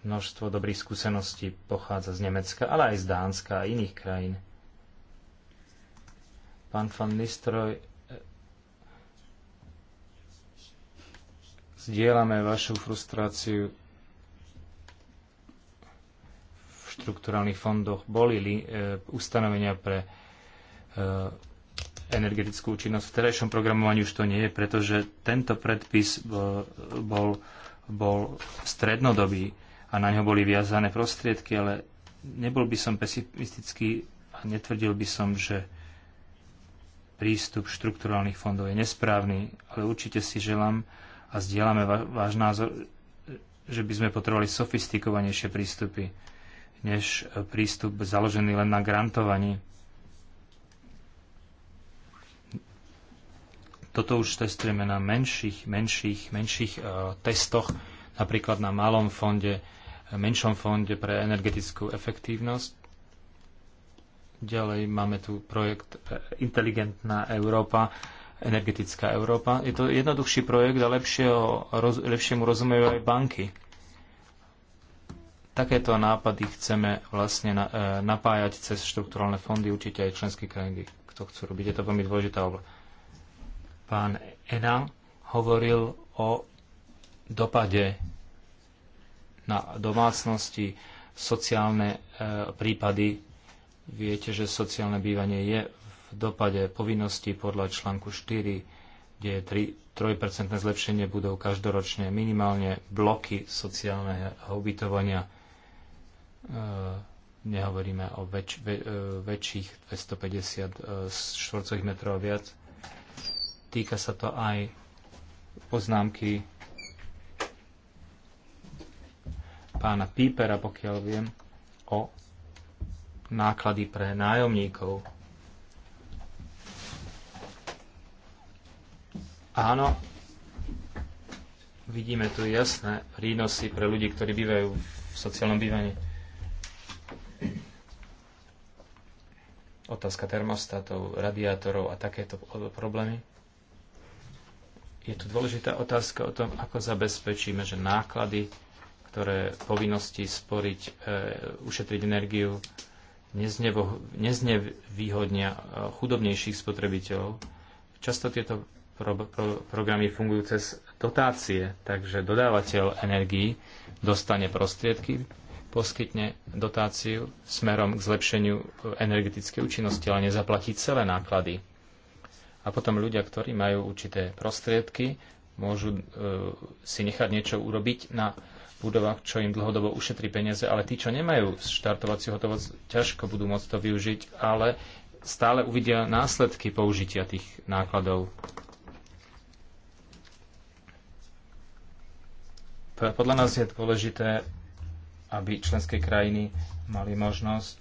Množstvo dobrých skúseností pochádza z Nemecka, ale aj z Dánska a iných krajín. Pán van Nistroj, eh, zdieľame vašu frustráciu v štrukturálnych fondoch. Boli li, e, ustanovenia pre e, energetickú účinnosť. V terajšom programovaní už to nie je, pretože tento predpis bol, bol, bol strednodobý a na ňo boli viazané prostriedky, ale nebol by som pesimistický a netvrdil by som, že prístup štrukturálnych fondov je nesprávny, ale určite si želám a zdieľame váš názor, že by sme potrebovali sofistikovanejšie prístupy než e, prístup založený len na grantovaní. Toto už testujeme na menších, menších, menších uh, testoch, napríklad na malom fonde menšom fonde pre energetickú efektívnosť. Ďalej máme tu projekt e, Inteligentná Európa, Energetická Európa. Je to jednoduchší projekt a lepšieho, roz, lepšiemu rozumejú aj banky. Takéto nápady chceme vlastne na, e, napájať cez štrukturálne fondy, určite aj členské krajiny, kto chcú robiť. Je to veľmi dôležitá oblasť. Pán Ena hovoril o dopade na domácnosti, sociálne e, prípady. Viete, že sociálne bývanie je v dopade povinnosti podľa článku 4, kde je 3, 3% zlepšenie budov každoročne, minimálne bloky sociálneho ubytovania. E, nehovoríme o väč, vä, e, väčších 250 štvorcových metrov viac. Týka sa to aj poznámky pána Pípera, pokiaľ viem, o náklady pre nájomníkov. Áno, vidíme tu jasné prínosy pre ľudí, ktorí bývajú v sociálnom bývaní. Otázka termostatov, radiátorov a takéto problémy. Je tu dôležitá otázka o tom, ako zabezpečíme, že náklady ktoré povinnosti sporiť, e, ušetriť energiu neznevo, neznevýhodnia e, chudobnejších spotrebiteľov. Často tieto pro, pro, programy fungujú cez dotácie, takže dodávateľ energií dostane prostriedky, poskytne dotáciu smerom k zlepšeniu energetickej účinnosti, ale nezaplatí celé náklady. A potom ľudia, ktorí majú určité prostriedky, môžu e, si nechať niečo urobiť na budovách, čo im dlhodobo ušetrí peniaze, ale tí, čo nemajú štartovaciu hotovosť, ťažko budú môcť to využiť, ale stále uvidia následky použitia tých nákladov. Podľa nás je dôležité, aby členské krajiny mali možnosť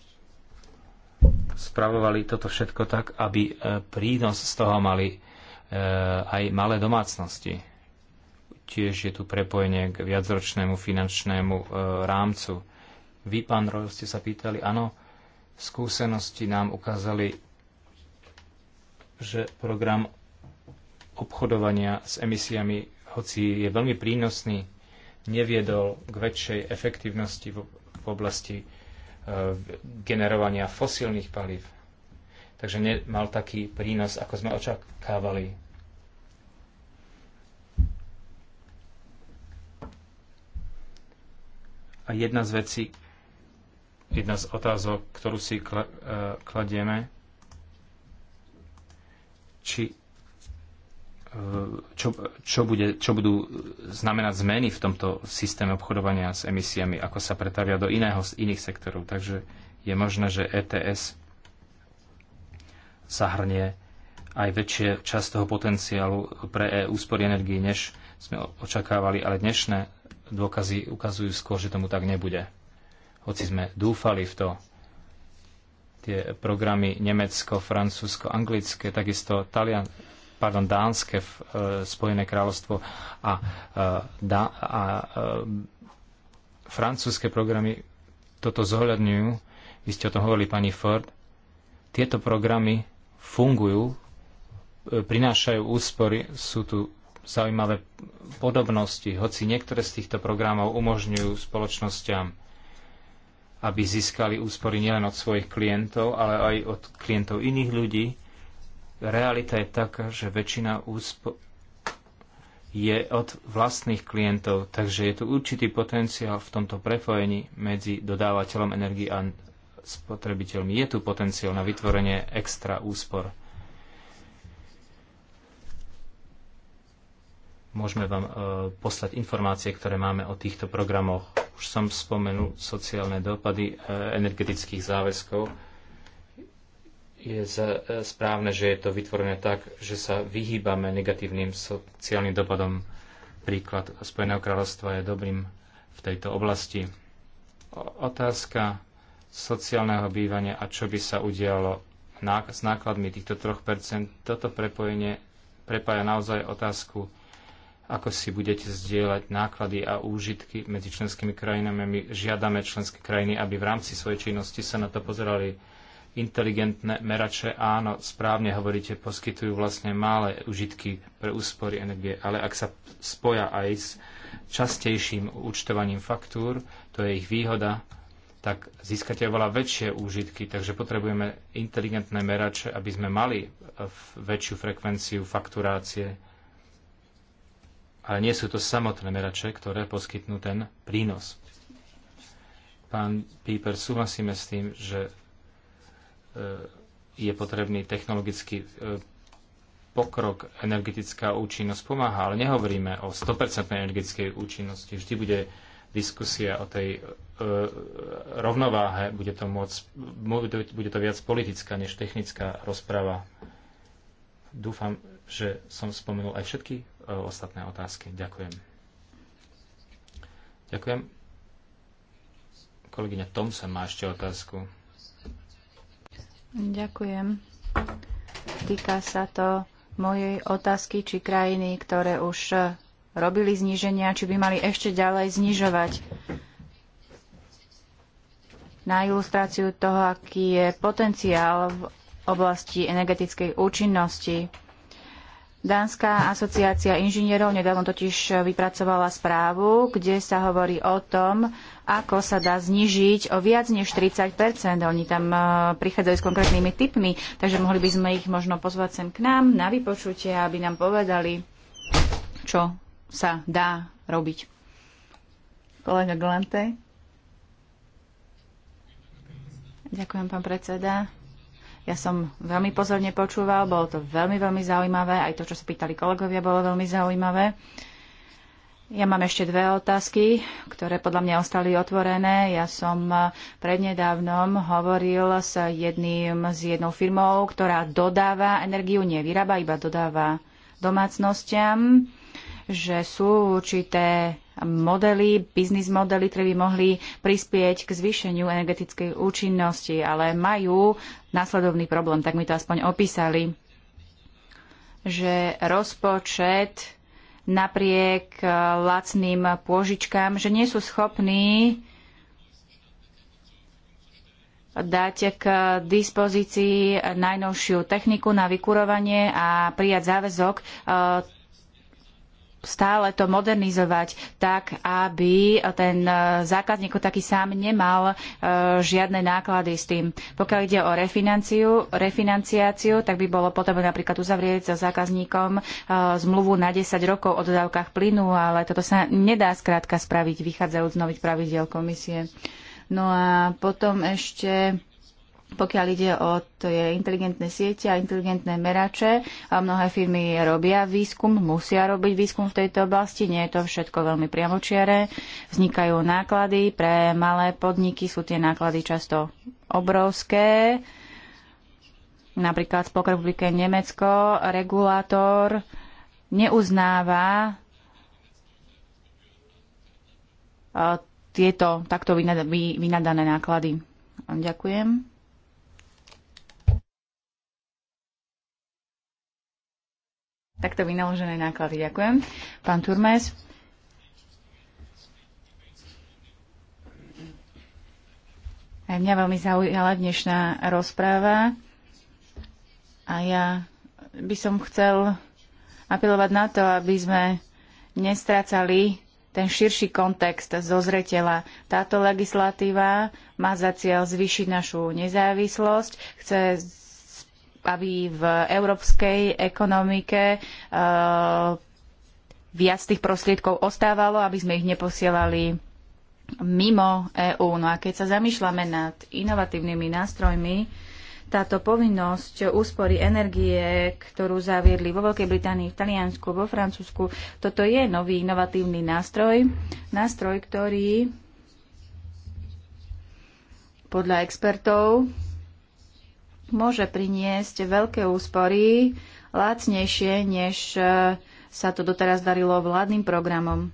spravovali toto všetko tak, aby e, prínos z toho mali e, aj malé domácnosti. Tiež je tu prepojenie k viacročnému finančnému e, rámcu. Vy, pán Roj, ste sa pýtali, áno, skúsenosti nám ukázali, že program obchodovania s emisiami, hoci je veľmi prínosný, neviedol k väčšej efektívnosti v, v oblasti e, generovania fosílnych palív. Takže nemal taký prínos, ako sme očakávali. A jedna z vecí, jedna z otázok, ktorú si e, kladieme, či e, čo, čo, bude, čo budú znamenať zmeny v tomto systéme obchodovania s emisiami, ako sa pretavia do iného, z iných sektorov. Takže je možné, že ETS zahrnie aj väčšie časť toho potenciálu pre úspory e energii, než sme očakávali, ale dnešné dôkazy ukazujú skôr, že tomu tak nebude. Hoci sme dúfali v to, tie programy Nemecko, Francúzsko, Anglické, takisto Talian, pardon, Dánske, e, Spojené kráľovstvo a, e, da, a e, francúzske programy toto zohľadňujú. Vy ste o tom hovorili, pani Ford. Tieto programy fungujú, e, prinášajú úspory, sú tu zaujímavé podobnosti, hoci niektoré z týchto programov umožňujú spoločnosťam, aby získali úspory nielen od svojich klientov, ale aj od klientov iných ľudí. Realita je taká, že väčšina úspor je od vlastných klientov, takže je tu určitý potenciál v tomto prepojení medzi dodávateľom energii a spotrebiteľmi. Je tu potenciál na vytvorenie extra úspor. Môžeme vám e, poslať informácie, ktoré máme o týchto programoch. Už som spomenul sociálne dopady e, energetických záväzkov. Je e, správne, že je to vytvorené tak, že sa vyhýbame negatívnym sociálnym dopadom. Príklad Spojeného kráľovstva je dobrým v tejto oblasti. Otázka sociálneho bývania a čo by sa udialo s nákladmi týchto 3%, toto prepojenie prepája naozaj otázku ako si budete zdieľať náklady a úžitky medzi členskými krajinami. My žiadame členské krajiny, aby v rámci svojej činnosti sa na to pozerali inteligentné merače. Áno, správne hovoríte, poskytujú vlastne malé užitky pre úspory energie, ale ak sa spoja aj s častejším účtovaním faktúr, to je ich výhoda, tak získate oveľa väčšie úžitky, takže potrebujeme inteligentné merače, aby sme mali eh, väčšiu frekvenciu fakturácie ale nie sú to samotné merače, ktoré poskytnú ten prínos. Pán Píper, súhlasíme s tým, že e, je potrebný technologický e, pokrok, energetická účinnosť pomáha, ale nehovoríme o 100% energetickej účinnosti. Vždy bude diskusia o tej e, rovnováhe, bude to, môcť, bude to viac politická než technická rozprava. Dúfam, že som spomenul aj všetky e, ostatné otázky. Ďakujem. Ďakujem. Kolegyňa Tomsen má ešte otázku. Ďakujem. Týka sa to mojej otázky, či krajiny, ktoré už e, robili zníženia, či by mali ešte ďalej znižovať. Na ilustráciu toho, aký je potenciál v oblasti energetickej účinnosti Dánska asociácia inžinierov nedávno totiž vypracovala správu, kde sa hovorí o tom, ako sa dá znižiť o viac než 30 Oni tam e, prichádzajú s konkrétnymi typmi, takže mohli by sme ich možno pozvať sem k nám na vypočutie, aby nám povedali, čo sa dá robiť. Kolega Glante. Ďakujem, pán predseda. Ja som veľmi pozorne počúval, bolo to veľmi, veľmi zaujímavé. Aj to, čo sa pýtali kolegovia, bolo veľmi zaujímavé. Ja mám ešte dve otázky, ktoré podľa mňa ostali otvorené. Ja som eh, prednedávnom hovoril s jedným z jednou firmou, ktorá dodáva energiu, nevyrába, iba dodáva domácnostiam, že sú určité modely, biznis modely, ktoré by mohli prispieť k zvýšeniu energetickej účinnosti, ale majú následovný problém, tak mi to aspoň opísali, že rozpočet napriek lacným pôžičkám, že nie sú schopní dať k dispozícii najnovšiu techniku na vykurovanie a prijať záväzok e, stále to modernizovať tak, aby ten e, zákazník taký sám nemal e, žiadne náklady s tým. Pokiaľ ide o refinanciu, refinanciáciu, tak by bolo potrebné napríklad uzavrieť so zákazníkom e, zmluvu na 10 rokov o dodávkach plynu, ale toto sa nedá skrátka spraviť, vychádzajúc z nových pravidiel komisie. No a potom ešte pokiaľ ide o tie inteligentné siete a inteligentné merače, a mnohé firmy robia výskum, musia robiť výskum v tejto oblasti, nie je to všetko veľmi priamočiare, vznikajú náklady, pre malé podniky sú tie náklady často obrovské. Napríklad v Republike Nemecko regulátor neuznáva tieto takto vynadané náklady. Ďakujem. takto vynaložené náklady. Ďakujem. Pán Turmes. Aj mňa veľmi zaujala dnešná rozpráva a ja by som chcel apelovať na to, aby sme nestrácali ten širší kontext zo zretela. Táto legislatíva má za cieľ zvýšiť našu nezávislosť, chce aby v európskej ekonomike eh, viac tých prostriedkov ostávalo, aby sme ich neposielali mimo EÚ. No a keď sa zamýšľame nad inovatívnymi nástrojmi, táto povinnosť úspory energie, ktorú zaviedli vo Veľkej Británii, v Taliansku, vo Francúzsku, toto je nový inovatívny nástroj, nástroj, ktorý podľa expertov môže priniesť veľké úspory lacnejšie, než e, sa to doteraz darilo vládnym programom.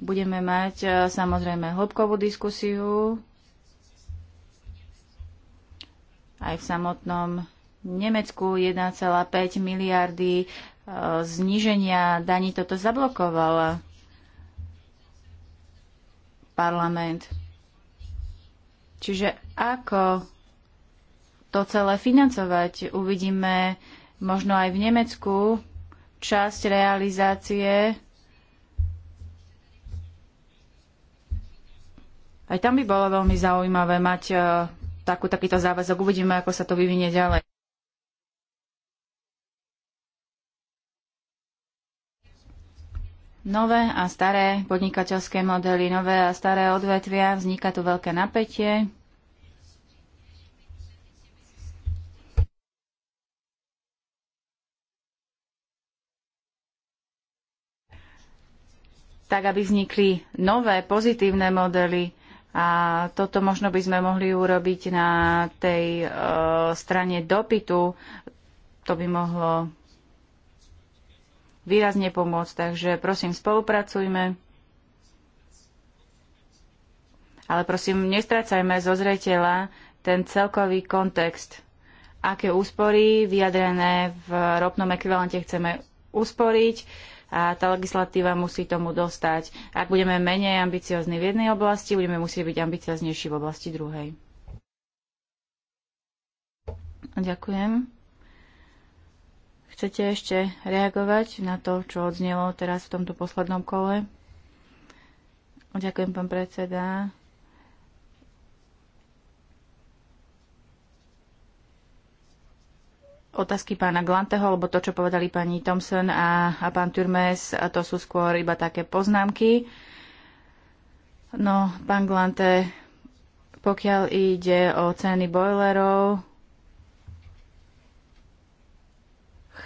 Budeme mať e, samozrejme hĺbkovú diskusiu aj v samotnom Nemecku 1,5 miliardy e, zníženia daní toto zablokoval parlament. Čiže ako to celé financovať. Uvidíme možno aj v Nemecku časť realizácie. Aj tam by bolo veľmi zaujímavé mať e, takú, takýto záväzok. Uvidíme, ako sa to vyvinie ďalej. nové a staré podnikateľské modely, nové a staré odvetvia, vzniká tu veľké napätie. tak aby vznikli nové pozitívne modely. A toto možno by sme mohli urobiť na tej e, strane dopytu. To by mohlo výrazne pomôcť. Takže prosím, spolupracujme. Ale prosím, nestrácajme zo zreteľa ten celkový kontext. Aké úspory vyjadrené v ropnom ekvivalente chceme usporiť a tá legislatíva musí tomu dostať. Ak budeme menej ambiciozni v jednej oblasti, budeme musieť byť ambicioznejší v oblasti druhej. Ďakujem. Chcete ešte reagovať na to, čo odznelo teraz v tomto poslednom kole? Ďakujem, pán predseda. otázky pána Glanteho, alebo to, čo povedali pani Thompson a, a pán Turmes, a to sú skôr iba také poznámky. No, pán Glante, pokiaľ ide o ceny bojlerov,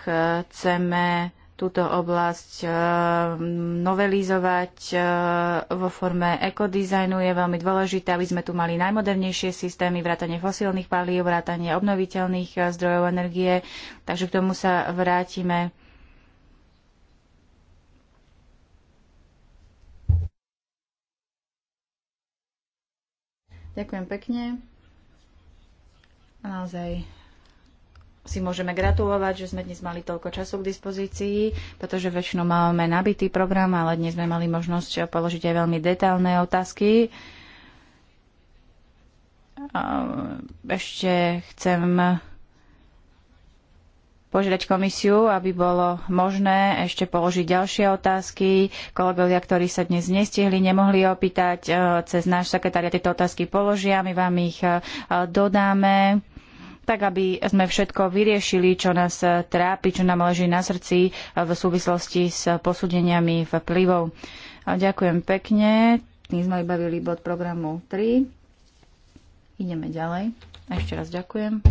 chceme túto oblasť eh, novelizovať eh, vo forme ekodizajnu. Je veľmi dôležité, aby sme tu mali najmodernejšie systémy vrátanie fosílnych palív, vrátanie obnoviteľných eh, zdrojov energie. Takže k tomu sa vrátime. Ďakujem pekne. Naozaj si môžeme gratulovať, že sme dnes mali toľko času k dispozícii, pretože väčšinou máme nabitý program, ale dnes sme mali možnosť položiť aj veľmi detailné otázky. Ešte chcem požiadať komisiu, aby bolo možné ešte položiť ďalšie otázky. Kolegovia, ktorí sa dnes nestihli, nemohli opýtať, e, cez náš sekretariat tieto otázky položia, my vám ich e, dodáme tak aby sme všetko vyriešili, čo nás trápi, čo nám leží na srdci v súvislosti s posúdeniami vplyvov. Ďakujem pekne. my sme vybavili bod programu 3. Ideme ďalej. ešte raz ďakujem.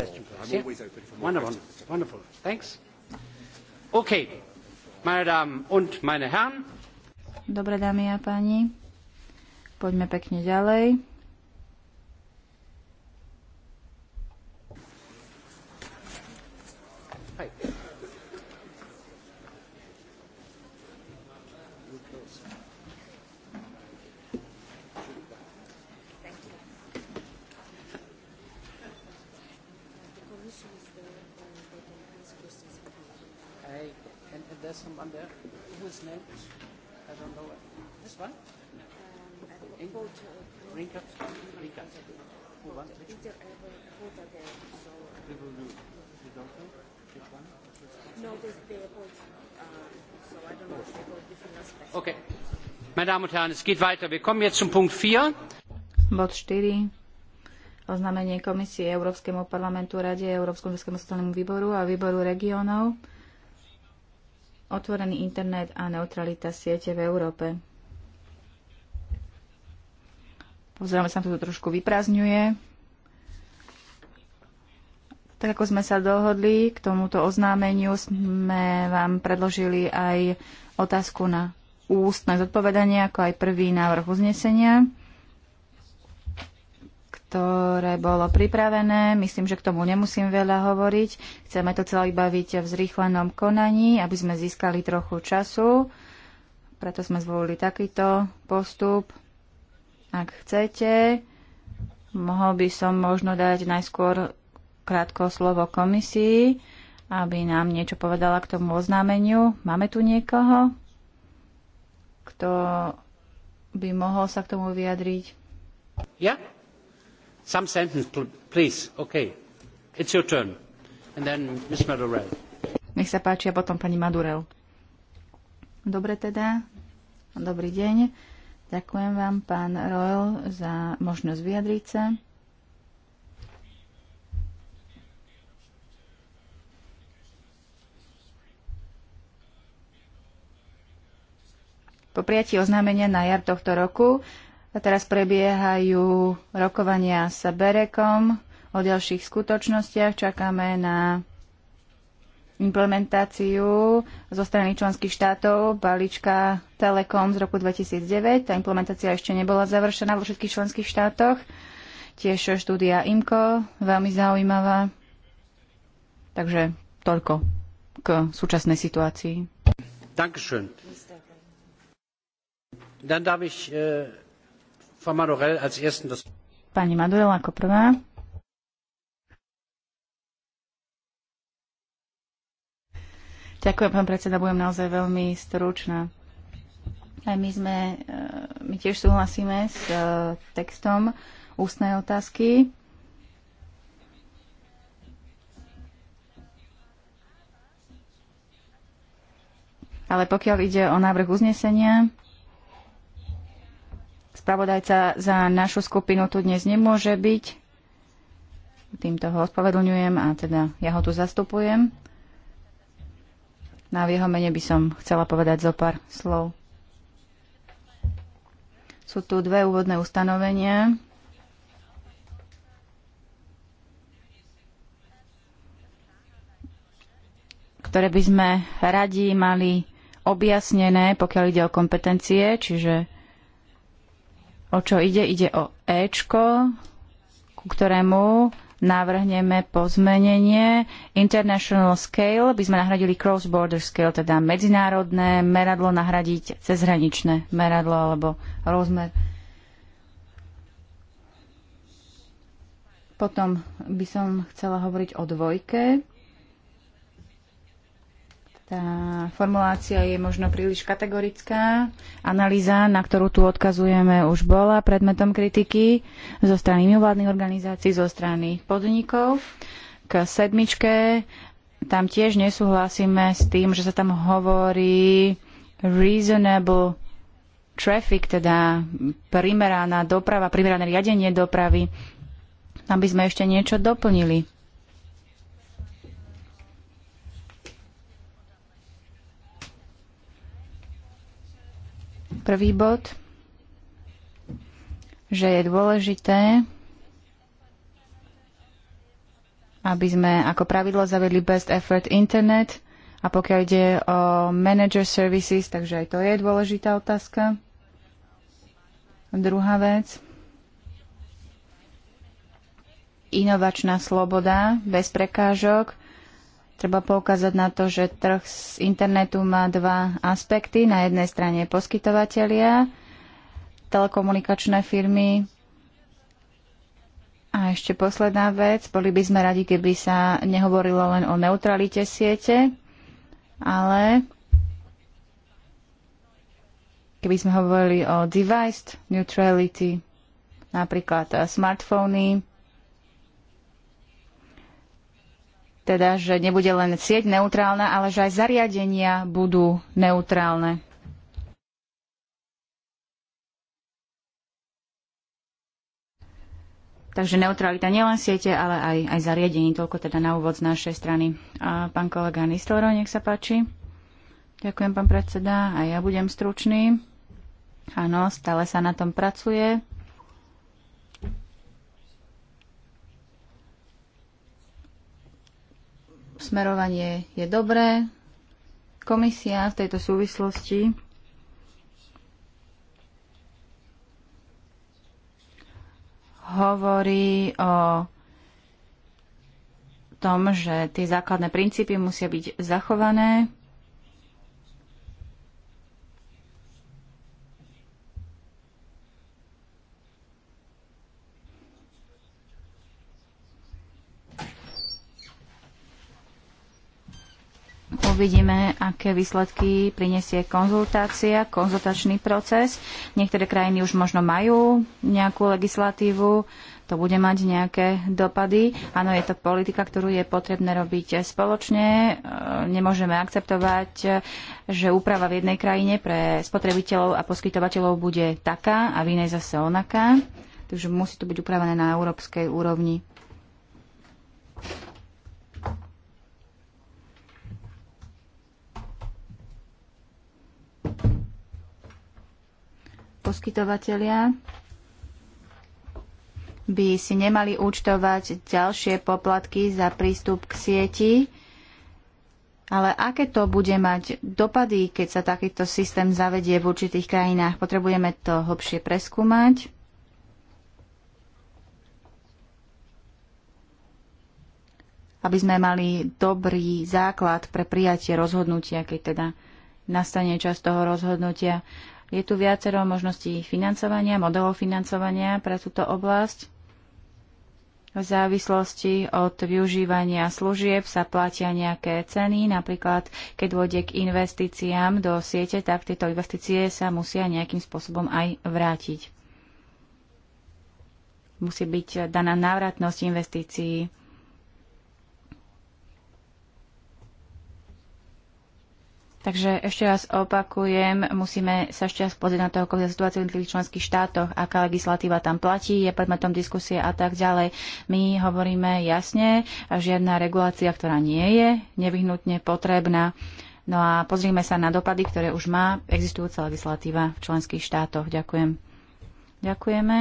Dobre, dámy a páni, poďme pekne ďalej. from one there whose name I don't know. This one? Um, Rinka? Rinka. Who one? Which one? Uh, We uh, will You don't know? Which one? No, they, they are both. Uh, so I don't know if they both different aspects. Okay. Meine Damen und Herren, es geht weiter. Wir kommen jetzt zum Punkt 4. Bod 4 oznámenie Komisie Európskemu parlamentu, Rade, Európskom sociálnemu výboru a výboru regiónov otvorený internet a neutralita siete v Európe. Pozeráme sa, to trošku vyprázdňuje. Tak ako sme sa dohodli, k tomuto oznámeniu sme vám predložili aj otázku na ústne zodpovedanie, ako aj prvý návrh uznesenia ktoré bolo pripravené. Myslím, že k tomu nemusím veľa hovoriť. Chceme to celé baviť v zrýchlenom konaní, aby sme získali trochu času. Preto sme zvolili takýto postup. Ak chcete, mohol by som možno dať najskôr krátko slovo komisii, aby nám niečo povedala k tomu oznámeniu. Máme tu niekoho, kto by mohol sa k tomu vyjadriť? Ja? some sentence, please. Okay. It's your turn. And then Ms. Madurell. Nech sa páči a potom pani Madurel. Dobre teda. Dobrý deň. Ďakujem vám, pán Royal, za možnosť vyjadriť sa. Po prijatí oznámenia na jar tohto roku a teraz prebiehajú rokovania s Berekom o ďalších skutočnostiach. Čakáme na implementáciu zo strany členských štátov balíčka Telekom z roku 2009. Tá implementácia ešte nebola završená vo všetkých členských štátoch. Tiež štúdia IMCO, veľmi zaujímavá. Takže toľko k súčasnej situácii. Dankeschön. Dann darf ich, äh Pani Madurel ako prvá. Ďakujem, pán predseda, budem naozaj veľmi stručná. Aj my sme, eh, my tiež súhlasíme s eh, textom ústnej otázky. Ale pokiaľ ide o návrh uznesenia, Spravodajca za našu skupinu tu dnes nemôže byť. Týmto ho ospravedlňujem a teda ja ho tu zastupujem. Na no jeho mene by som chcela povedať zo pár slov. Sú tu dve úvodné ustanovenia. ktoré by sme radi mali objasnené, pokiaľ ide o kompetencie, čiže O čo ide? Ide o Ečko, ku ktorému navrhneme pozmenenie. International scale by sme nahradili cross-border scale, teda medzinárodné meradlo nahradiť cezhraničné meradlo alebo rozmer. Potom by som chcela hovoriť o dvojke. Tá formulácia je možno príliš kategorická. Analýza, na ktorú tu odkazujeme, už bola predmetom kritiky zo strany mimovládnych organizácií, zo strany podnikov. K sedmičke tam tiež nesúhlasíme s tým, že sa tam hovorí reasonable traffic, teda primeraná doprava, primerané riadenie dopravy. Tam by sme ešte niečo doplnili. Prvý bod, že je dôležité, aby sme ako pravidlo zavedli best effort internet a pokiaľ ide o manager services, takže aj to je dôležitá otázka. Druhá vec, inovačná sloboda bez prekážok Treba poukázať na to, že trh z internetu má dva aspekty. Na jednej strane poskytovateľia, telekomunikačné firmy. A ešte posledná vec. Boli by sme radi, keby sa nehovorilo len o neutralite siete, ale keby sme hovorili o device neutrality, napríklad smartfóny, teda, že nebude len sieť neutrálna, ale že aj zariadenia budú neutrálne. Takže neutralita nielen siete, ale aj, aj zariadení. Toľko teda na úvod z našej strany. A pán kolega Nistelro, nech sa páči. Ďakujem, pán predseda. A ja budem stručný. Áno, stále sa na tom pracuje. Smerovanie je dobré. Komisia v tejto súvislosti hovorí o tom, že tie základné princípy musia byť zachované Uvidíme, aké výsledky prinesie konzultácia, konzultačný proces. Niektoré krajiny už možno majú nejakú legislatívu, to bude mať nejaké dopady. Áno, je to politika, ktorú je potrebné robiť spoločne. E, nemôžeme akceptovať, e, že úprava v jednej krajine pre spotrebiteľov a poskytovateľov bude taká a v inej zase onaká. Takže musí to byť upravené na európskej úrovni. poskytovateľia by si nemali účtovať ďalšie poplatky za prístup k sieti. Ale aké to bude mať dopady, keď sa takýto systém zavedie v určitých krajinách? Potrebujeme to hlbšie preskúmať. aby sme mali dobrý základ pre prijatie rozhodnutia, keď teda nastane čas toho rozhodnutia. Je tu viacero možností financovania, modelov financovania pre túto oblasť. V závislosti od využívania služieb sa platia nejaké ceny, napríklad keď vôjde k investíciám do siete, tak tieto investície sa musia nejakým spôsobom aj vrátiť. Musí byť daná návratnosť investícií Takže ešte raz opakujem, musíme sa ešte raz pozrieť na to, ako je situácia v jednotlivých členských štátoch, aká legislatíva tam platí, je predmetom diskusie a tak ďalej. My hovoríme jasne, žiadna regulácia, ktorá nie je nevyhnutne potrebná. No a pozrime sa na dopady, ktoré už má existujúca legislatíva v členských štátoch. Ďakujem. Ďakujeme.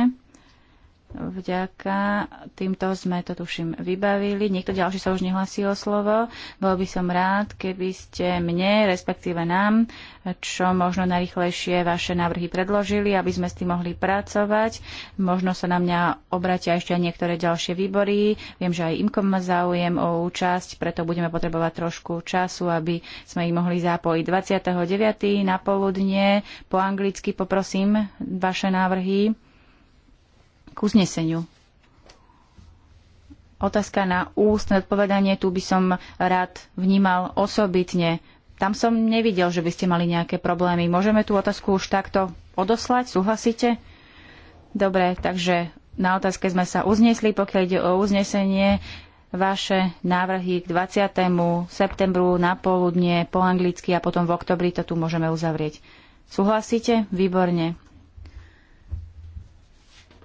Vďaka týmto sme to tuším vybavili. Niekto ďalší sa už nehlasí o slovo. Bol by som rád, keby ste mne, respektíve nám, čo možno najrychlejšie vaše návrhy predložili, aby sme s tým mohli pracovať. Možno sa na mňa obratia ešte aj niektoré ďalšie výbory. Viem, že aj IMKOM má záujem o účasť, preto budeme potrebovať trošku času, aby sme ich mohli zapojiť. 29. na poludne po anglicky poprosím vaše návrhy k uzneseniu. Otázka na ústne odpovedanie, tu by som rád vnímal osobitne. Tam som nevidel, že by ste mali nejaké problémy. Môžeme tú otázku už takto odoslať? Súhlasíte? Dobre, takže na otázke sme sa uznesli, pokiaľ ide o uznesenie vaše návrhy k 20. septembru na poludne po anglicky a potom v oktobri to tu môžeme uzavrieť. Súhlasíte? Výborne.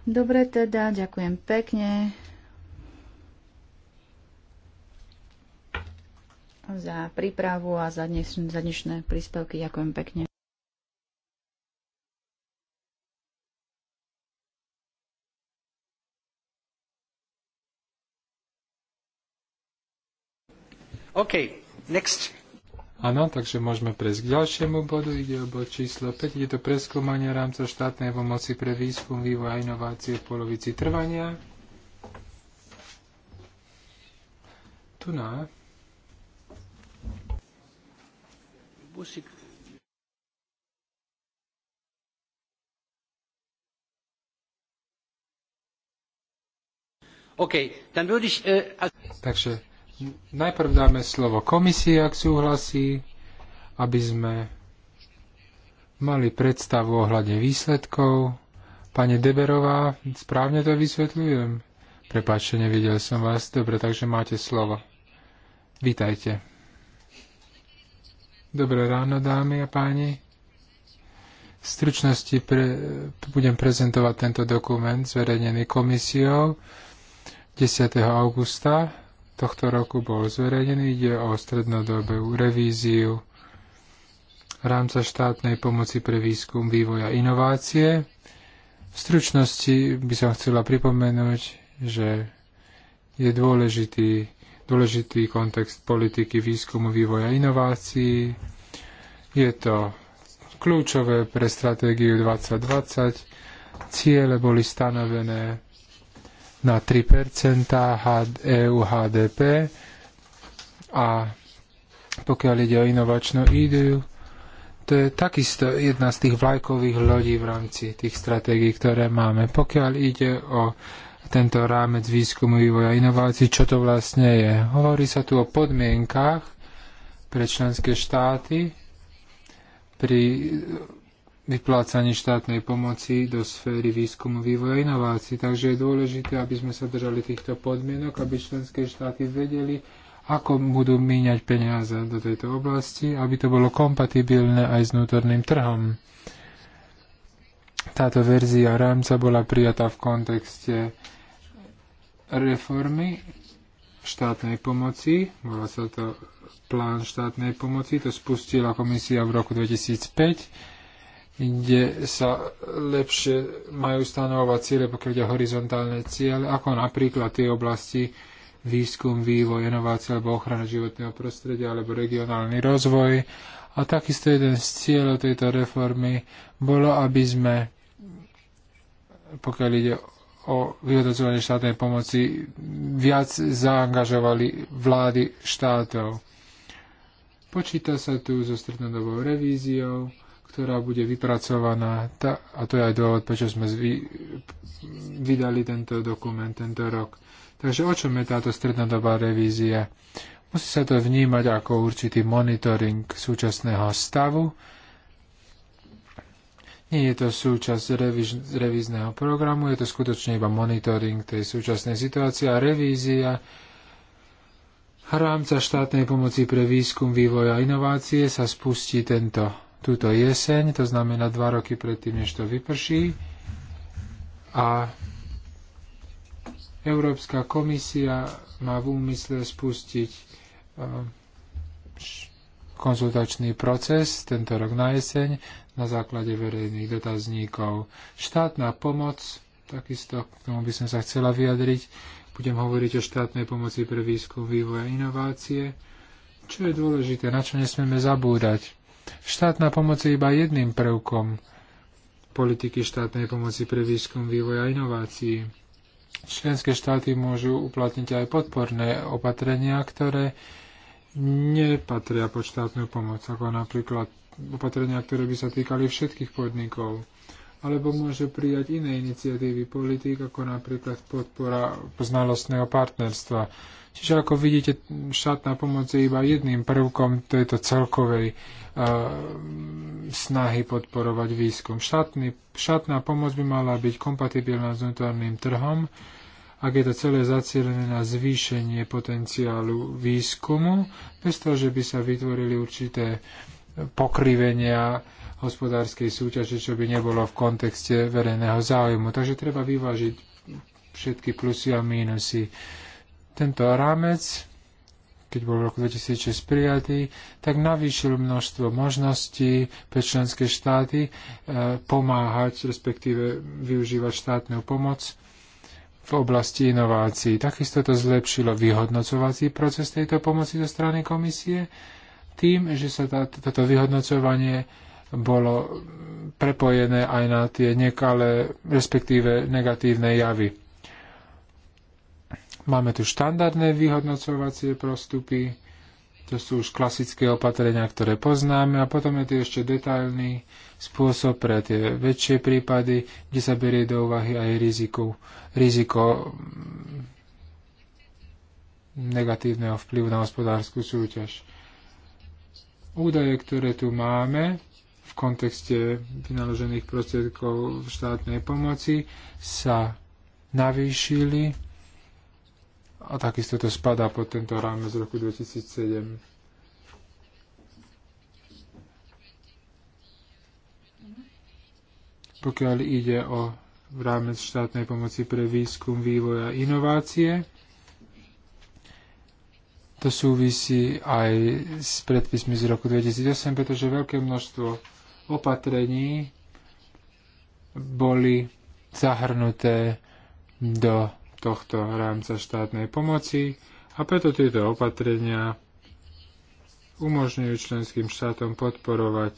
Dobre teda, ďakujem pekne za prípravu a za, dneš- za dnešné príspevky. Ďakujem pekne. Okay, next. Áno, takže môžeme prejsť k ďalšiemu bodu. Ide o bod číslo 5. Je to preskúmanie rámca štátnej pomoci pre výskum, vývoj a inovácie v polovici trvania. Tu na. Okay, dann würde ich, äh, also Takže Najprv dáme slovo komisii, ak súhlasí, aby sme mali predstavu ohľadne výsledkov. Pane Deberová, správne to vysvetľujem? Prepáčte, nevidel som vás. Dobre, takže máte slovo. Vítajte. Dobré ráno, dámy a páni. V stručnosti pre, budem prezentovať tento dokument zverejnený komisiou 10. augusta tohto roku bol zverejnený. Ide o strednodobú revíziu rámca štátnej pomoci pre výskum, vývoj a inovácie. V stručnosti by som chcela pripomenúť, že je dôležitý, dôležitý kontext politiky výskumu, vývoja a inovácií. Je to kľúčové pre stratégiu 2020. Ciele boli stanovené na 3% EU HDP a pokiaľ ide o inovačnú ideu, to je takisto jedna z tých vlajkových lodí v rámci tých stratégií, ktoré máme. Pokiaľ ide o tento rámec výskumu, vývoja a inovácií, čo to vlastne je? Hovorí sa tu o podmienkách pre členské štáty pri vyplácanie štátnej pomoci do sféry výskumu, vývoja a inovácií. Takže je dôležité, aby sme sa držali týchto podmienok, aby členské štáty vedeli, ako budú míňať peniaze do tejto oblasti, aby to bolo kompatibilné aj s vnútorným trhom. Táto verzia rámca bola prijatá v kontexte reformy štátnej pomoci, volá sa to plán štátnej pomoci, to spustila komisia v roku 2005 kde sa lepšie majú stanovať ciele, pokiaľ ide horizontálne ciele, ako napríklad tie oblasti výskum, vývoj, inovácie alebo ochrana životného prostredia alebo regionálny rozvoj. A takisto jeden z cieľov tejto reformy bolo, aby sme, pokiaľ ide o vyhodnocovanie štátnej pomoci, viac zaangažovali vlády štátov. Počíta sa tu so strednodobou revíziou, ktorá bude vypracovaná, tá, a to je aj dôvod, prečo sme zvy, vydali tento dokument tento rok. Takže o čom je táto strednodobá revízia? Musí sa to vnímať ako určitý monitoring súčasného stavu. Nie je to súčasť reviz, revízneho programu, je to skutočne iba monitoring tej súčasnej situácie a revízia rámca štátnej pomoci pre výskum, vývoj a inovácie sa spustí tento túto jeseň, to znamená dva roky predtým, než to vyprší. A Európska komisia má v úmysle spustiť eh, konzultačný proces tento rok na jeseň na základe verejných dotazníkov. Štátna pomoc, takisto k tomu by som sa chcela vyjadriť, budem hovoriť o štátnej pomoci pre výskum, vývoj a inovácie. Čo je dôležité, na čo nesmieme zabúdať? Štátna pomoc je iba jedným prvkom politiky štátnej pomoci pre výskum, vývoj a inovácií. Členské štáty môžu uplatniť aj podporné opatrenia, ktoré nepatria pod štátnu pomoc, ako napríklad opatrenia, ktoré by sa týkali všetkých podnikov. Alebo môže prijať iné iniciatívy politik, ako napríklad podpora znalostného partnerstva. Čiže ako vidíte, štátna pomoc je iba jedným prvkom tejto celkovej uh, snahy podporovať výskum. Štátny, štátna pomoc by mala byť kompatibilná s vnútorným trhom, ak je to celé zacielené na zvýšenie potenciálu výskumu, bez toho, že by sa vytvorili určité pokrivenia hospodárskej súťaže, čo by nebolo v kontexte verejného záujmu. Takže treba vyvážiť všetky plusy a mínusy. Uh, tento rámec, keď bol v roku 2006 prijatý, tak navýšil množstvo možností pre členské štáty eh, pomáhať, respektíve využívať štátnu pomoc v oblasti inovácií. Takisto to zlepšilo vyhodnocovací proces tejto pomoci zo strany komisie tým, že sa tá, toto vyhodnocovanie bolo prepojené aj na tie nekalé, respektíve negatívne javy. Máme tu štandardné vyhodnocovacie prostupy, to sú už klasické opatrenia, ktoré poznáme a potom je tu ešte detailný spôsob pre tie väčšie prípady, kde sa berie do úvahy aj riziko, riziko mm, negatívneho vplyvu na hospodárskú súťaž. Údaje, ktoré tu máme v kontexte vynaložených prostriedkov štátnej pomoci, sa navýšili a takisto to spadá pod tento rámec z roku 2007. Pokiaľ ide o rámec štátnej pomoci pre výskum, vývoj a inovácie, to súvisí aj s predpismi z roku 2008, pretože veľké množstvo opatrení boli zahrnuté do tohto rámca štátnej pomoci a preto tieto opatrenia umožňujú členským štátom podporovať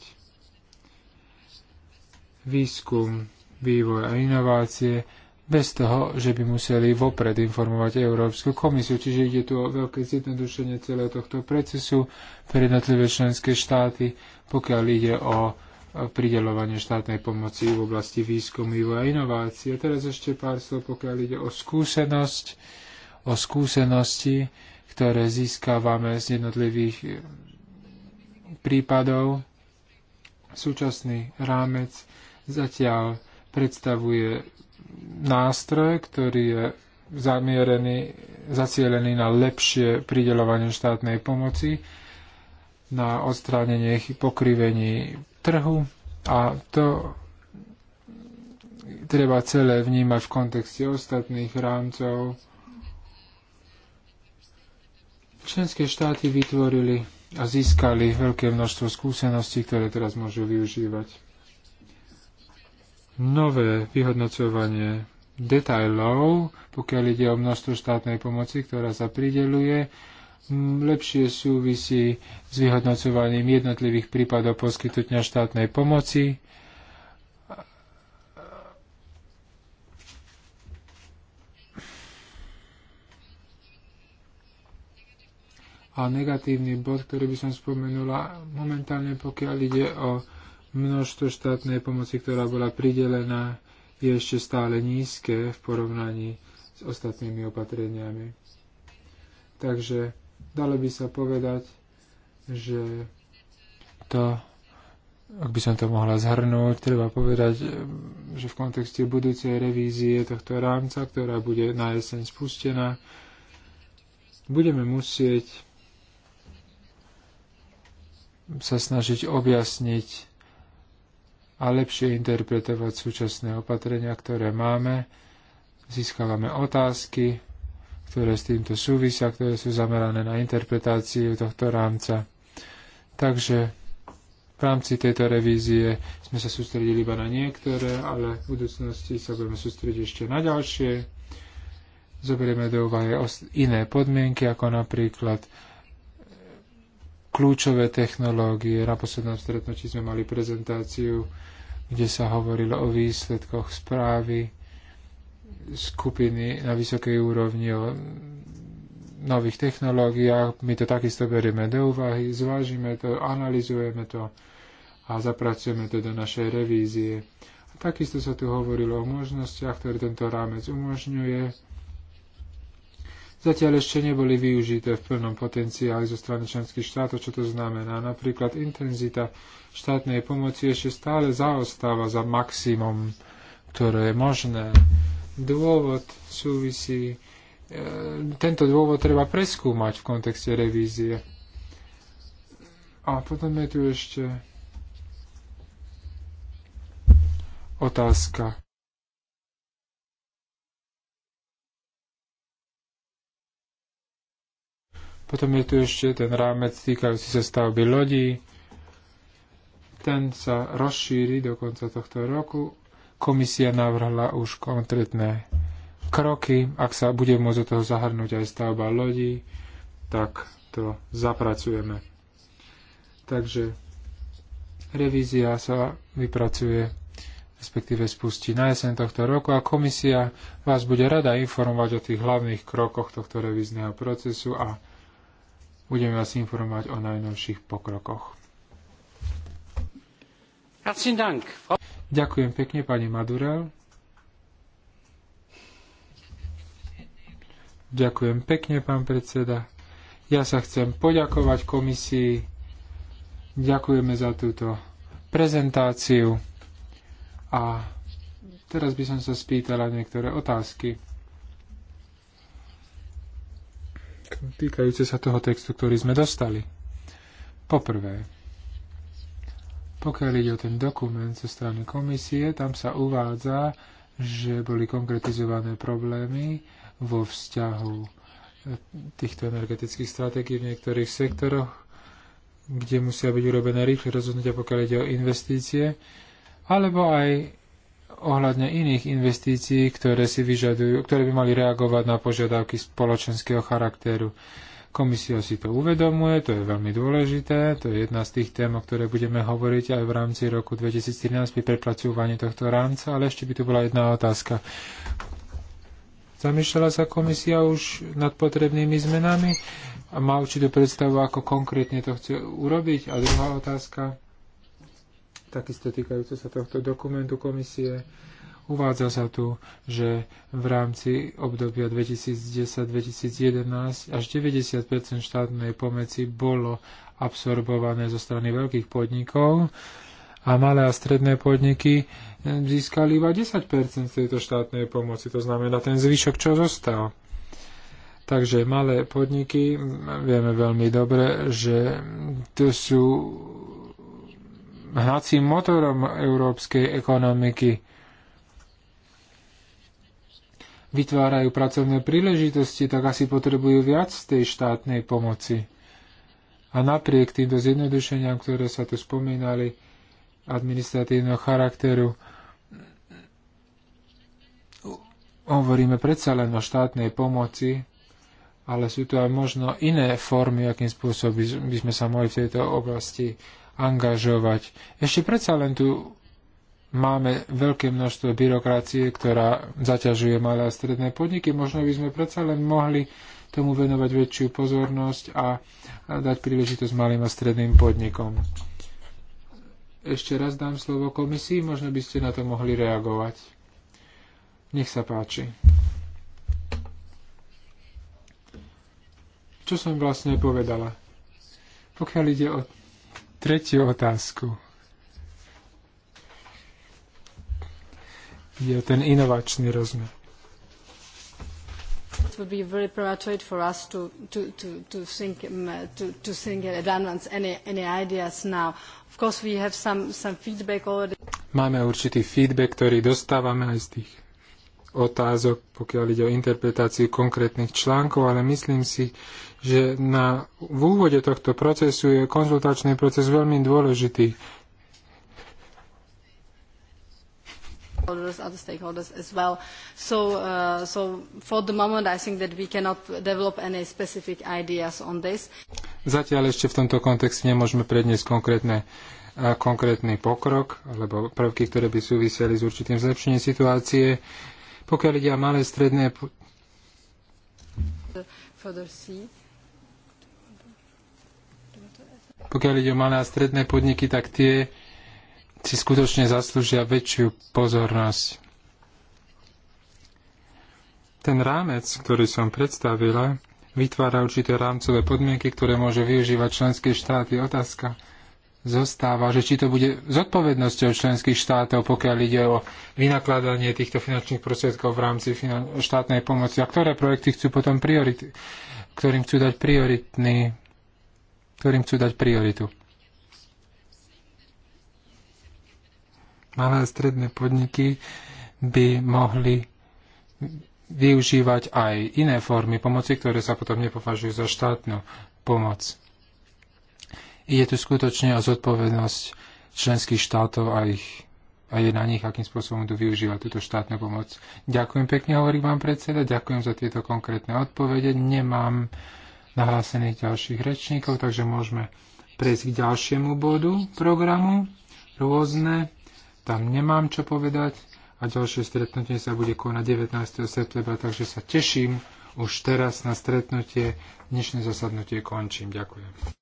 výskum, vývoj a inovácie bez toho, že by museli vopred informovať Európsku komisiu. Čiže ide tu o veľké zjednodušenie celého tohto procesu pre jednotlivé členské štáty, pokiaľ ide o pridelovanie štátnej pomoci v oblasti výskumu, vývoja a inovácií. A teraz ešte pár slov, pokiaľ ide o skúsenosť, o skúsenosti, ktoré získávame z jednotlivých eh, prípadov. Súčasný rámec zatiaľ predstavuje nástroj, ktorý je zamierený, zacielený na lepšie pridelovanie štátnej pomoci, na odstránenie pokrivení trhu a to treba celé vnímať v kontexte ostatných rámcov. Členské štáty vytvorili a získali veľké množstvo skúseností, ktoré teraz môžu využívať. Nové vyhodnocovanie detajlov, pokiaľ ide o množstvo štátnej pomoci, ktorá sa prideluje, lepšie súvisí s vyhodnocovaním jednotlivých prípadov poskytnutia štátnej pomoci. A negatívny bod, ktorý by som spomenula, momentálne pokiaľ ide o množstvo štátnej pomoci, ktorá bola pridelená, je ešte stále nízke v porovnaní s ostatnými opatreniami. Takže dalo by sa povedať, že to, ak by som to mohla zhrnúť, treba povedať, že v kontexte budúcej revízie tohto rámca, ktorá bude na jeseň spustená, budeme musieť sa snažiť objasniť a lepšie interpretovať súčasné opatrenia, ktoré máme. Získavame otázky, ktoré s týmto súvisia, ktoré sú zamerané na interpretáciu tohto rámca. Takže v rámci tejto revízie sme sa sústredili iba na niektoré, ale v budúcnosti sa budeme sústrediť ešte na ďalšie. Zoberieme do úvahy iné podmienky, ako napríklad kľúčové technológie. Na poslednom stretnutí sme mali prezentáciu, kde sa hovorilo o výsledkoch správy skupiny na vysokej úrovni o nových technológiách. My to takisto berieme do úvahy, zvážime to, analizujeme to a zapracujeme to do našej revízie. A takisto sa tu hovorilo o možnostiach, ktoré tento rámec umožňuje zatiaľ ešte neboli využité v plnom potenciáli zo strany členských štátov, čo to znamená. Napríklad intenzita štátnej pomoci ešte stále zaostáva za maximum, ktoré je možné dôvod súvisí, e, tento dôvod treba preskúmať v kontexte revízie. A potom je tu ešte otázka. Potom je tu ešte ten rámec týkajúci sa stavby lodí. Ten sa rozšíri do konca tohto roku Komisia navrhla už konkrétne kroky. Ak sa bude môcť do toho zahrnúť aj stavba lodí, tak to zapracujeme. Takže revízia sa vypracuje, respektíve spustí na jeseň tohto roku a komisia vás bude rada informovať o tých hlavných krokoch tohto revízneho procesu a budeme vás informovať o najnovších pokrokoch. Herzlichen Dank. Ďakujem pekne, pani Madurel. Ďakujem pekne, pán predseda. Ja sa chcem poďakovať komisii. Ďakujeme za túto prezentáciu. A teraz by som sa spýtala niektoré otázky. Týkajúce sa toho textu, ktorý sme dostali. Poprvé, pokiaľ ide o ten dokument zo strany komisie, tam sa uvádza, že boli konkretizované problémy vo vzťahu e, týchto energetických stratégií v niektorých sektoroch, kde musia byť urobené rýchle rozhodnutia, pokiaľ ide o investície, alebo aj ohľadne iných investícií, ktoré si vyžadujú, ktoré by mali reagovať na požiadavky spoločenského charakteru. Komisia si to uvedomuje, to je veľmi dôležité, to je jedna z tých tém, o ktoré budeme hovoriť aj v rámci roku 2013 pri prepracovaní tohto rámca, ale ešte by tu bola jedna otázka. Zamýšľala sa komisia už nad potrebnými zmenami a má určitú predstavu, ako konkrétne to chce urobiť? A druhá otázka, takisto týkajúca sa tohto dokumentu komisie, Uvádza sa tu, že v rámci obdobia 2010-2011 až 90 štátnej pomoci bolo absorbované zo strany veľkých podnikov a malé a stredné podniky eh, získali iba 10 tejto štátnej pomoci, to znamená ten zvyšok, čo zostal. Takže malé podniky, vieme veľmi dobre, že to sú hnacím motorom európskej ekonomiky vytvárajú pracovné príležitosti, tak asi potrebujú viac tej štátnej pomoci. A napriek týmto zjednodušeniam, ktoré sa tu spomínali, administratívneho charakteru, hovoríme predsa len o štátnej pomoci, ale sú tu aj možno iné formy, akým spôsobom by sme sa mohli v tejto oblasti angažovať. Ešte predsa len tu máme veľké množstvo byrokracie, ktorá zaťažuje malé a stredné podniky. Možno by sme predsa len mohli tomu venovať väčšiu pozornosť a dať príležitosť malým a stredným podnikom. Ešte raz dám slovo komisii, možno by ste na to mohli reagovať. Nech sa páči. Čo som vlastne povedala? Pokiaľ ide o tretiu otázku. je ten inovačný rozmer. It would be very premature for us to, to, to, to think, um, to, to think advance any, any ideas now. Of course we have some, some feedback already. Máme určitý feedback, ktorý dostávame aj z tých otázok, pokiaľ ide o interpretáciu konkrétnych článkov, ale myslím si, že na, v úvode tohto procesu je konzultačný proces veľmi dôležitý stakeholders, other stakeholders as well. So, uh, so for the moment I think that we cannot develop any specific ideas on this. Zatiaľ ešte v tomto kontexte nemôžeme predniesť konkrétne konkrétny pokrok alebo prvky, ktoré by súviseli s určitým zlepšením situácie. Pokiaľ ide o malé stredné... Pokiaľ ide o malé a stredné podniky, tak tie si skutočne zaslúžia väčšiu pozornosť. Ten rámec, ktorý som predstavila, vytvára určité rámcové podmienky, ktoré môže využívať členské štáty. Otázka zostáva, že či to bude zodpovednosťou členských štátov, pokiaľ ide o vynakladanie týchto finančných prostriedkov v rámci štátnej pomoci a ktoré projekty chcú potom priorit- ktorým chcú dať prioritný, ktorým chcú dať prioritu. malé a stredné podniky by mohli využívať aj iné formy pomoci, ktoré sa potom nepovažujú za štátnu pomoc. Je tu skutočne a zodpovednosť členských štátov a, ich, a je na nich, akým spôsobom budú využívať túto štátnu pomoc. Ďakujem pekne, hovorí vám predseda, ďakujem za tieto konkrétne odpovede. Nemám nahlásených ďalších rečníkov, takže môžeme prejsť k ďalšiemu bodu programu. Rôzne tam nemám čo povedať a ďalšie stretnutie sa bude konať 19. septembra, takže sa teším už teraz na stretnutie. Dnešné zasadnutie končím. Ďakujem.